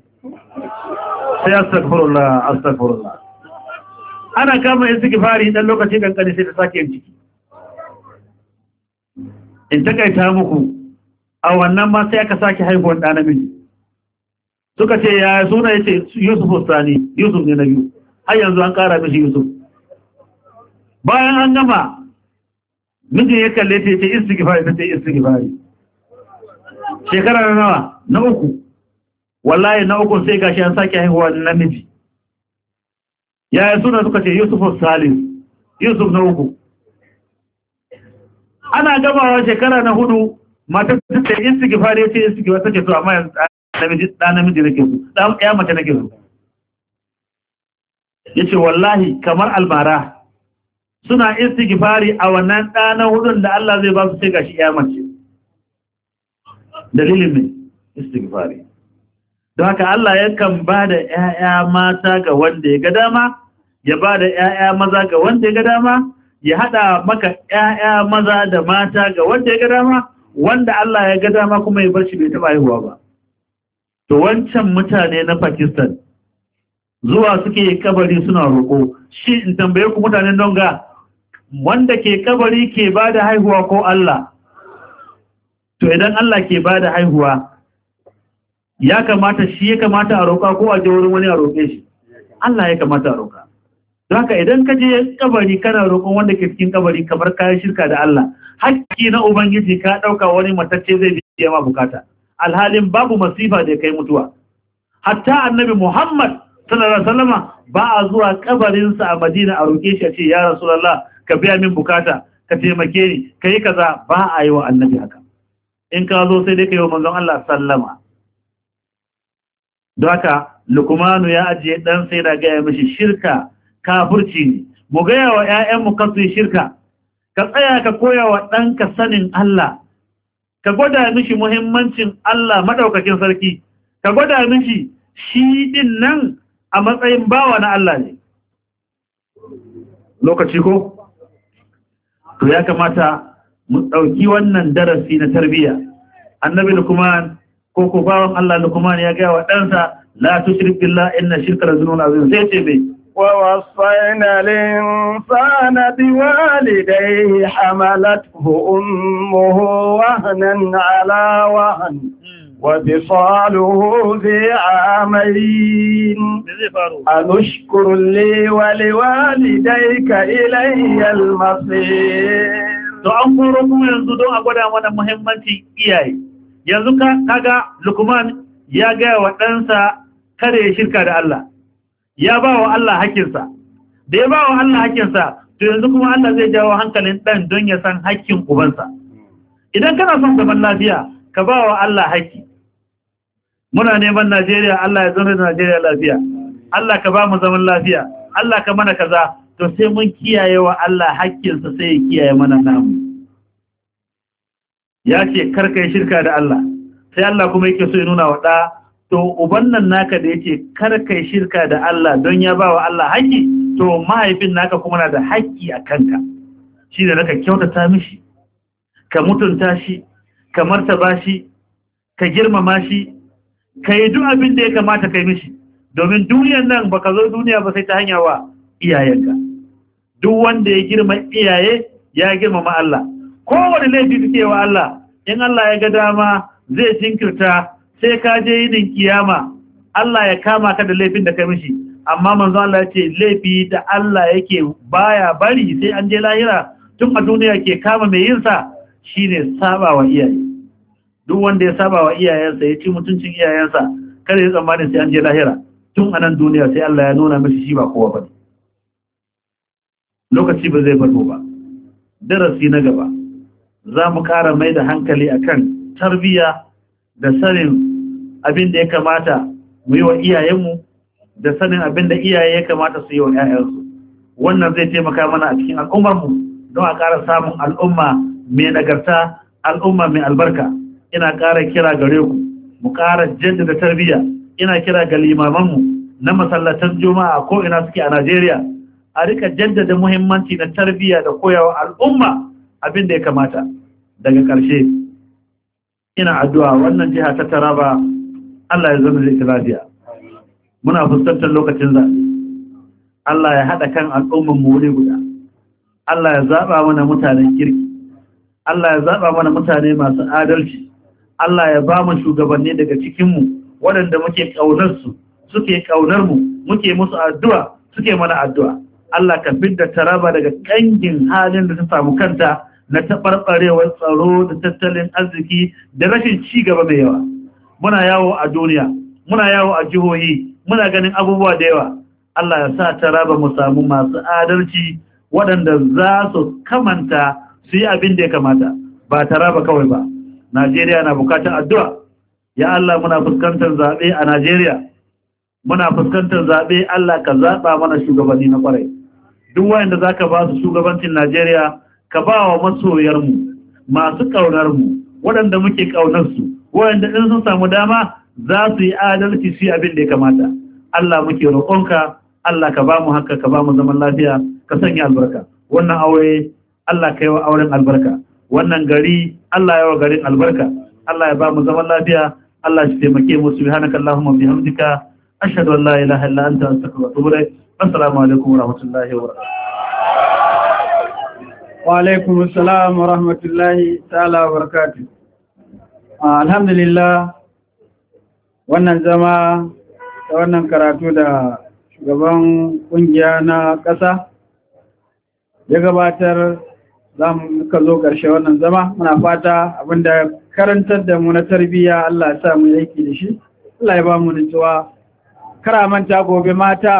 sai astagfirullah astagfirullah ana kama istighfari dan lokaci kankani sai ta sake yin ciki in takaita muku a wannan ma sai aka sake haihuwar ɗa namiji suka ce ya suna ya ce yusuf sani yusuf ne na biyu har yanzu an ƙara mishi yusuf bayan an gama mijin ya kalle ta ce istighfari ta ce istighfari shekara na nawa na uku wallahi na uku sai gashi an sake haihuwa namiji yaya suna suka ce yusuf salim yusuf na uku ana gabawa shekara na hudu mata su ce istighfar ya ce istighfar take so amma yanzu namiji dan namiji nake so dan ya mace nake so yace wallahi kamar almara suna istighfari a wannan dana hudun da Allah zai ba su sai gashi ya mace dalilin ne istighfari don haka Allah yakan ba da ‘ya'ya mata ga wanda ya ga dama, ya ba da ‘ya'ya maza ga wanda ya ga dama, ya haɗa maka ‘ya'ya maza da mata ga wanda ya ga dama, wanda Allah ya ga dama kuma ya bar shi bai taɓa haihuwa ba to wancan mutane na Pakistan zuwa suke kabari suna roƙo shi in tambaye ku mutanen donga. wanda ke kabari ke bada haihuwa ko Allah to idan Allah ke bada haihuwa ya kamata shi ya kamata a roƙa ko a je wurin wani a roke shi Allah ya kamata a roƙa don haka idan ka je kabari kana roƙon wanda ke cikin kabari kamar kayan shirka da Allah hakki na ubangiji ka ɗauka wani matacce zai biya ma bukata alhalin babu masifa da ya kai mutuwa hatta annabi muhammad sallallahu alaihi wasallam ba a zuwa kabarinsa a madina a roke shi a ce ya rasulullah ka biya min bukata ka taimake ni kai kaza ba a yi wa annabi haka in ka zo sai dai ka yi wa manzon Allah sallama don haka lukumanu ya ajiye dan sai da gaya mishi shirka kafurci ne mu gaya wa mu kasu shirka ka tsaya ka koya wa ɗanka sanin Allah ka gwada mishi muhimmancin Allah maɗaukakin sarki ka gwada mishi shi ɗin nan a matsayin bawa na Allah ne lokaci ko to ya kamata mu ɗauki wannan darasi na tarbiyya annabi lukman ko ko bawan Allah lukman ya gaya wa ɗansa la tushrik billah inna shirka da zunun azim sai ce mai, ووصينا الإنسان بوالديه حملته أمه وهنا على وهن وبصاله ذي عامين أنشكر لي ولوالديك إلي المصير to an koro yanzu don a gwada mana muhimmancin iyaye yanzu kaga lukman ya gaya wa ɗansa kada ya shirka da Allah ya ba wa Allah hakinsa da ya ba wa Allah hakinsa to yanzu kuma Allah zai jawo hankalin ɗan don ya san hakkin ubansa idan kana son zaman lafiya ka ba wa Allah haki muna neman Najeriya Allah ya zama Najeriya lafiya Allah ka ba mu zaman lafiya Allah ka mana kaza to sai mun kiyaye wa Allah hakkinsa sai ya kiyaye mana namu ya ce karka yi shirka da Allah sai Allah kuma yake so ya nuna wa ɗa to uban nan naka da yake kar shirka da Allah don ya ba wa Allah haƙƙi to mahaifin naka kuma na da haƙƙi a kanka shi da naka kyautata mishi ka mutunta shi ka martaba shi ka girmama shi ka yi duk abin da ya kamata kai mishi domin duniyan nan baka zo duniya ba sai ta hanya wa iyayenka duk wanda ya girma iyaye ya girmama Allah kowane laifi suke wa Allah in Allah ya ga dama zai jinkirta sai ka je yinin kiyama Allah ya kama ka da laifin da ka mishi amma manzo Allah ya ce laifi da Allah yake baya bari sai an je lahira tun a duniya ke kama mai yinsa, sa shine saba iyaye duk wanda ya sabawa iyayensa ya ci mutuncin iyayensa kada ya tsammanin sai an je lahira tun a nan duniya sai Allah ya nuna mishi shi ba kowa ba lokaci ba zai fado ba darasi na gaba za mu kara mai da hankali akan tarbiyya da sanin abin da ya kamata mu yi wa iyayenmu da sanin abin da iyaye ya kamata su yi wa 'ya'yansu wannan zai taimaka mana a cikin al'ummarmu don a ƙara samun al'umma mai nagarta al'umma mai albarka ina ƙara kira gare ku mu ƙara jaddada tarbiyya ina kira ga limamanmu na masallatan juma'a ko ina suke a najeriya a rika jaddada muhimmanci na tarbiyya da koyawa al'umma abin da ya kamata daga ƙarshe ina addu'a wannan jiha ta taraba Allah ya zama zai lafiya muna fuskantar lokacin zaɓe Allah ya haɗa kan al'ummar mu wuri guda Allah ya zaɓa mana mutanen kirki Allah ya zaɓa mana mutane masu adalci Allah ya ba mu shugabanni daga cikinmu waɗanda muke ƙaunarsu suke mu, muke musu addu'a suke mana addu'a Allah ka fidda taraba daga ƙangin halin da ta samu kanta na taɓarɓarewar tsaro da tattalin arziki da rashin ci gaba mai yawa muna yawo a duniya muna yawo a jihohi muna ganin abubuwa da yawa Allah ya sa ta raba mu samu masu adalci waɗanda za su kamanta su yi abin da ya kamata ba ta raba kawai ba Najeriya na bukatar addu'a ya Allah muna fuskantar zaɓe a Najeriya muna fuskantar zaɓe Allah ka zaɓa mana shugabanni na ƙwarai duk wayanda za ka ba su shugabancin Najeriya ka ba wa masoyarmu masu ƙaunarmu waɗanda muke su. wanda in sun samu dama za su yi adalci su abin da ya kamata Allah muke roƙonka Allah ka bamu haka ka bamu zaman lafiya ka sanya albarka wannan aure Allah ka yi wa auren albarka wannan gari Allah ya wa garin albarka Allah ya bamu zaman lafiya Allah shi taimake mu subhanaka allahumma bihamdika ashhadu an la ilaha illa anta astaghfiruka wa atubu ilaik assalamu alaikum wa rahmatullahi wa barakatuh wa alaikum assalam wa rahmatullahi ta'ala wa barakatuh Ah, alhamdulillah wannan zama da wannan karatu da shugaban kungiya na ƙasa ya gabatar za mu ka zo ƙarshe wannan zama muna fata abinda karantar da mu na tarbiyya Allah ya sa mu aiki da shi Allah ya ba mu nutsuwa kara manta gobe mata